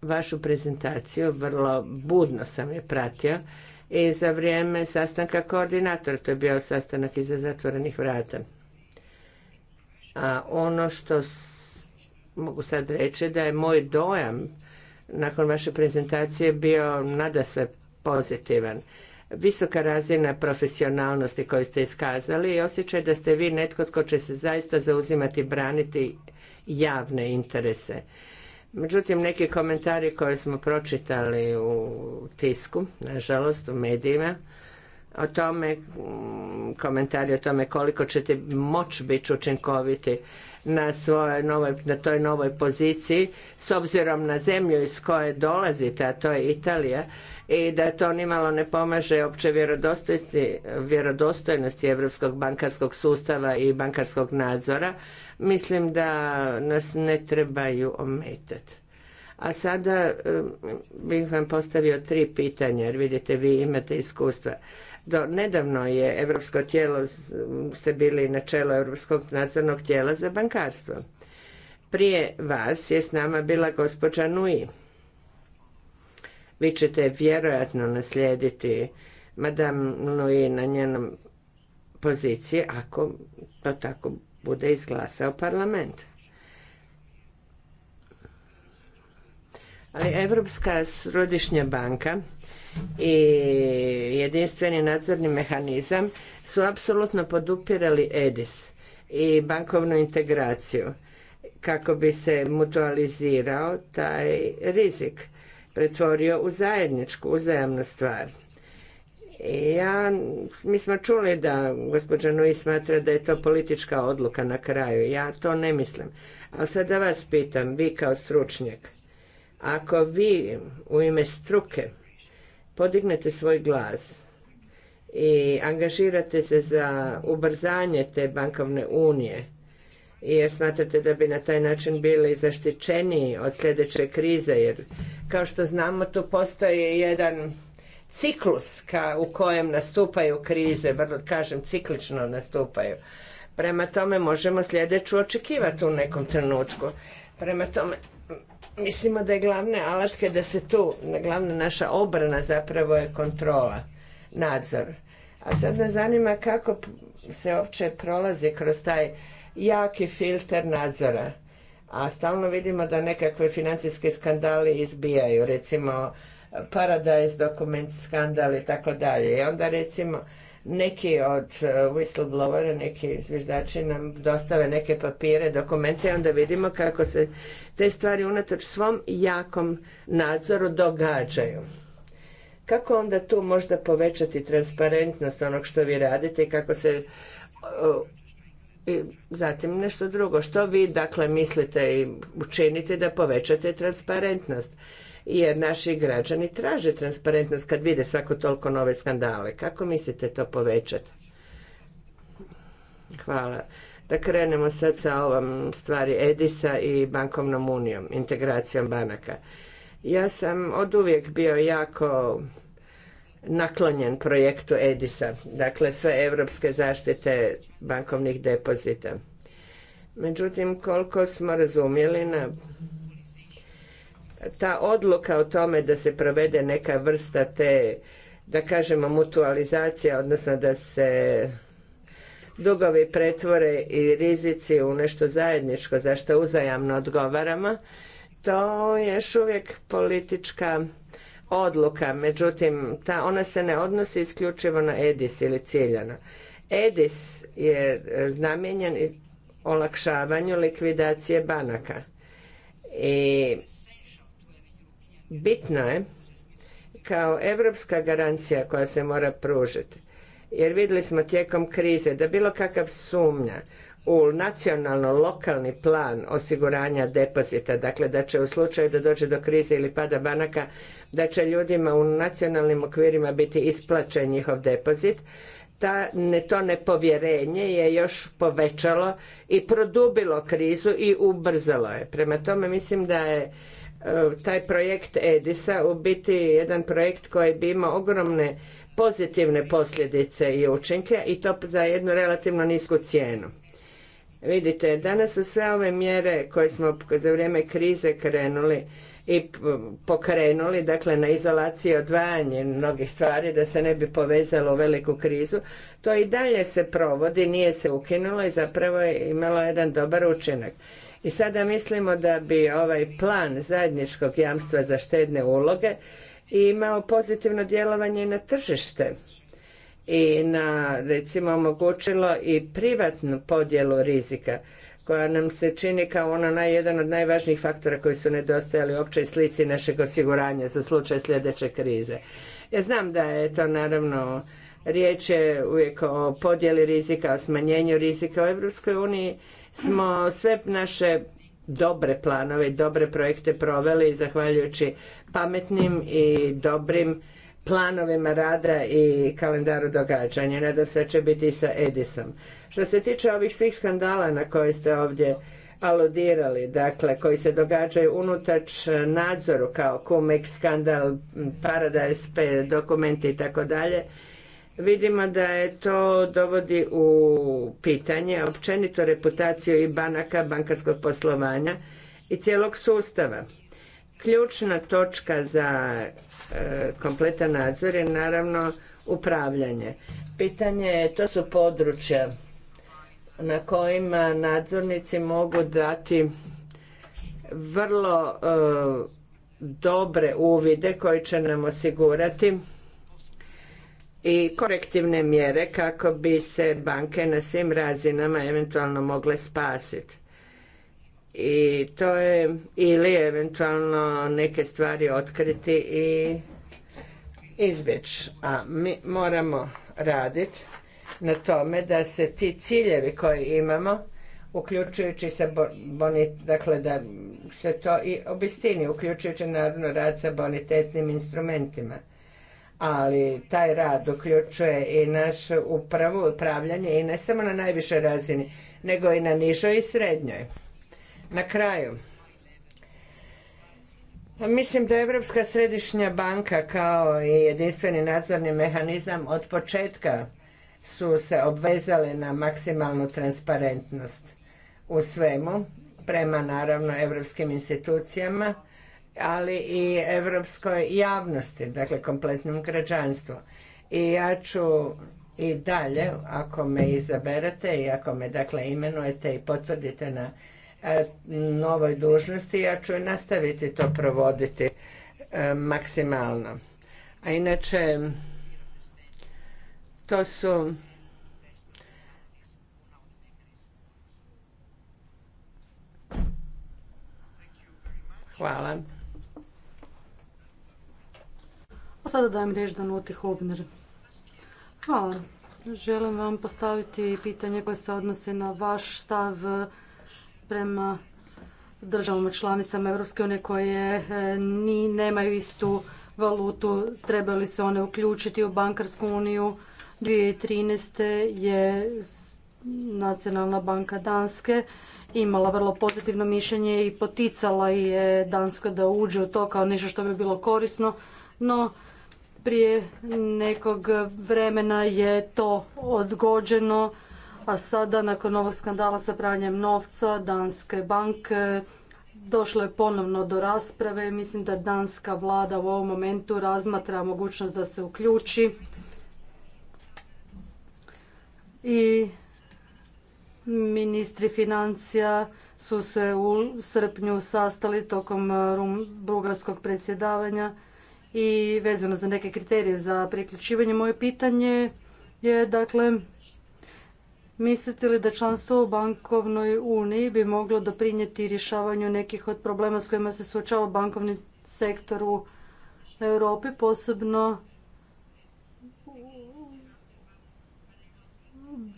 D: vašu prezentaciju, vrlo budno sam je pratio i za vrijeme sastanka koordinatora, to je bio sastanak iza zatvorenih vrata. A ono što mogu sad reći da je moj dojam nakon vaše prezentacije bio nadasve pozitivan. Visoka razina profesionalnosti koju ste iskazali i osjećaj da ste vi netko tko će se zaista zauzimati, braniti javne interese. Međutim, neki komentari koje smo pročitali u tisku, nažalost u medijima, o tome, mm, komentari o tome koliko ćete moć biti učinkoviti na svojoj novoj, na toj novoj poziciji s obzirom na zemlju iz koje dolazite, a to je Italija i da to nimalo ne pomaže opće vjerodostojnosti europskog bankarskog sustava i bankarskog nadzora, mislim da nas ne trebaju ometati. A sada eh, bih vam postavio tri pitanja, jer vidite, vi imate iskustva. Do nedavno je Europsko tijelo, ste bili na čelu Europskog nadzornog tijela za bankarstvo. Prije vas je s nama bila gospođa Nui. Vi ćete vjerojatno naslijediti madame Nui na njenom poziciji ako to tako bude izglasao parlament. Ali Europska središnja banka i jedinstveni nadzorni mehanizam su apsolutno podupirali EDIS i bankovnu integraciju kako bi se mutualizirao taj rizik, pretvorio u zajedničku, uzajamnu stvar. Ja, mi smo čuli da gospođa Nui smatra da je to politička odluka na kraju. Ja to ne mislim. Ali sad da vas pitam, vi kao stručnjak, ako vi u ime struke podignete svoj glas i angažirate se za ubrzanje te bankovne unije jer smatrate da bi na taj način bili zaštićeniji od sljedeće krize jer kao što znamo tu postoji jedan ciklus ka, u kojem nastupaju krize, vrlo kažem ciklično nastupaju. Prema tome možemo sljedeću očekivati u nekom trenutku. Prema tome Mislimo da je glavne alatke da se tu, glavna naša obrana zapravo je kontrola, nadzor. A sad nas zanima kako se uopće prolazi kroz taj jaki filter nadzora. A stalno vidimo da nekakve financijske skandali izbijaju, recimo Paradise dokument skandal i tako dalje. I onda recimo neki od e, whistleblowera, neki zviždači nam dostave neke papire, dokumente i onda vidimo kako se te stvari unatoč svom jakom nadzoru događaju. Kako onda tu možda povećati transparentnost onog što vi radite i kako se zatim nešto drugo. Što vi dakle mislite i učinite da povećate transparentnost? jer naši građani traže transparentnost kad vide svako toliko nove skandale. Kako mislite to povećati? Hvala. Da krenemo sad sa ovom stvari Edisa i bankovnom unijom, integracijom banaka. Ja sam od uvijek bio jako naklonjen projektu Edisa, dakle sve evropske zaštite bankovnih depozita. Međutim, koliko smo razumjeli na ta odluka o tome da se provede neka vrsta te, da kažemo, mutualizacija, odnosno da se dugovi pretvore i rizici u nešto zajedničko, za što uzajamno odgovaramo, to je još uvijek politička odluka. Međutim, ta, ona se ne odnosi isključivo na EDIS ili ciljano. EDIS je znamenjen olakšavanju likvidacije banaka. I bitno je kao europska garancija koja se mora pružiti. Jer vidjeli smo tijekom krize da bilo kakav sumnja u nacionalno-lokalni plan osiguranja depozita, dakle da će u slučaju da dođe do krize ili pada banaka, da će ljudima u nacionalnim okvirima biti isplaćen njihov depozit, ta, to nepovjerenje je još povećalo i produbilo krizu i ubrzalo je. Prema tome mislim da je taj projekt Edisa u biti jedan projekt koji bi imao ogromne pozitivne posljedice i učinke i to za jednu relativno nisku cijenu. Vidite, danas su sve ove mjere koje smo za vrijeme krize krenuli i pokrenuli, dakle na izolaciji odvajanje mnogih stvari da se ne bi povezalo u veliku krizu, to i dalje se provodi, nije se ukinulo i zapravo je imalo jedan dobar učinak. I sada mislimo da bi ovaj plan zajedničkog jamstva za štedne uloge imao pozitivno djelovanje i na tržište i na recimo omogućilo i privatnu podjelu rizika koja nam se čini kao ono najjedan jedan od najvažnijih faktora koji su nedostajali općoj slici našeg osiguranja za slučaj sljedeće krize. Ja znam da je to naravno riječ je uvijek o podjeli rizika, o smanjenju rizika u Europskoj uniji smo sve naše dobre planove, dobre projekte proveli zahvaljujući pametnim i dobrim planovima rada i kalendaru događanja. Nadam se da će biti i sa Edisom. Što se tiče ovih svih skandala na koje ste ovdje aludirali, dakle, koji se događaju unutač nadzoru kao Kumex skandal, Paradise, dokumenti i tako dalje, vidimo da je to dovodi u pitanje općenito reputaciju i banaka, bankarskog poslovanja i cijelog sustava. Ključna točka za e, kompletan nadzor je naravno upravljanje. Pitanje je, to su područja na kojima nadzornici mogu dati vrlo e, dobre uvide koji će nam osigurati i korektivne mjere kako bi se banke na svim razinama eventualno mogle spasiti. I to je, ili eventualno neke stvari otkriti i izbjeći. A mi moramo raditi na tome da se ti ciljevi koje imamo, uključujući se dakle da se to i obistini, uključujući naravno rad sa bonitetnim instrumentima ali taj rad uključuje i naš upravu, upravljanje i ne samo na najvišoj razini, nego i na nižoj i srednjoj. Na kraju, Mislim da je Europska središnja banka kao i jedinstveni nadzorni mehanizam od početka su se obvezali na maksimalnu transparentnost u svemu prema naravno europskim institucijama ali i europskoj javnosti, dakle kompletnom građanstvu. I ja ću i dalje, ako me izaberete i ako me dakle imenujete i potvrdite na e, novoj dužnosti, ja ću nastaviti to provoditi e, maksimalno. A inače, to su
C: Hvala. A sada dajem riječ Danuti Hobner. Hvala. Želim vam postaviti pitanje koje se odnose na vaš stav prema državama članicama Europske unije koje e, ni nemaju istu valutu. Treba li se one uključiti u bankarsku uniju? 2013. je Nacionalna banka Danske imala vrlo pozitivno mišljenje i poticala je Dansko da uđe u to kao nešto što bi bilo korisno, no prije nekog vremena je to odgođeno, a sada nakon ovog skandala sa pranjem novca Danske banke došlo je ponovno do rasprave. Mislim da danska vlada u ovom momentu razmatra mogućnost da se uključi i ministri financija su se u srpnju sastali tokom bugarskog predsjedavanja i vezano za neke kriterije za priključivanje. Moje pitanje je dakle Mislite li da članstvo u bankovnoj uniji bi moglo doprinijeti rješavanju nekih od problema s kojima se suočava bankovni sektor u Europi, posebno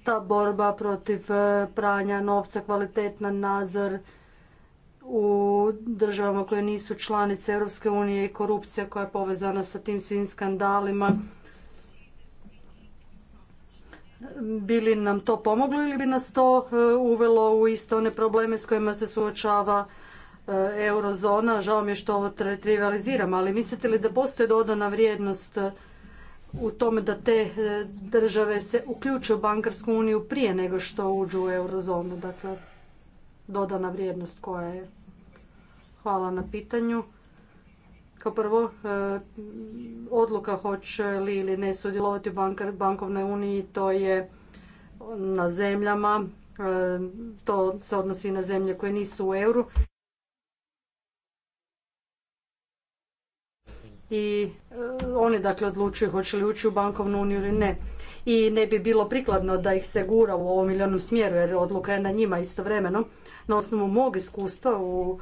C: ta borba protiv pranja novca, kvalitetna, nadzor u državama koje nisu članice Europske unije i korupcija koja je povezana sa tim svim skandalima. Bi li nam to pomoglo ili bi nas to e, uvelo u isto one probleme s kojima se suočava e, eurozona? Žao mi je što ovo trivializiram, ali mislite li da postoji dodana vrijednost e, u tome da te države se uključuju u bankarsku uniju prije nego što uđu u eurozonu? Dakle, dodana vrijednost koja je. Hvala na pitanju. Kao prvo, e, odluka hoće li ili ne sudjelovati u bankovnoj uniji, to je na zemljama, e, to se odnosi na zemlje koje nisu u euru. I e, oni dakle odlučuju hoće li ući u bankovnu uniju ili ne i ne bi bilo prikladno da ih se gura u ovom milionom smjeru jer odluka je na njima istovremeno. Na osnovu mog iskustva u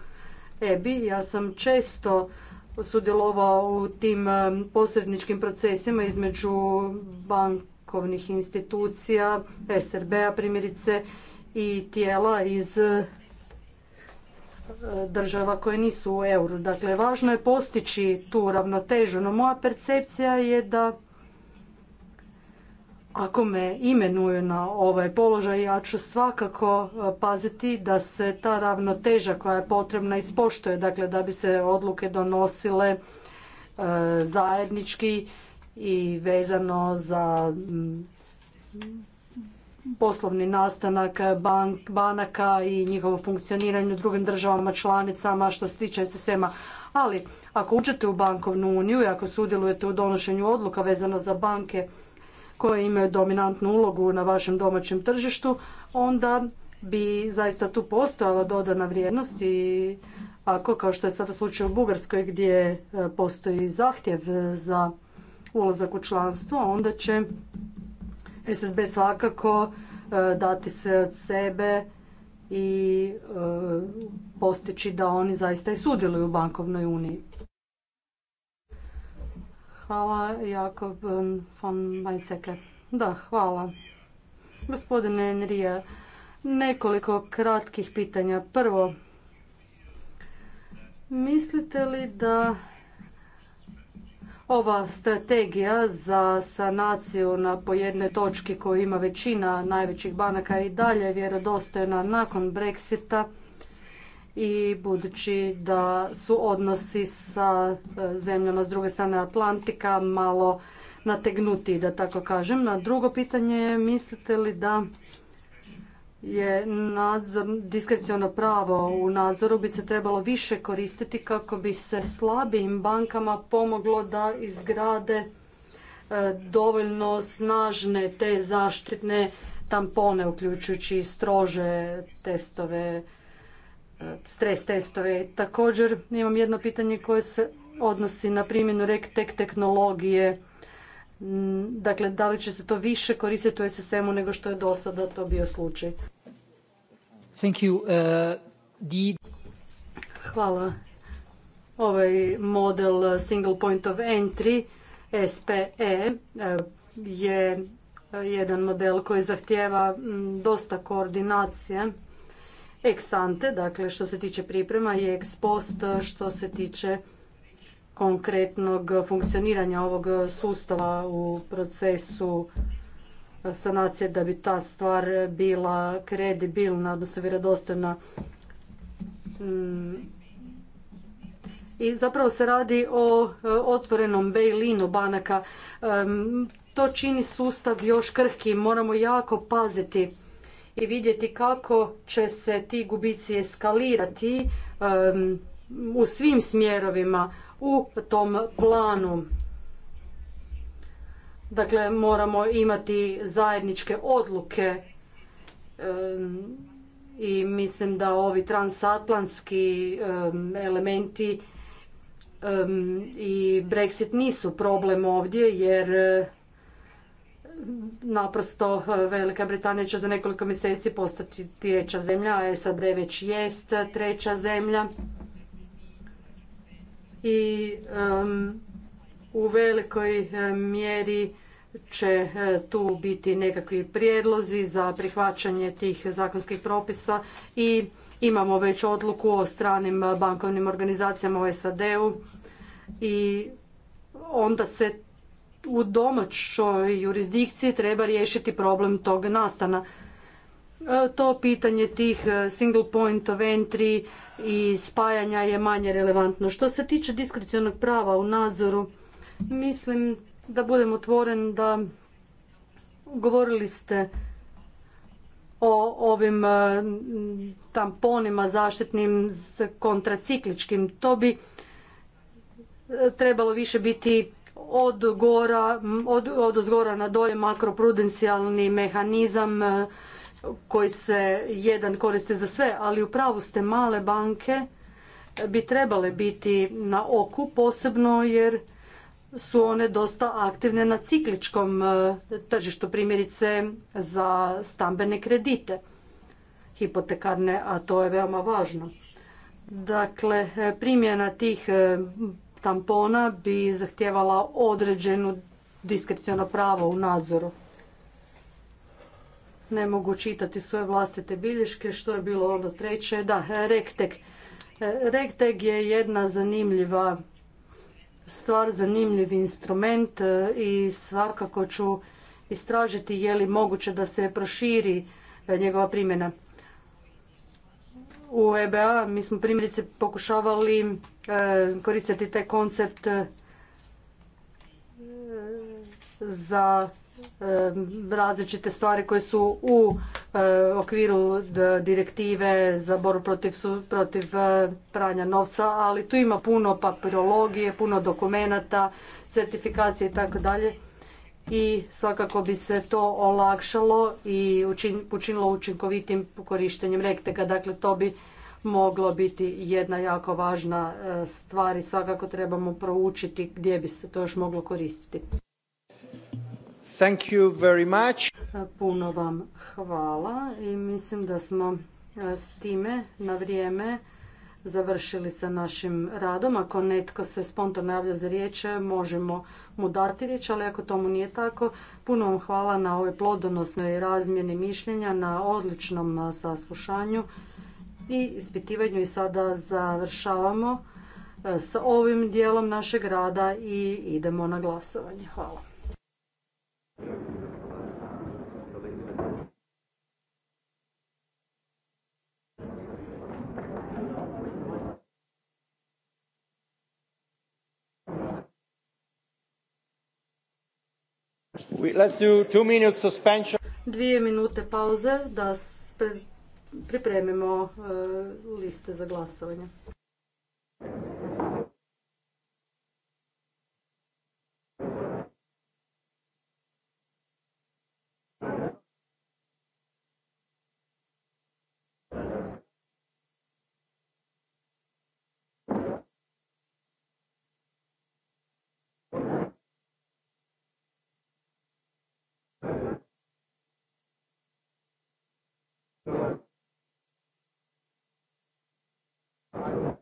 C: EBI ja sam često sudjelovao u tim posredničkim procesima između bankovnih institucija, SRB-a primjerice i tijela iz eh, država koje nisu u euru. Dakle, važno je postići tu ravnotežu, no moja percepcija je da ako me imenuju na ovaj položaj, ja ću svakako e, paziti da se ta ravnoteža koja je potrebna ispoštuje, dakle da bi se odluke donosile e, zajednički i vezano za mm, poslovni nastanak banaka i njihovo funkcioniranje u drugim državama članicama što se tiče SSM-a. Ali ako uđete u bankovnu uniju i ako sudjelujete u donošenju odluka vezano za banke, koje imaju dominantnu ulogu na vašem domaćem tržištu, onda bi zaista tu postojala dodana vrijednost i ako, kao što je sada slučaj u Bugarskoj gdje e, postoji zahtjev za ulazak u članstvo, onda će SSB svakako e, dati se od sebe i e, postići da oni zaista i sudjeluju u bankovnoj uniji. Hvala, Jakob um, von Bajceke. Da, hvala. Gospodine Enrija, nekoliko kratkih pitanja. Prvo, mislite li da ova strategija za sanaciju na po točki koju ima većina najvećih banaka i dalje vjerodostojna nakon Brexita? i budući da su odnosi sa e, zemljama s druge strane Atlantika malo nategnuti, da tako kažem. Na drugo pitanje je mislite li da je nadzor, diskreciono pravo u nadzoru bi se trebalo više koristiti kako bi se slabijim bankama pomoglo da izgrade e, dovoljno snažne te zaštitne tampone, uključujući i strože testove stres testove. Također imam jedno pitanje koje se odnosi na primjenu tek tehnologije. Mm, dakle, da li će se to više koristiti u SSM-u nego što je do sada to bio slučaj? Uh, Hvala. Ovaj model Single Point of Entry, SPE, eh, je eh, jedan model koji zahtjeva mm, dosta koordinacije ex ante, dakle što se tiče priprema i ex post što se tiče konkretnog funkcioniranja ovog sustava u procesu sanacije da bi ta stvar bila kredibilna, odnosno vjerodostojna. Mm. I zapravo se radi o e, otvorenom bail banaka. To čini sustav još krhki, moramo jako paziti i vidjeti kako će se ti gubici eskalirati u svim smjerovima u tom planu. Dakle, moramo imati zajedničke odluke i mislim da ovi transatlantski elementi i Brexit nisu problem ovdje jer naprosto e, Velika Britanija će za nekoliko mjeseci postati treća zemlja, a SAD već jest treća zemlja. I u velikoj e, mjeri će e, tu biti nekakvi prijedlozi za prihvaćanje tih zakonskih propisa i imamo već odluku o stranim bankovnim organizacijama u SAD-u i onda se u domaćoj jurisdikciji treba riješiti problem tog nastana. E, to pitanje tih e, single point of entry i spajanja je manje relevantno. Što se tiče diskrecionog prava u nadzoru, mislim da budem otvoren da govorili ste o ovim e, tamponima zaštitnim kontracikličkim. To bi trebalo više biti od, gora, od, od na dolje makroprudencijalni mehanizam e, koji se jedan koristi za sve, ali u pravu ste male banke bi trebale biti na oku posebno jer su one dosta aktivne na cikličkom e, tržištu, primjerice za stambene kredite hipotekarne, a to je veoma važno. Dakle, e, primjena tih tampona bi zahtjevala određenu diskreciono pravo u nadzoru. Ne mogu čitati svoje vlastite bilješke, što je bilo ono treće. Da, Rektek. Rektek je jedna zanimljiva stvar, zanimljiv instrument e, i svakako ću istražiti je li moguće da se proširi e, njegova primjena u EBA mi smo primjerice pokušavali e, koristiti taj koncept e, za e, različite stvari koje su u okviru direktive za boru protiv, pranja novca, ali tu ima puno papirologije, puno dokumenata, certifikacije i tako dalje i svakako bi se to olakšalo i učinilo učinkovitim korištenjem rektega. Dakle, to bi moglo biti jedna jako važna e, stvar i svakako trebamo proučiti gdje bi se to još moglo koristiti. Thank you very much. E, puno vam hvala i mislim da smo e, s time na vrijeme završili sa našim radom. Ako netko se spontano javlja za riječ, možemo Mudartilić, ali ako tomu nije tako, puno vam hvala na ovoj plodonosnoj razmjeni mišljenja, na odličnom saslušanju i ispitivanju i sada završavamo e, s ovim dijelom našeg rada i idemo na glasovanje. Hvala. Dvije minute pauze da pripremimo e, liste za glasovanje. I think.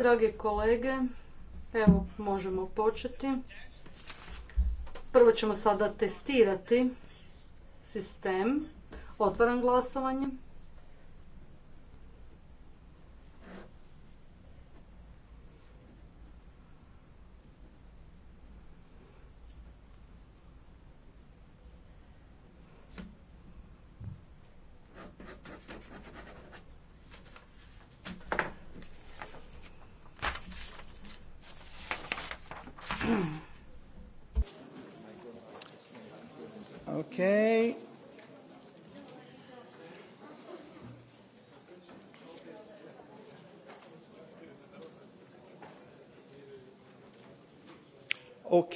C: Drage kolege, evo možemo početi. Prvo ćemo sada testirati sistem. Otvaram glasovanje.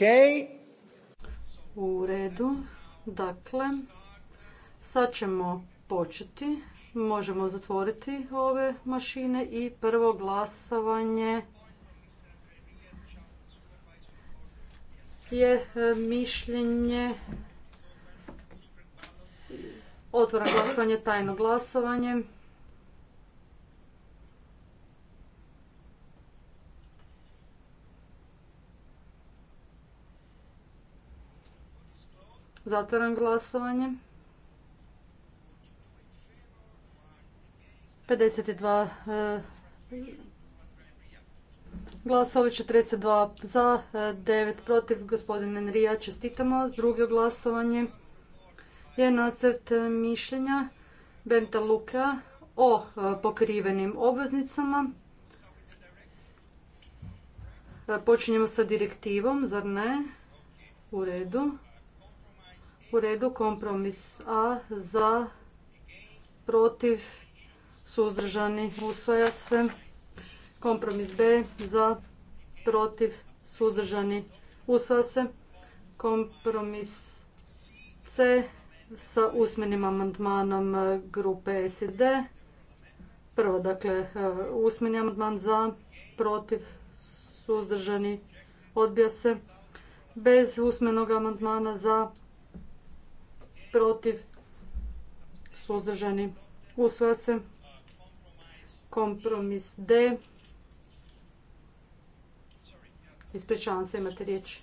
C: Okay. U redu. Dakle, sad ćemo početi. Možemo zatvoriti ove mašine i prvo glasovanje je e, mišljenje otvoreno glasovanje, tajno glasovanje. Zatvaram glasovanje. 52 dva e, glasovali, 42 za, 9 e, protiv. Gospodin Enrija, čestitamo. Drugo glasovanje je nacrt e, mišljenja Benta Luka o pokrivenim obveznicama. Počinjemo sa direktivom, zar ne? U redu. U redu kompromis A za, protiv, suzdržani, usvaja se. Kompromis B za, protiv, suzdržani, usvaja se. Kompromis C sa usmenim amandmanom e, grupe SID. Prvo, dakle, e, usmeni amandman za, protiv, suzdržani, odbija se. Bez usmenog amandmana za, protiv, suzdržani, usvaja se. Kompromis D. Ispričavam se, imate riječ.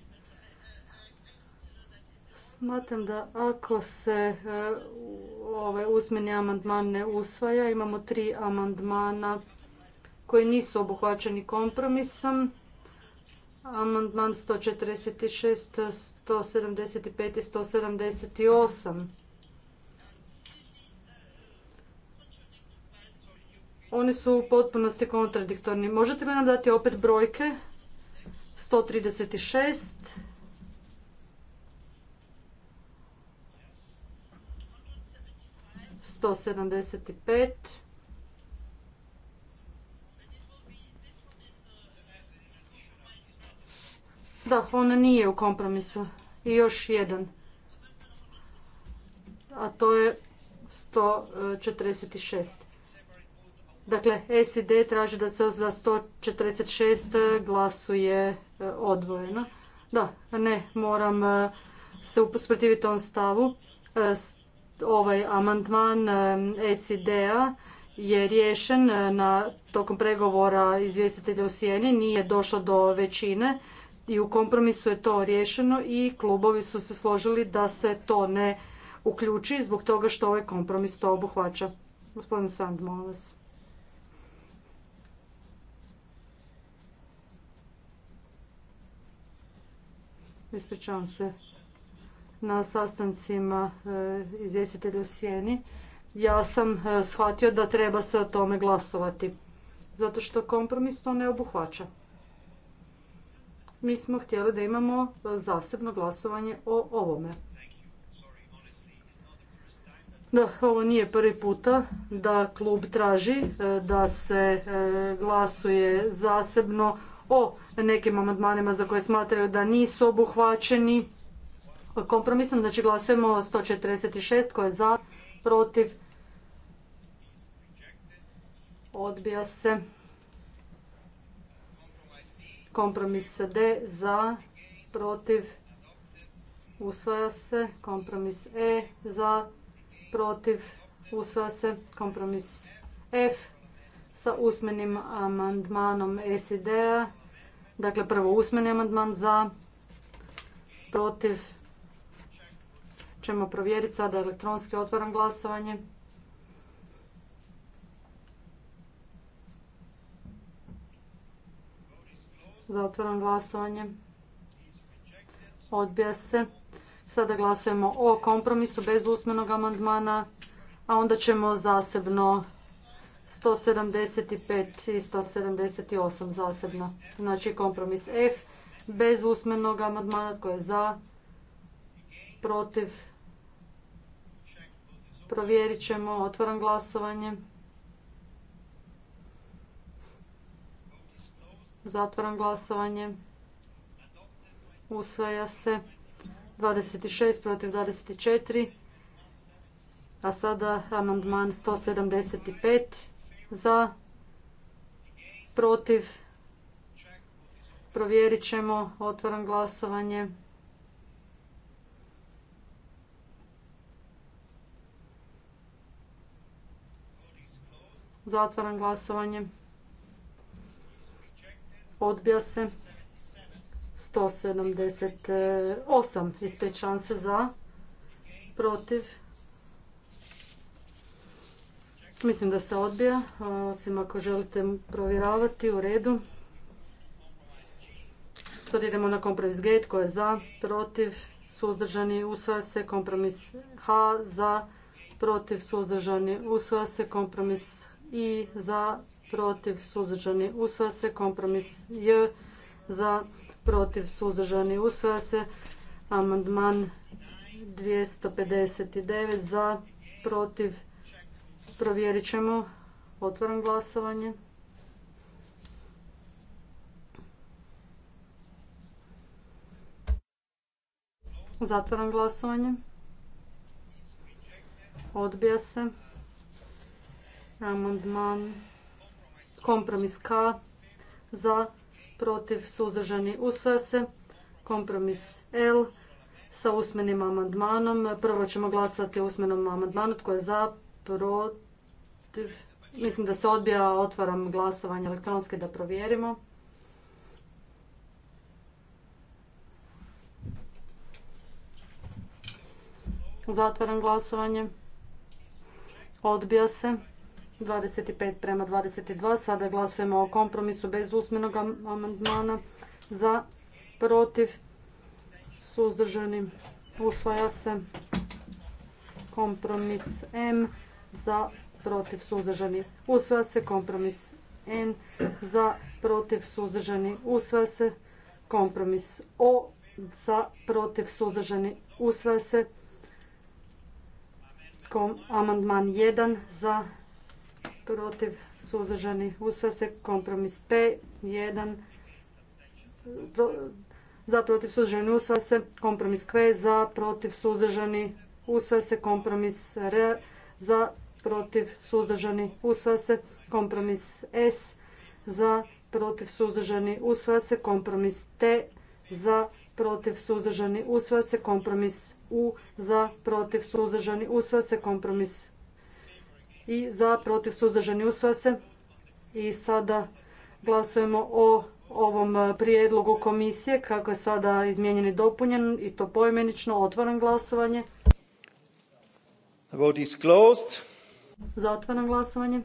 C: Smatram da ako se e, ovaj usmeni amandman ne usvaja, imamo tri amandmana koji nisu obuhvaćeni kompromisom. Amandman 146, 175 i 178. Oni su u potpunosti kontradiktorni. Možete li nam dati opet brojke? 136, 175, Da, on nije u kompromisu. I još jedan. A to je 146. Dakle, SID traži da se za 146 glasuje e, odvojeno. Da, ne, moram e, se usprotiviti tom stavu. E, ovaj amandman SID-a je riješen na, tokom pregovora izvjestitelja u Sijeni, nije došlo do većine i u kompromisu je to rješeno i klubovi su se složili da se to ne uključi zbog toga što ovaj kompromis to obuhvaća. Gospodin Sand, molim vas. Ispričavam se na sastancima e, izvjestitelja u Sjeni. Ja sam e, shvatio da treba se o tome glasovati, zato što kompromis to ne obuhvaća mi smo htjeli da imamo e, zasebno glasovanje o ovome. Da, ovo nije prvi puta da klub traži e, da se e, glasuje zasebno o nekim amandmanima za koje smatraju da nisu obuhvaćeni kompromisom. Znači glasujemo 146 koje je za, protiv, odbija se. Kompromis D za, protiv, usvaja se. Kompromis E za, protiv, usvaja se. Kompromis F sa usmenim amandmanom SID-a. Dakle, prvo usmeni amandman za, protiv, ćemo provjeriti sada elektronski otvaram glasovanje. Zatvaram glasovanje. Odbija se. Sada glasujemo o kompromisu bez usmenog amandmana, a onda ćemo zasebno 175 i 178 zasebno. Znači kompromis F bez usmenog amandmana tko je za, protiv, provjerit ćemo, otvaram glasovanje. Zatvaram glasovanje. Usvaja se 26 protiv 24. A sada amandman 175 za, protiv. Provjerit ćemo. Otvaram glasovanje. Zatvaram glasovanje. Odbija se. 178. Ispričavam se za. Protiv. Mislim da se odbija, osim ako želite provjeravati u redu. Sad idemo na kompromis G, tko je za, protiv, suzdržani, usvaja se, kompromis H, za, protiv, suzdržani, usvaja se, kompromis I, za, protiv, suzdržani, usvaja se. Kompromis J za, protiv, suzdržani, usvaja se. Amandman 259 za, protiv, provjerit ćemo. Otvaram glasovanje. Zatvaram glasovanje. Odbija se. Amandman Kompromis K za, protiv, suzdržani, usvaja se. Kompromis L sa usmenim amandmanom. Prvo ćemo glasovati o usmenom amandmanu. Tko je za, protiv, mislim da se odbija, otvaram glasovanje elektronske da provjerimo. Zatvaram glasovanje. Odbija se. 25 prema 22. Sada glasujemo o kompromisu bez usmenog amandmana za, protiv, suzdržani, usvaja se. Kompromis M za, protiv, suzdržani, usvaja se. Kompromis N za, protiv, suzdržani, usvaja se. Kompromis O za, protiv, suzdržani, usvaja se. amandman 1 za, protiv, suzdržani, usvaja se. Kompromis P1, za, protiv, suzdržani, usvaja se. Kompromis Q, za, protiv, suzdržani, usvaja se. Kompromis R, za, protiv, suzdržani, usvaja se. Kompromis S, za, protiv, suzdržani, usvaja se. Kompromis T, za, protiv, suzdržani, usvaja se. Kompromis U, za, protiv, suzdržani, usvaja se. Kompromis i za protiv suzdržani usvaja se. I sada glasujemo o ovom prijedlogu komisije kako je sada izmijenjen i dopunjen i to pojmenično, otvaram glasovanje. Zatvaram glasovanje.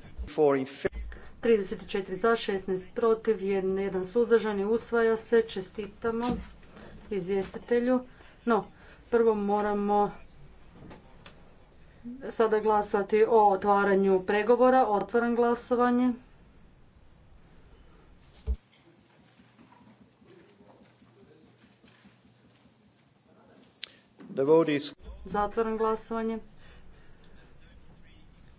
C: 34 za, 16 protiv, jedan 1 suzdržan usvaja se. Čestitamo izvjestitelju. No, prvo moramo sada glasati o otvaranju pregovora. Otvaram glasovanje. Zatvaram glasovanje.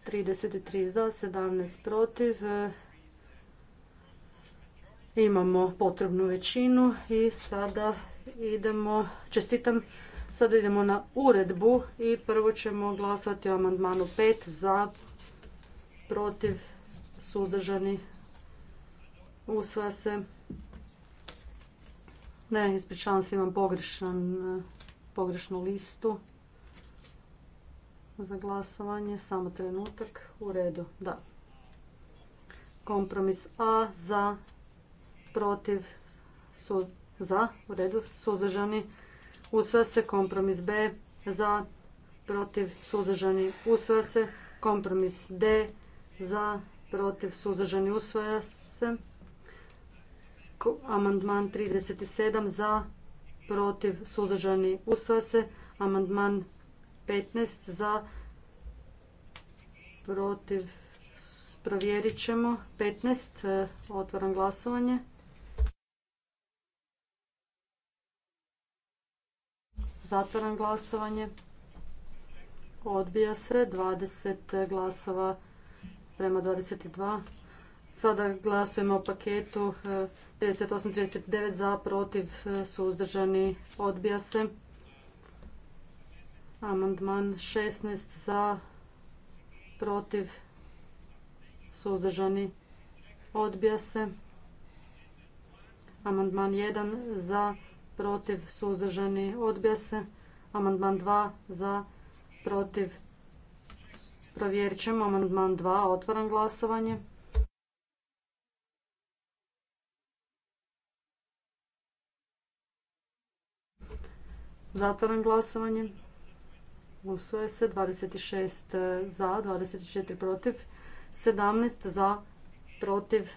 C: 33 za, 17 protiv. Imamo potrebnu većinu i sada idemo, čestitam Sada idemo na uredbu i prvo ćemo glasati o amandmanu 5 za, protiv, suzdržani, usvaja se. Ne, ispričavam se, imam pogrešnu listu za glasovanje. Samo trenutak, u redu, da. Kompromis A za, protiv, za, u redu, suzdržani, Usvaja se kompromis B za protiv suzdržani. Usvaja se kompromis D za protiv suzdržani. Usvaja se amandman 37 za protiv suzdržani. Usvaja se amandman 15 za protiv provjerit ćemo 15. Eh, otvaram glasovanje. Zatvaram glasovanje. Odbija se 20 glasova prema 22. Sada glasujemo o paketu 38-39 eh, eh, za, protiv, suzdržani, odbija se. Amandman 16 za, protiv, suzdržani, odbija se. Amandman 1 za, protiv, protiv, suzdržani, odbija se. Amandman 2 za, protiv, provjerit ćemo. Amandman 2, otvoram glasovanje. Zatvoram glasovanje. Usvoje se 26 e, za, 24 protiv, 17 za, protiv,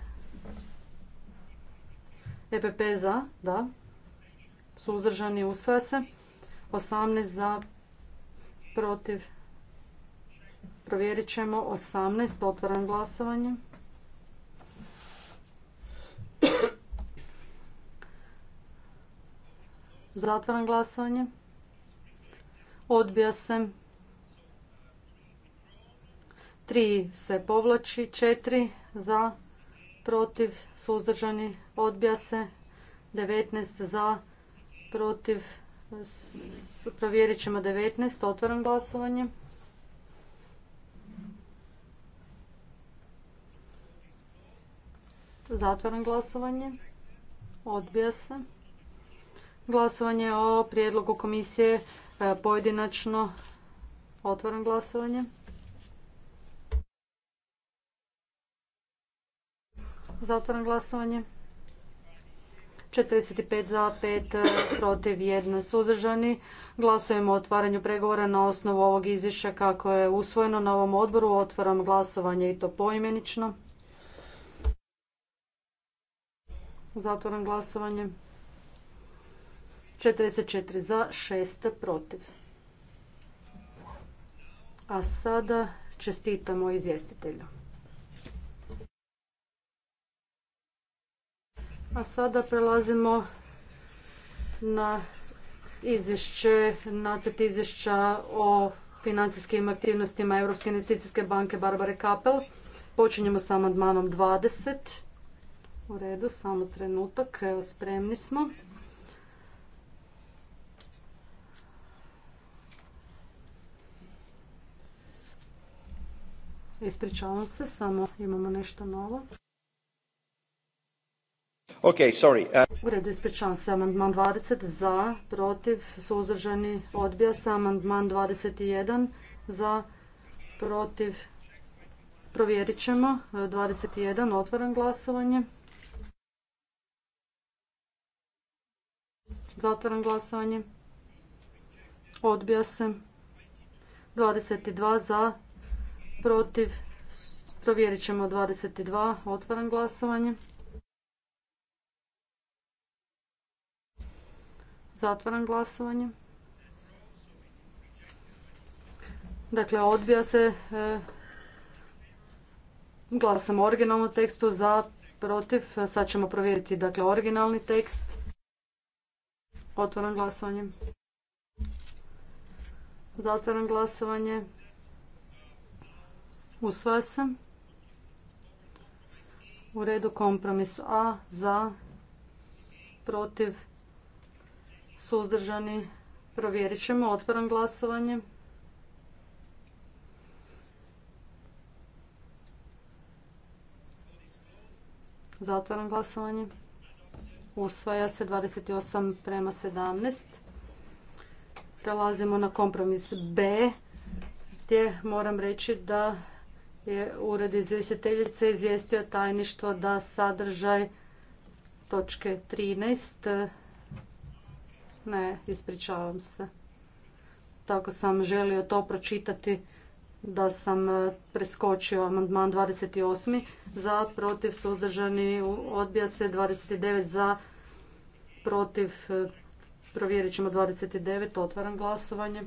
C: EPP za, da suzdržani, usvaja se. 18 za, protiv, provjerit ćemo. 18, otvaram glasovanje. Zatvaram glasovanje. Odbija se. 3 se povlači, 4 za, protiv, suzdržani, odbija se, 19 za, protiv, provjerit ćemo 19, otvaram glasovanje. Zatvaram glasovanje. Odbija se. Glasovanje o prijedlogu komisije e, pojedinačno. Otvaram glasovanje. Zatvaram glasovanje. 45 za 5 e, protiv 1 suzdržani. Glasujemo o otvaranju pregovora na osnovu ovog izvješća kako je usvojeno na ovom odboru. Otvaram glasovanje i to poimenično. Zatvaram glasovanje. 44 za, 6 protiv. A sada čestitamo izvjestitelju. A sada prelazimo na izvješće, nacrt izvješća o financijskim aktivnostima Europske investicijske banke Barbare Kapel. Počinjemo sa amandmanom 20. U redu, samo trenutak, evo spremni smo. Ispričavam se, samo imamo nešto novo
A: sorry. Uh, U
C: redu, ispričavam se. Amandman 20 za, protiv, suzdržani, odbija se. Amandman 21 za, protiv, provjerit ćemo. 21, e, otvaram glasovanje. Zatvaram glasovanje. Odbija se. 22 za, protiv, provjerit ćemo 22, otvaram glasovanje. Zatvaram glasovanje. Dakle, odbija se e, Glasam originalnom tekstu za, protiv. Sad ćemo provjeriti dakle, originalni tekst. Otvaram glasovanje. Zatvaram glasovanje. Usvaja se. U redu kompromis A za, protiv, suzdržani, provjerit ćemo, otvaram glasovanje. Zatvaram glasovanje. Usvaja se 28 prema 17. Prelazimo na kompromis B, gdje moram reći da je ured izvjestiteljice izvijestio tajništvo da sadržaj točke 13 ne, ispričavam se. Tako sam želio to pročitati da sam e, preskočio amandman 28. Za, protiv, suzdržani, odbija se 29. Za, protiv, e, provjerit ćemo 29. Otvaram glasovanje.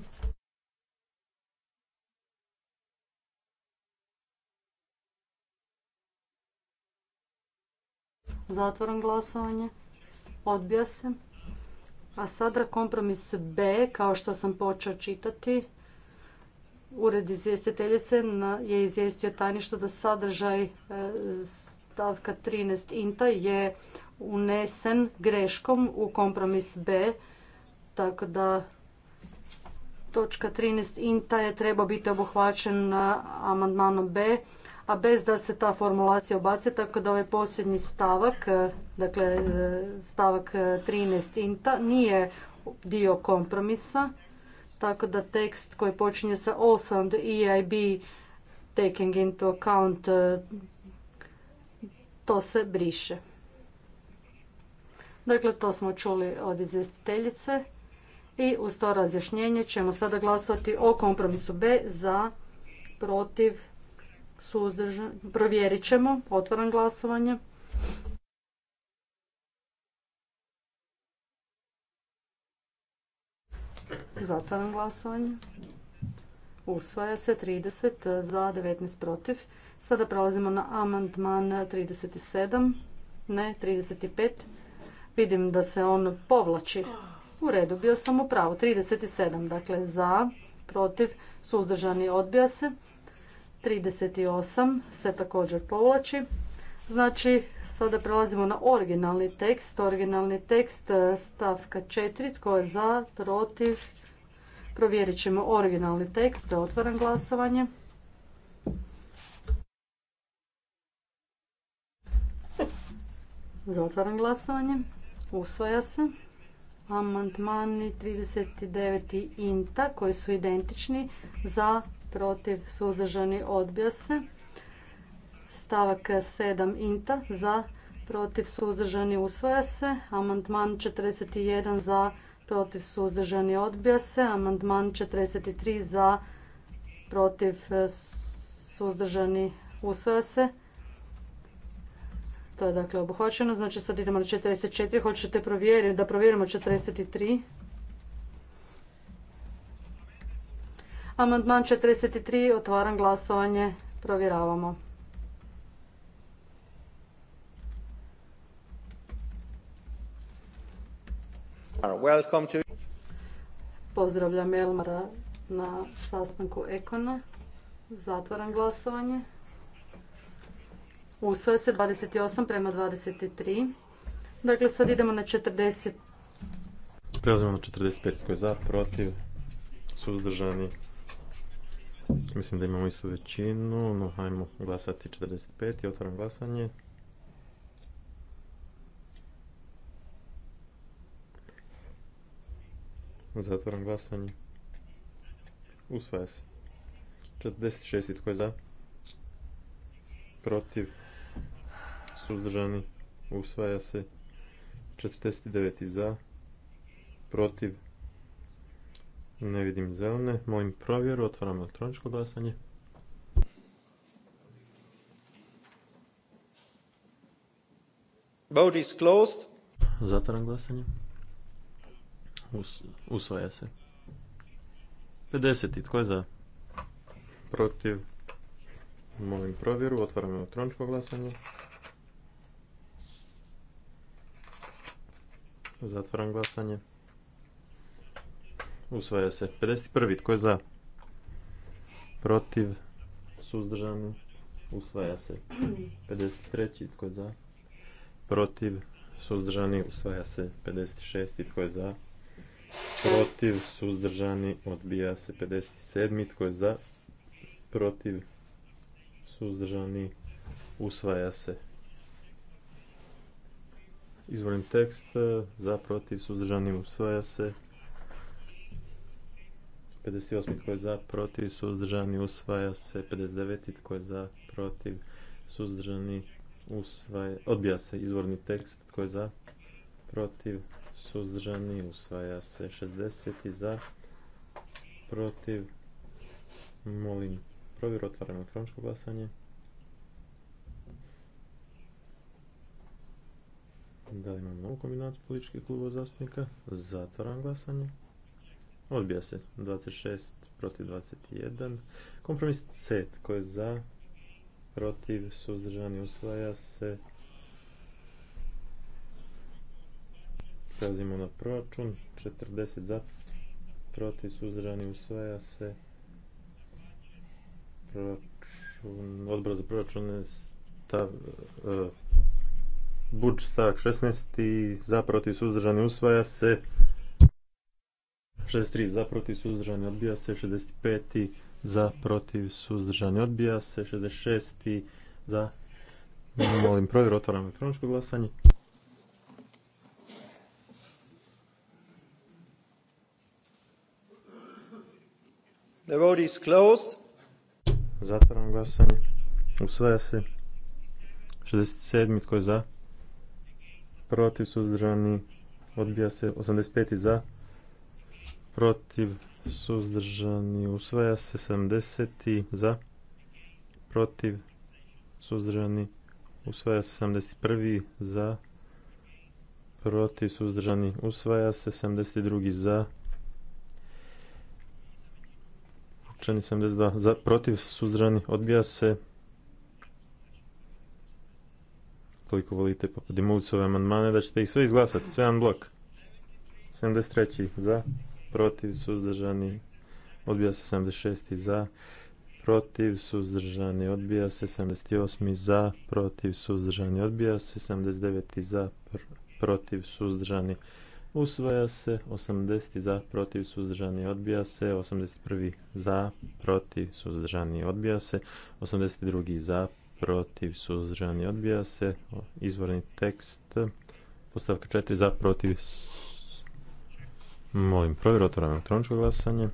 C: Zatvaram glasovanje. Odbija se. A sada kompromis B, kao što sam počeo čitati, ured izvjestiteljice je izvijestio tajništvo da sadržaj e, stavka 13 INTA je unesen greškom u kompromis B, tako da točka 13 INTA je trebao biti obuhvaćen amandmanom B, a bez da se ta formulacija obace, tako da ovaj posljednji stavak, e, dakle e, stavak 13 e, inta, nije dio kompromisa, tako da tekst koji počinje sa also on the EIB taking into account, to se briše. Dakle, to smo čuli od izvjestiteljice i uz to razjašnjenje ćemo sada glasovati o kompromisu B za, protiv, suzdržan, provjerit ćemo, otvaram glasovanje. Zatvaram glasovanje. Usvaja se 30 za 19 protiv. Sada prelazimo na amandman 37, ne 35. Vidim da se on povlači. U redu, bio sam u pravu. 37, dakle za, protiv, suzdržani, odbija se. 38 se također povlači. Znači, sada prelazimo na originalni tekst. Originalni tekst e, stavka 4. Tko je za, protiv? Provjerit ćemo originalni tekst. Otvaram glasovanje. Zatvaram glasovanje. Usvaja se. Amandmani 39. i INTA koji su identični za, protiv, suzdržani, odbija se. Stavak 7 inta za, protiv, suzdržani, usvaja se. Amandman 41 za, protiv, suzdržani, odbija se. Amandman 43 za, protiv, suzdržani, usvaja se. To je dakle obuhvaćeno. Znači sad idemo na 44. Hoćete provjeriti, da provjerimo 43. Amandman 43, otvaram glasovanje, provjeravamo. Pozdravljam Elmara na sastanku Ekona. Zatvaram glasovanje. Usvoje se 28 prema 23. Dakle, sad idemo na 40.
B: Prelazimo na 45 koji je za, protiv, suzdržani, Mislim da imamo istu većinu, no hajmo glasati 45 i otvaram glasanje. Zatvaram glasanje. Usvaja se. 46. Tko je za? Protiv. Suzdržani. Usvaja se. 49. Za. Protiv. Ne vidim zelene. Molim provjeru. Otvaram elektroničko glasanje.
A: Vote is closed.
B: Zatvaram glasanje. usvaja se. 50. Tko je za? Protiv. Molim provjeru. Otvaram elektroničko glasanje. Zatvaram glasanje. Usvaja se. 51. Tko je za? Protiv? Suzdržani? Usvaja se. 53. Tko je za? Protiv? Suzdržani? Usvaja se. 56. Tko je za? Protiv? Suzdržani? Odbija se. 57. Tko je za? Protiv? Suzdržani? Usvaja se. Izvolim tekst za protiv suzdržani usvaja se. 58. tko je za, protiv, suzdržani, usvaja se. 59. tko je za, protiv, suzdržani, usvaja, odbija se izvorni tekst. Tko je za, protiv, suzdržani, usvaja se. 60. za, protiv, molim provjer, otvaram elektroničko glasanje. Da li imamo novu kombinaciju političkih klubova zastupnika? Zatvaram glasanje. Odbija se. 26 protiv 21. Kompromis C. Tko je za? Protiv. Suzdržani. Usvaja se. Prelazimo na proračun. 40 za. Protiv. Suzdržani. Usvaja se. Proračun. Odbor za proračun stav... E, Buč stavak 16. Za protiv suzdržani usvaja se. 63 za protiv suzdržani odbija se, 65 za protiv suzdržani odbija se, 66 za molim provjeru, otvaram elektroničko glasanje.
A: The vote is closed.
B: Zatvaram glasanje. Usvaja se. 67. Tko je za? Protiv suzdržani. Odbija se. 85. za protiv, suzdržani, usvaja se 70. za, protiv, suzdržani, usvaja se 71. za, protiv, suzdržani, usvaja se 72. za, učeni 72, za, protiv, suzdržani, odbija se koliko volite poput ove amandmane, da ćete ih sve izglasati, sve blok. 73. za, protiv, suzdržani, odbija se 76. za, protiv, suzdržani, odbija se 78. za, protiv, suzdržani, odbija se 79. za, protiv, suzdržani, usvaja se 80. za, protiv, suzdržani, odbija se 81. za, protiv, suzdržani, odbija se 82. za, protiv, suzdržani, odbija se izvorni tekst postavka 4 za, protiv, Molim provjer, otvaram elektroničko glasanje.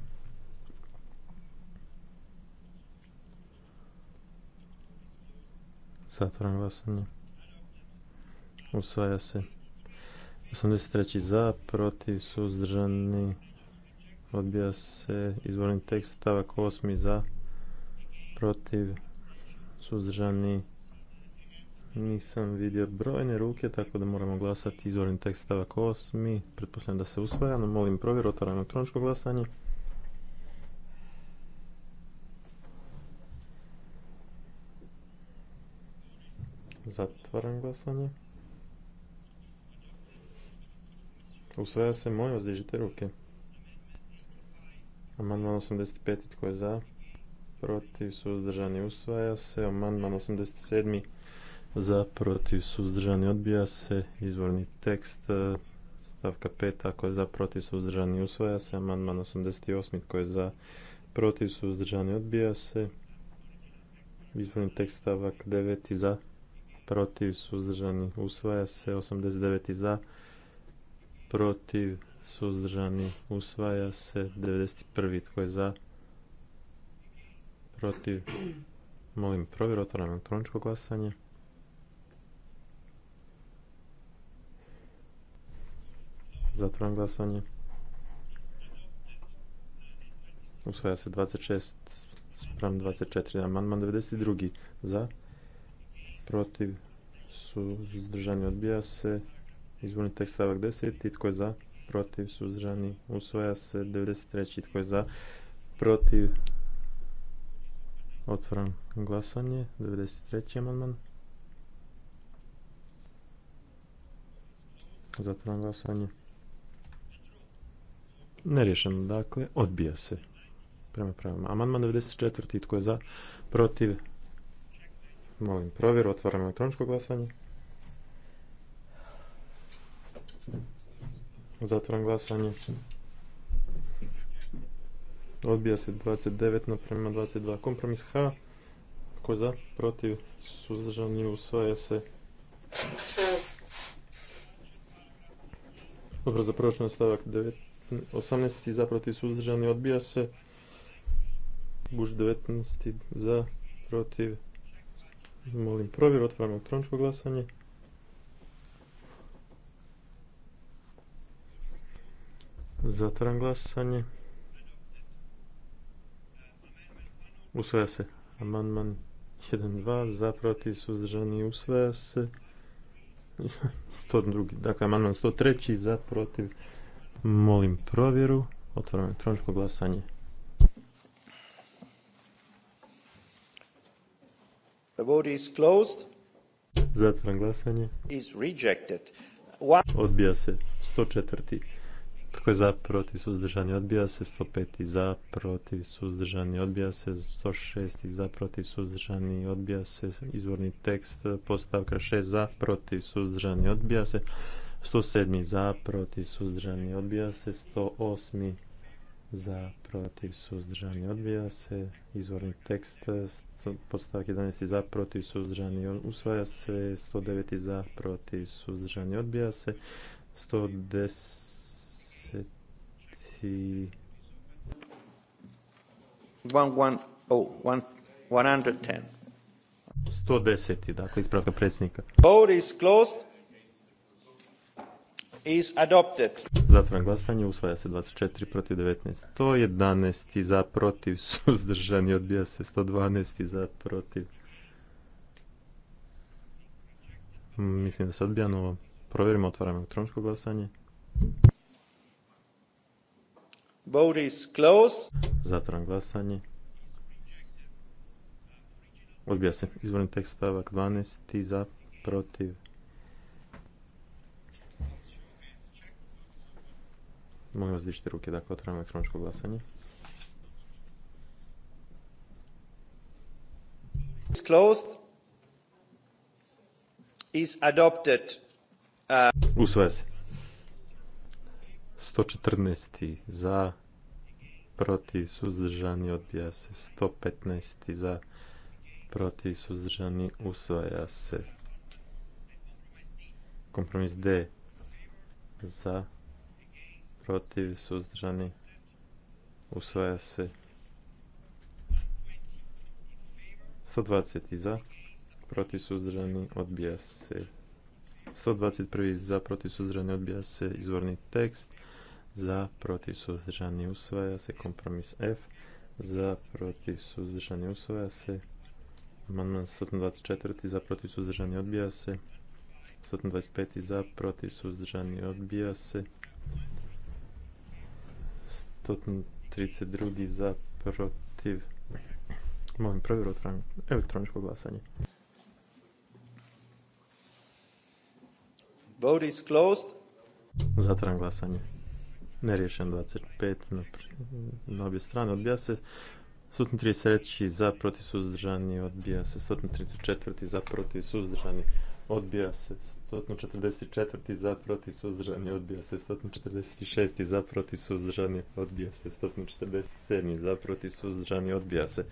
B: Zatvaram glasanje. Usvaja se. 83. za, protiv, suzdržani. Odbija se izvorni tekst stavak 8. za, protiv, suzdržani. Nisam vidio brojne ruke, tako da moramo glasati izvorni tekst stavak 8. Pretpostavljam da se usvaja, no molim provjeru, otvaram elektroničko glasanje. Zatvaram glasanje. Usvaja se, molim vas, dižite ruke. Amandman 85. Tko je za? Protiv, suzdržani, usvaja se. Amandman 87 za protiv suzdržani odbija se izvorni tekst e, stavka 5 ako je za protiv suzdržani usvaja se amandman 88 koji je za protiv suzdržani odbija se izvorni tekst stavak 9 za protiv suzdržani usvaja se 89 za protiv suzdržani usvaja se 91 tko je za protiv molim provjeru otvaram elektroničko glasanje Zatvoram glasovanje. Usvaja se 26 sprem 24. Amandman 92. Za. Protiv. Suzdržani odbija se. Izvorni tekst stavak 10. tko je za? Protiv. Suzdržani. Usvaja se 93. Tko je za? Protiv. Otvaram glasanje. 93. amandman. Zatvaram glasanje. Nerješeno, dakle, odbija se prema pravima. Amandman 94. Tko je za? Protiv? Molim provjeru, otvaram elektroničko glasanje. Zatvaram glasanje. Odbija se 29 naprema 22. Kompromis H. Tko je za? Protiv? Suzdržani usvaja se. Dobro, za proračun stavak 9. 18. za protiv suzdržani odbija se. Buš 19. za protiv. Molim provjer, otvaram elektroničko glasanje. Zatvaram glasanje. Usvaja se amandman 1.2 za protiv suzdržani usvaja se. 102. <laughs> Dakle, amandman 103 za protiv Molim provjeru. Otvaram elektroničko glasanje. The Zatvaram glasanje. Odbija se 104. Tko je za, protiv, suzdržani, odbija se. 105. za, protiv, suzdržani, odbija se. 106. za, protiv, suzdržani, odbija se. Izvorni tekst, postavka 6. za, protiv, suzdržani, odbija se. 107. za, protiv, suzdržani, odbija se. 108. za, protiv, suzdržani, odbija se. Izvorni tekst, podstavak 11. za, protiv, suzdržani, usvaja se. 109. za, protiv, suzdržani, odbija se.
A: 110. 110.
B: 110. Dakle, ispravka predsjednika.
A: Vote is closed is adopted.
B: Zatvaram glasanje, usvaja se 24 protiv 19. 111 za protiv, suzdržani, odbija se 112 za protiv. Mislim da se novo. Provjerimo, otvaramo elektroničko glasanje.
A: Vote is
B: Zatvaram glasanje. Odbija se. Izvorni tekst stavak 12 za protiv Molim vas dižite ruke, dakle otvorimo elektroničko glasanje.
A: adopted. Uh,
B: usvaja se. 114. za, protiv, suzdržani, odbija se. 115. za, protiv, suzdržani, usvaja se. Kompromis D za, protiv, suzdržani, usvaja se. 120 za, protiv, suzdržani, odbija se. 121 za, protiv, suzdržani, odbija se. Izvorni tekst za, protiv, suzdržani, usvaja se. Kompromis F za, protiv, suzdržani, usvaja se. Amandman 124. za protiv suzdržani odbija se. 125. za protiv suzdržani odbija se. 132 za protiv. Molim provjeru otvaram elektroničko glasanje.
A: Vote is closed.
B: Zatran glasanje. Nerješen 25 na, obje strane. Odbija se 133 za protiv suzdržani. Odbija se 134 za protiv suzdržani odbija se 144. za protiv suzdržani odbija se 146. za protiv suzdržani odbija se 147. za protiv suzdržani odbija se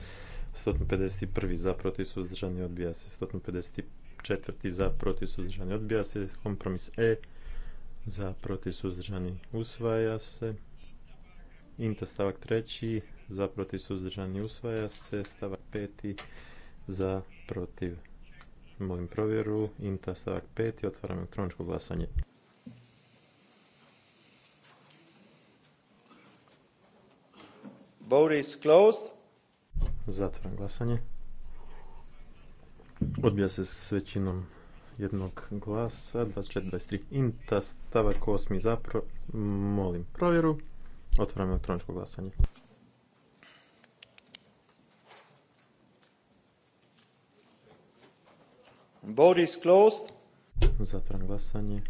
B: 151. za protiv suzdržani odbija se 154. za protiv suzdržani odbija se kompromis E za protiv suzdržani usvaja se Inta stavak 3 za protiv suzdržani usvaja se stavak 5 za protiv Molim provjeru. Inta stavak 5 i otvaram elektroničko glasanje.
A: Vote is closed.
B: Zatvaram glasanje. Odbija se s većinom jednog glasa. 24-23. Inta stavak 8 zapro. Molim provjeru. Otvaram elektroničko glasanje.
A: Vote is closed.
B: Zatvram glasanje.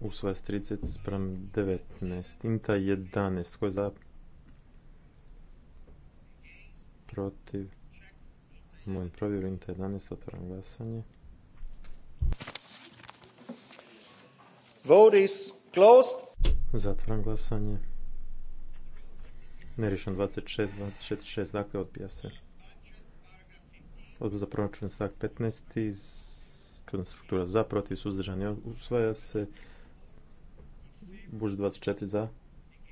B: U s 30 sprem 19. Inta 11. Tko je za? Protiv. mojim provjeru. Inta 11. Otvaram glasanje.
A: Vote is closed.
B: Zatvaram glasanje. 26, 26, 26, dakle odbija se. Odbor za proračun stavak 15. Čudna struktura za, protiv, suzdržani. Usvaja se buž 24 za,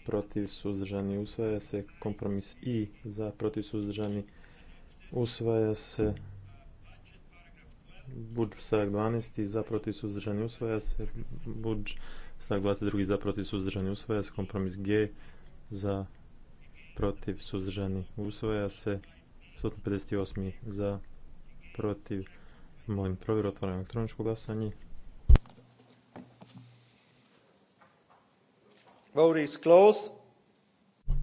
B: protiv, suzdržani. Usvaja se kompromis i za, protiv, suzdržani. Usvaja se buđ stavak 12. za, protiv, suzdržani. Usvaja se buđ stavak 22. za, protiv, suzdržani. Usvaja se kompromis g za, protiv, suzdržani. Usvaja se 158. za, protiv. Molim provjeru, otvaram elektroničko glasanje.
A: Vote is closed.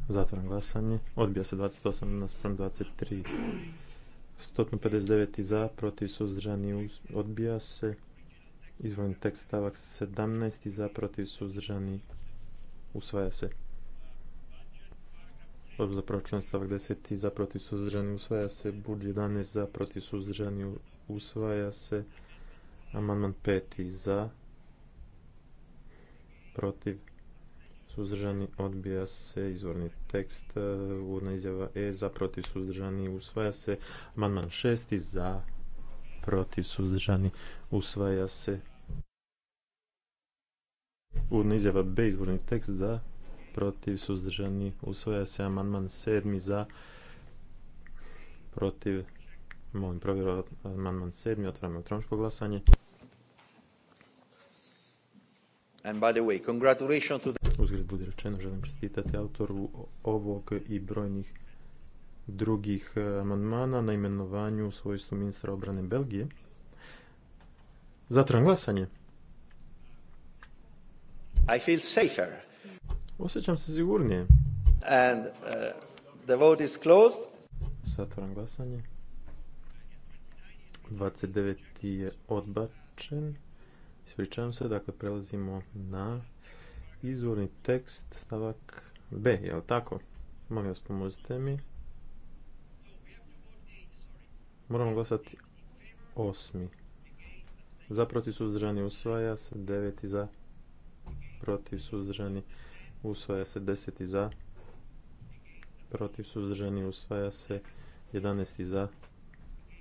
B: Zatvaram glasanje. Odbija se 28 naspram 23. 159 za, protiv suzdržani odbija se. Izvorni tekst stavak 17 za, protiv suzdržani usvaja se. Odbor za stavak 10 za protiv suzdržani usvaja se. Budž 11 za protiv suzdržani usvaja se. Amandman 5 za protiv suzdržani odbija se izvorni tekst. E, uvodna izjava E za protiv suzdržani usvaja se. Amandman 6 za protiv suzdržani usvaja se. Uvodna izjava B izvorni tekst za protiv, suzdržani, usvaja se amandman sedmi za, protiv, molim provjeru amandman sedmi, otvaram elektroničko glasanje.
A: And by the way, congratulations to
B: Uzgled bude rečeno, želim čestitati autoru ovog i brojnih drugih e, amandmana na imenovanju u svojstvu ministra obrane Belgije. Zatran glasanje.
A: I feel safer. Osjećam se sigurnije. And uh, the vote is closed.
B: glasanje. 29. je odbačen. Ispričavam se, dakle prelazimo na izvorni tekst stavak B, je li tako? Molim vas pomozite mi. Moramo glasati osmi. Za protiv suzdržani usvaja se, deveti za protiv suzdržani usvaja usvaja se 10 za, protiv suzdržani usvaja se 11 za,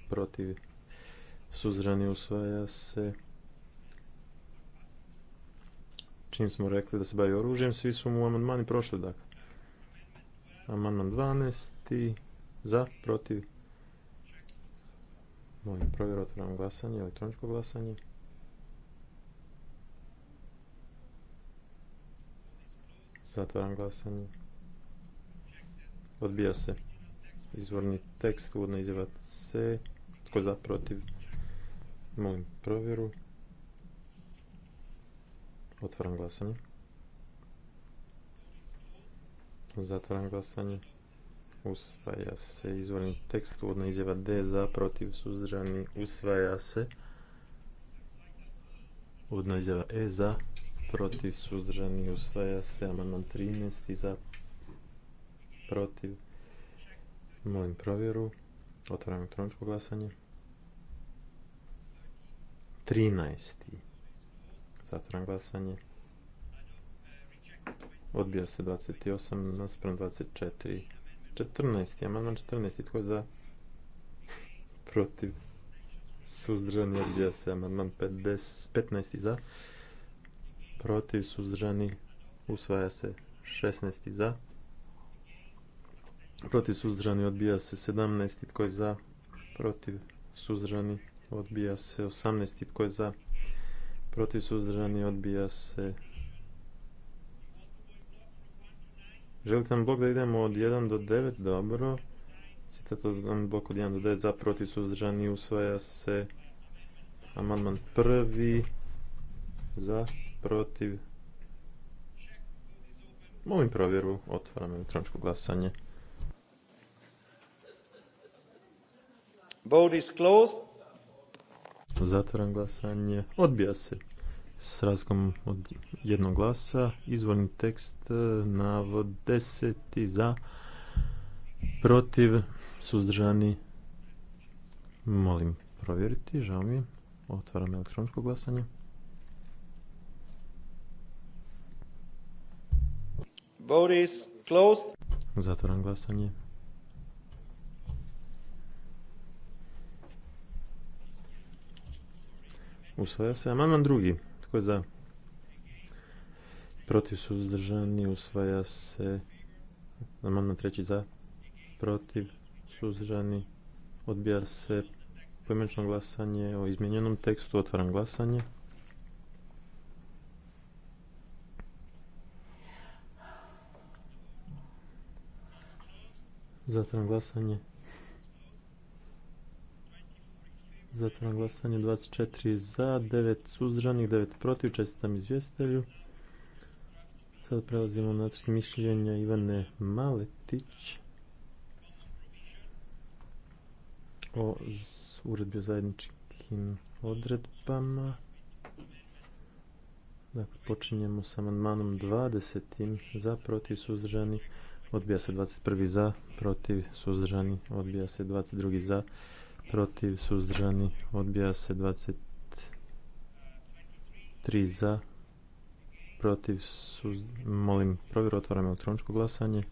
B: protiv suzdržani usvaja se čim smo rekli da se bavi oružjem, svi su mu amandmani prošli, dakle. Amandman 12. Za, protiv. Molim provjeru, otvoram glasanje, elektroničko glasanje. Zatvaram glasanje. Odbija se. Izvorni tekst, uvodna izjava C. Tko za protiv? Molim provjeru. Otvaram glasanje. Zatvaram glasanje. Usvaja se izvorni tekst, uvodna izjava D za protiv suzdržani. Usvaja se. Uvodna izjava E za protiv, suzdržani, usvaja se. Amandman 13. za, protiv. Molim provjeru. Otvaram elektroničko glasanje. 13. Zatvaram glasanje. Odbija se 28, Nasprem 24. 14. Amandman 14. Tko je za? Protiv. Suzdržani odbija se. Amandman 15. Za protiv, suzdržani, usvaja se 16. za, protiv, suzdržani, odbija se 17. tko je za, protiv, suzdržani, odbija se 18. tko je za, protiv, suzdržani, odbija se Želite nam blok da idemo od 1 do 9? Dobro. Citat od blok od 1 do 9 za protiv suzdržani usvaja se amandman prvi za protiv. Molim provjeru, otvaram elektroničko glasanje.
A: Vote is closed.
B: Zatvaram glasanje. Odbija se s razgom od jednog glasa. Izvorni tekst e, navod 10 za protiv suzdržani molim provjeriti. Žao mi je. Otvaram elektroničko glasanje.
A: Vote closed.
B: Zatvoram glasanje. Usvaja se. Amandman drugi. Tko je za? Protiv suzdržani. Usvaja se. Amandman treći za. Protiv suzdržani. Odbija se poimenično glasanje o izmijenjenom tekstu. Otvaram glasanje. Zatvaram glasanje. Zatvaram glasanje 24 za, 9 suzdržanih, 9 protiv, čestitam izvjestelju. Sada prelazimo na nacrt mišljenja Ivane Maletić o uredbi o zajedničkim odredbama. Dakle, počinjemo sa amandmanom 20. za protiv suzdržanih odbija se 21. za, protiv, suzdržani, odbija se 22. za, protiv, suzdržani, odbija se 23. za, protiv, suz... molim provjeru, otvaram elektroničko glasanje.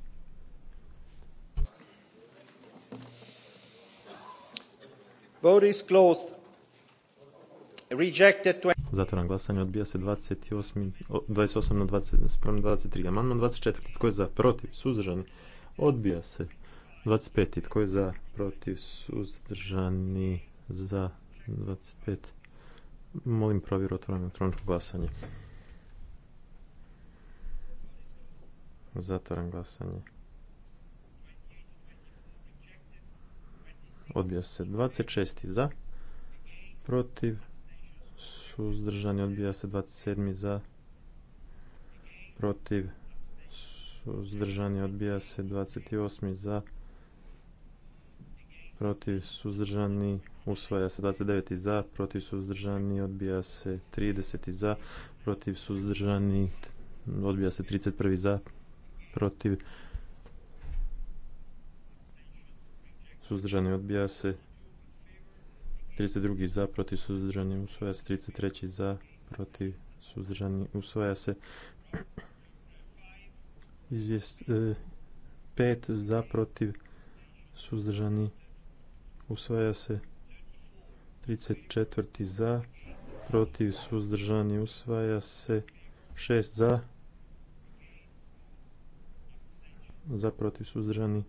A: Vote is closed.
B: Zatvaram glasanje, odbija se 28, 28 na 20, sprem 23. Amandman 24. Tko je za? Protiv? Suzdržani? Odbija se. 25. Tko je za? Protiv? Suzdržani? Za 25. Molim provjeru, otvaram elektroničko glasanje. Zatvaram glasanje. Odbija se 26. za, protiv, suzdržani odbija se 27. za protiv suzdržani odbija se 28. za protiv suzdržani usvaja se 29. za protiv suzdržani odbija se 30. za protiv suzdržani odbija se 31. za protiv suzdržani odbija se 32. za, protiv, suzdržani, usvaja se. 33. za, protiv, suzdržani, usvaja se. 5 e, za, protiv, suzdržani, usvaja se. 34. za, protiv, suzdržani, usvaja se. 6 za, za, protiv, suzdržani,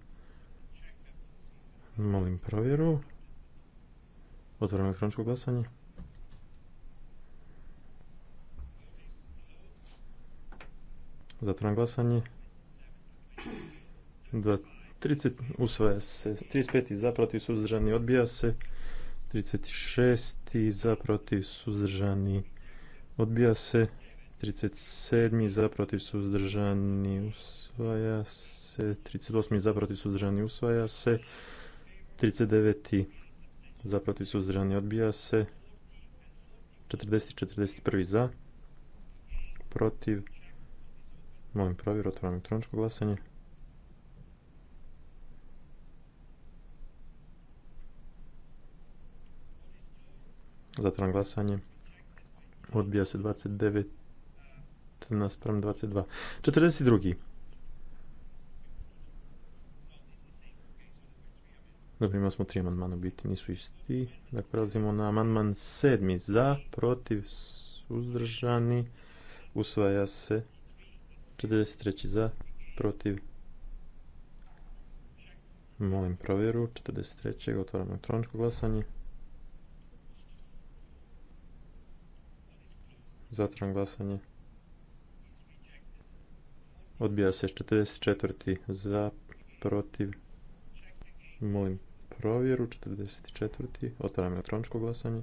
B: molim provjeru. Otvaram elektroničko glasanje. Zatvaram glasanje. 30, usvaja se. 35. za protiv suzdržani odbija se. 36. za protiv suzdržani odbija se. 37. za protiv suzdržani usvaja se. 38. za protiv suzdržani usvaja se. 39 za protiv suzdržani odbija se 40 41 za protiv molim provjer, otvoram elektroničko glasanje Zatvoram glasanje. Odbija se 29 naspram 22. 42. Dobro, imali smo tri amandmana, biti nisu isti. Dakle, prelazimo na amandman sedmi. Za, protiv, suzdržani, usvaja se. 43. za, protiv. Molim provjeru. 43. otvaram elektroničko glasanje. Zatvaram glasanje. Odbija se 44. za, protiv. Molim provjeru. 44. Otvaram elektroničko glasanje.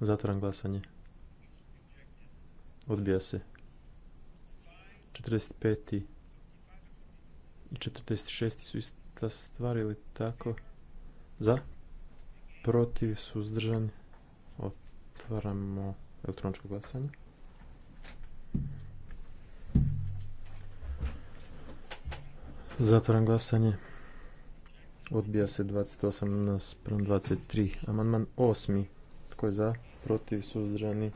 B: Zatvaram glasanje. Odbija se. 45. i 46. su ista stvar ili tako. Za. Protiv suzdržan. Otvaramo elektroničko glasanje. Zatvaram glasanje. Odbija se 28 na 23. Amandman 8. Tko je za? Protiv suzdržani.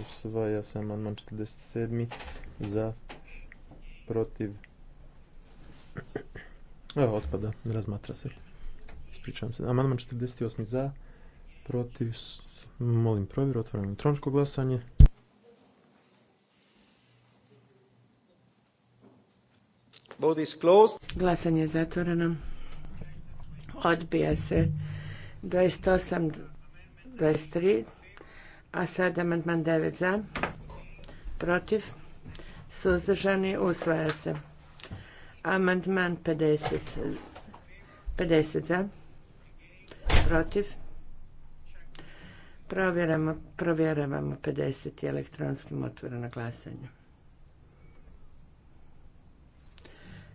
B: Usvaja se amandman 47. Za. Protiv. Evo, otpada. razmatra se. Ispričavam se. Amandman 48. Za. Protiv. Molim provjeru. Otvaram elektroničko glasanje.
A: Vote is closed.
D: Glasanje je zatvoreno. Odbija se 28, 23. A sad amandman 9 za. Protiv. Suzdržani usvaja se. Amandman 50. 50 za. Protiv. Provjeravamo, 50 elektronskim otvoreno glasanje.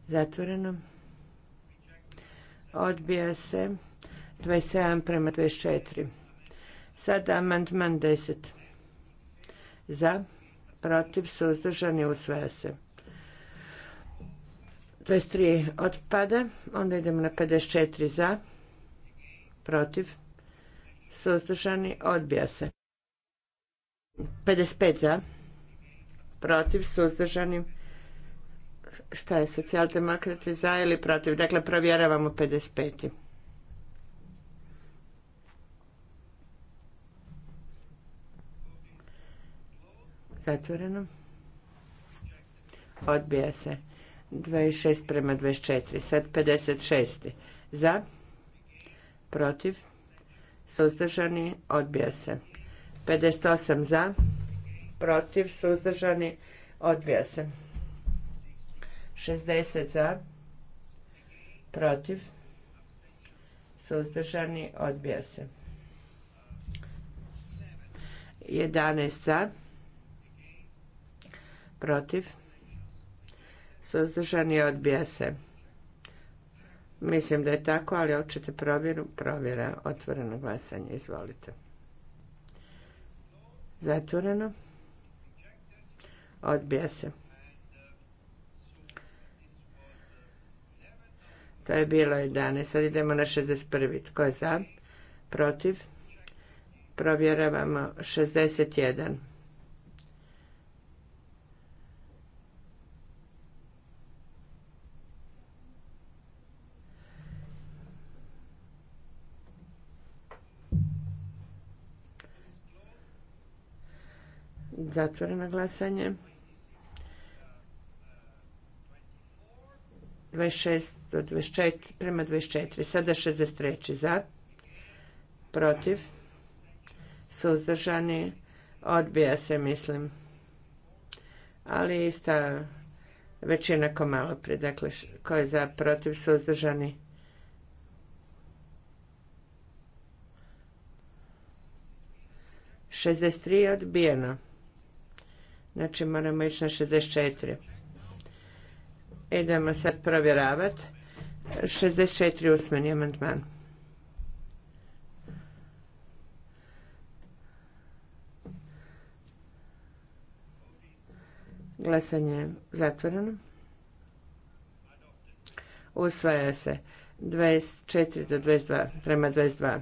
D: Zatvoreno. Odbija se 27 prema 24. Sada amandman 10. Za, protiv, suzdržani, usvaja se. 23 otpada, onda idemo na 54 za, protiv, suzdržani, odbija se. 55 za, protiv, suzdržani, Šta je socijaldemokrati za ili protiv? Dakle, provjeravamo 55. Zatvoreno. Odbija se. 26 prema 24. Sad 56. Za. Protiv. Suzdržani. Odbija se. 58 za. Protiv. Suzdržani. Odbija se. 60 za, protiv, suzdržani, odbija se. 11 za, protiv, suzdržani, odbija se. Mislim da je tako, ali hoćete provjeru, provjera, otvoreno glasanje, izvolite. Zatvoreno, odbija se. To je bilo 11. Sad idemo na 61. Tko je za? Protiv? Provjeravamo 61. Zatvoreno glasanje. 26 do 24, prema 24. Sada 63. Za, protiv, suzdržani, odbija se, mislim. Ali ista većina ko malo prije. Dakle, ko je za, protiv, suzdržani, Šezdeset tri je odbijeno. Znači moramo ići na 64. Idemo sad provjeravati. 64 usmeni amandman. Glasanje je zatvoreno. Usvaja se 24 do 22, prema 22.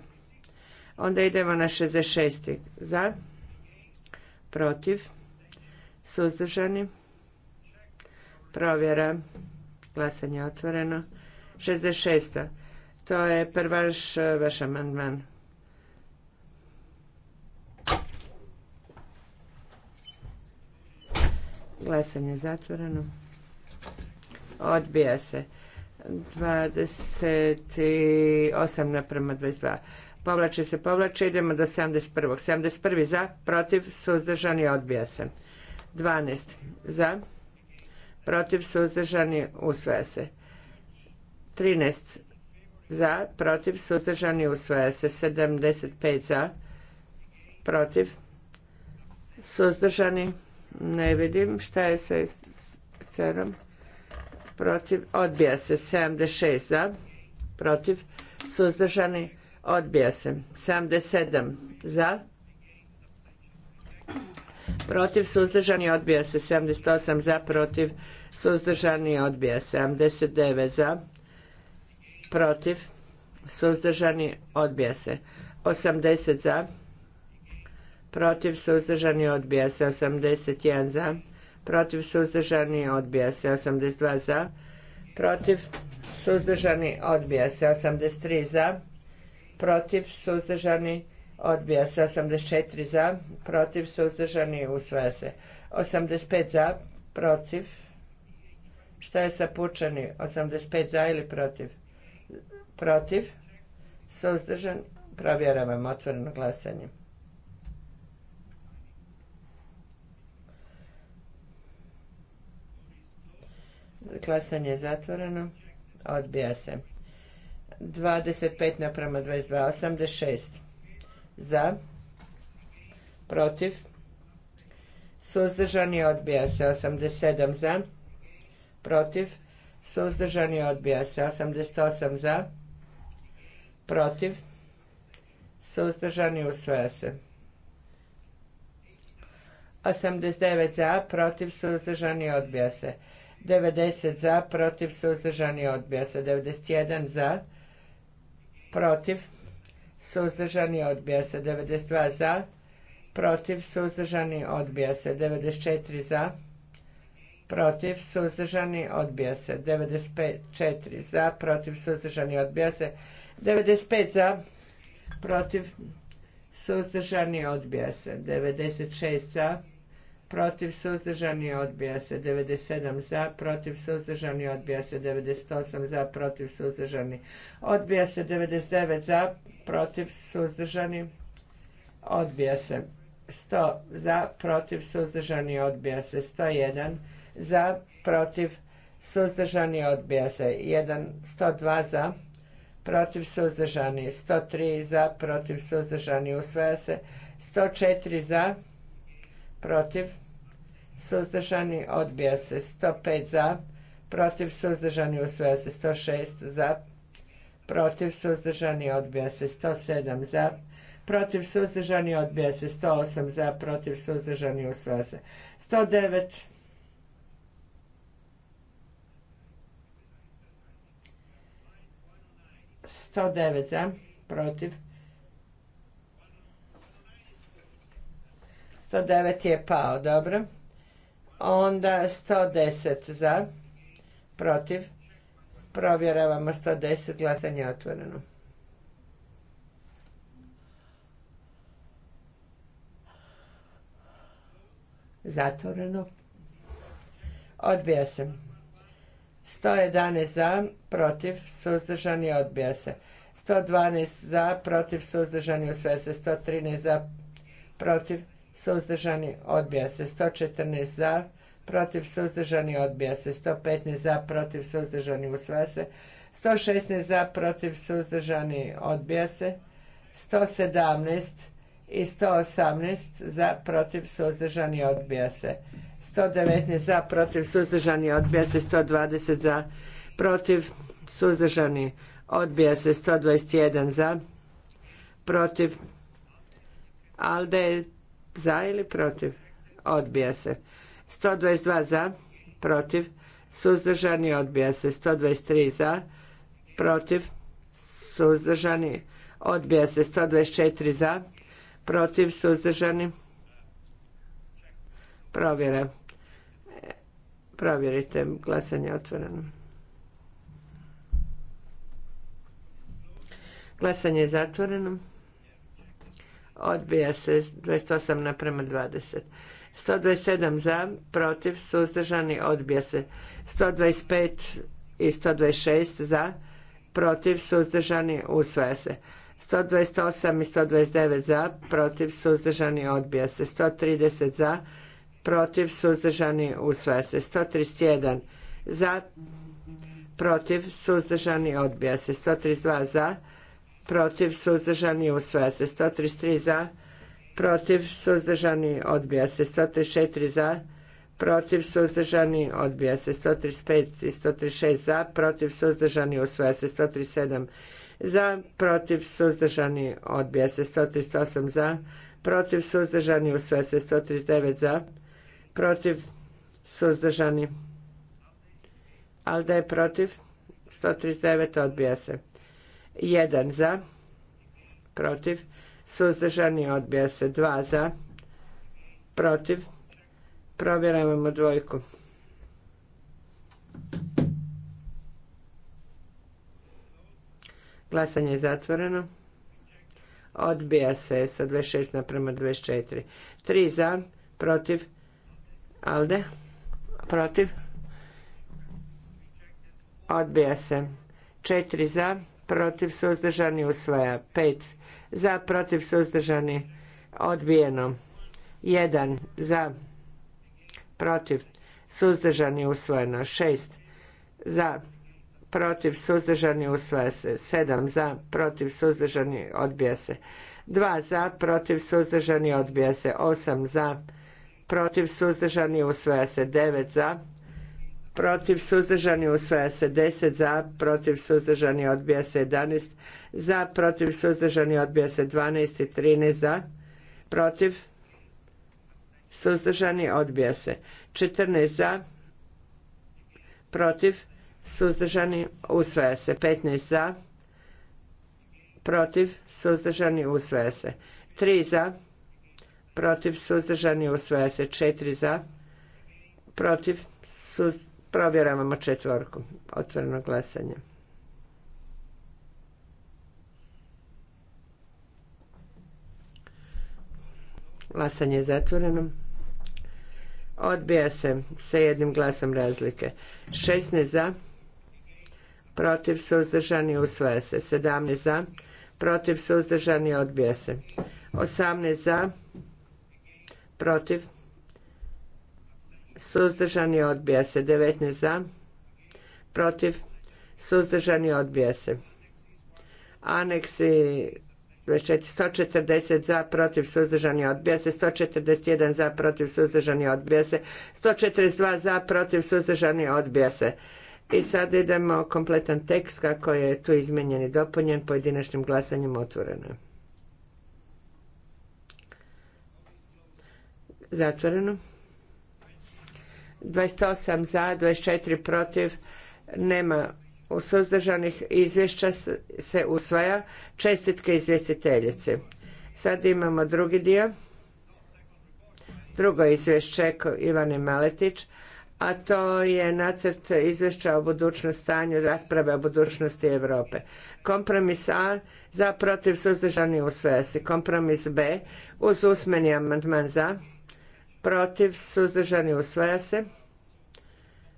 D: Onda idemo na 66. Za, protiv, suzdržani, Provjera. Glasanje otvoreno. 66. To je prvaš vaš amandman. Glasanje zatvoreno. Odbija se. 28 naprema 22. Povlači se, povlače. Idemo do 71. 71. za, protiv, suzdržani, odbija se. 12. Za, protiv, suzdržani, usvaja se. 13 za, protiv, suzdržani, usvaja se. 75 za, protiv, suzdržani, ne vidim šta je sa cerom. Protiv, odbija se. 76 za, protiv, suzdržani, odbija se. 77 za, protiv, suzdržani, odbija se 78 za, protiv, suzdržani, odbija se 79 za, protiv, suzdržani, odbija se 80 za, protiv, suzdržani, odbija se 81 za, protiv, suzdržani, odbija se 82 za, protiv, suzdržani, odbija se 83 za, protiv, suzdržani, odbija se 84 za, protiv, suzdržani, usvaja se 85 za, protiv, šta je sa pučani, 85 za ili protiv, protiv, suzdržan, provjeravam otvoreno glasanje. Glasanje je zatvoreno. Odbija se. 25 naprama 22. 86 za, protiv, suzdržani odbija se 87 za, protiv, suzdržani odbija se 88 za, protiv, suzdržani usvaja se. 89 za, protiv, suzdržani odbija se. 90 za, protiv, suzdržani odbija se. 91 za, protiv, suzdržani, odbija se. 92 za, protiv, suzdržani, odbija se. 94 za, protiv, suzdržani, odbija se. 94 za, protiv, suzdržani, odbija se. 95 za, protiv, suzdržani, odbija se. 96 za, protiv, suzdržani, odbija se. 97 za, protiv, suzdržani, odbija se. 98 za, protiv, suzdržani, odbija se. 99 za, protiv, suzdržani, odbija se. 100 za, protiv, suzdržani, odbija se. 101 za, protiv, suzdržani, odbija se. 1, 102 za, protiv, suzdržani, 103 za, protiv, suzdržani, usvaja se. 104 za, protiv, suzdržani, odbija se. 105 za, protiv, suzdržani, usvaja se. 106 za, protiv, suzdržani, odbija se 107 za, protiv, suzdržani, odbija se 108 za, protiv, suzdržani, usvaja se 109 109 za, protiv. 109 je pao, dobro. Onda 110 za, protiv. Provjeravamo 110, glasanje je otvoreno. Zatvoreno. Odbija se. 111 za, protiv, suzdržani, odbija se. 112 za, protiv, suzdržani, sve. se. 113 za, protiv, suzdržani, odbija se. 114 za, protiv suzdržani odbija se 115 za protiv suzdržani usvaja se 116 za protiv suzdržani odbija se 117 i 118 za protiv suzdržani odbija se 119 za protiv suzdržani odbija se 120 za protiv suzdržani odbija se 121 za protiv Alde za ili protiv odbija se 122 za, protiv, suzdržani odbija se. 123 za, protiv, suzdržani odbija se. 124 za, protiv, suzdržani. Provjera. Provjerite, glasanje je otvoreno. Glasanje je zatvoreno. Odbija se 28 naprema 20. 127 za, protiv, suzdržani, odbija se. 125 i 126 za, protiv, suzdržani, usvaja se. 128 i 129 za, protiv, suzdržani, odbija se. 130 za, protiv, suzdržani, usvaja se. 131 za, protiv, suzdržani, odbija se. 132 za, protiv, suzdržani, usvaja se. 133 za, protiv, suzdržani, odbija se 134 za, protiv, suzdržani, odbija se 135 i 136 za, protiv, suzdržani, usvaja se 137 za, protiv, suzdržani, odbija se 138 za, protiv, suzdržani, usvaja se 139 za, protiv, suzdržani, ali je protiv, 139 odbija se. 1 za, protiv, suzdržani, odbija se 2 za, protiv, provjeravamo dvojku. Glasanje je zatvoreno. Odbija se sa 26 naprema 24. 3 za, protiv, Alde, protiv, odbija se. 4 za, protiv, suzdržani, usvaja. 5 za, protiv, suzdržani, odbijeno. 1 za, protiv, suzdržani, usvojeno. 6 za, protiv, suzdržani, usvaja se. 7 za, protiv, suzdržani, odbija se. 2 za, protiv, suzdržani, odbija se. 8 za, protiv, suzdržani, usvaja se. 9 za, protiv, suzdržani, usvaja se. 10 za, protiv, suzdržani, odbija se. 11 za, protiv, suzdržani, odbija se 12 i 13 za, protiv, suzdržani, odbija se 14 za, protiv, suzdržani, usvaja se 15 za, protiv, suzdržani, usvaja se 3 za, protiv, suzdržani, usvaja se 4 za, protiv, suzdržani, provjeravamo četvorku otvoreno glasanje. Glasanje je zatvoreno. Odbija se sa jednim glasom razlike. 16 za, protiv suzdržani usvaja se. 17 za, protiv suzdržani odbija se. 18 za, protiv suzdržani odbija se. 19 za, protiv suzdržani odbija se. Aneksi 140 za, protiv, suzdržani, odbija se. 141 za, protiv, suzdržani, odbija se. 142 za, protiv, suzdržani, odbija se. I sad idemo kompletan tekst kako je tu izmenjen i dopunjen pojedinačnim glasanjem otvoreno. Zatvoreno. 28 za, 24 protiv, nema suzdržanih izvješća se usvaja. Čestitke izvjestiteljici. Sad imamo drugi dio. Drugo izvješće Ivane Maletić, a to je nacrt izvješća o budućnosti stanju rasprave o budućnosti Europe. Kompromis A za protiv suzdržani usvaja se. Kompromis B uz usmeni amandman za protiv suzdržani usvaja se.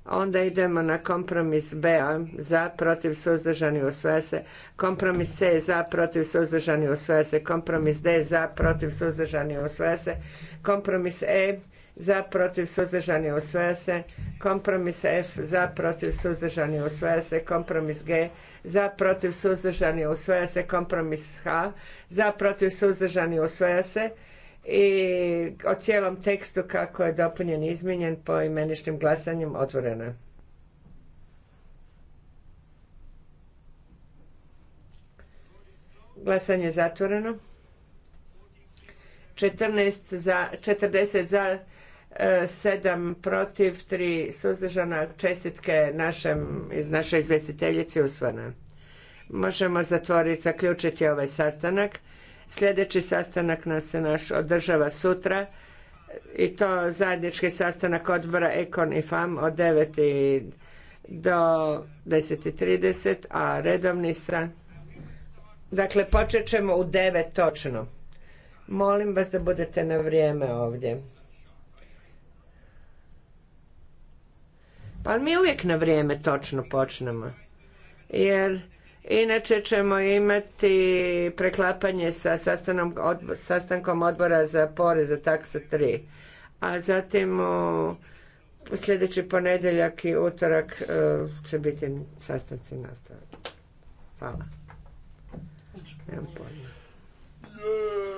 D: Onda idemo na kompromis B za protiv suzdržani usvaja se. Kompromis C za protiv suzdržani usvaja se. Kompromis D za protiv suzdržani usvaja se. Kompromis E za protiv suzdržani usvaja se. Kompromis F za protiv suzdržani usvaja se. Kompromis G za protiv suzdržani usvaja se. Kompromis H za protiv suzdržani usvaja se i o cijelom tekstu kako je dopunjen i izmijenjen po imeničnim glasanjem otvoreno. Glasanje je zatvoreno. 14 za, 40 za, 7 e, protiv, 3 suzdržana. Čestitke našem, iz naše izvestiteljice usvana. Možemo zatvoriti, zaključiti ovaj sastanak. Sljedeći sastanak nas se naš održava sutra i to zajednički sastanak odbora Ekon i FAM od 9 do 10.30, a redovni sa... Dakle, počet ćemo u 9 točno. Molim vas da budete na vrijeme ovdje. Pa mi uvijek na vrijeme točno počnemo. Jer Inače ćemo imati preklapanje sa sastankom odbora za za taksa 3. A zatim u sljedeći ponedjeljak i utorak e, će biti sastanci nastavljeni. Hvala.
C: E,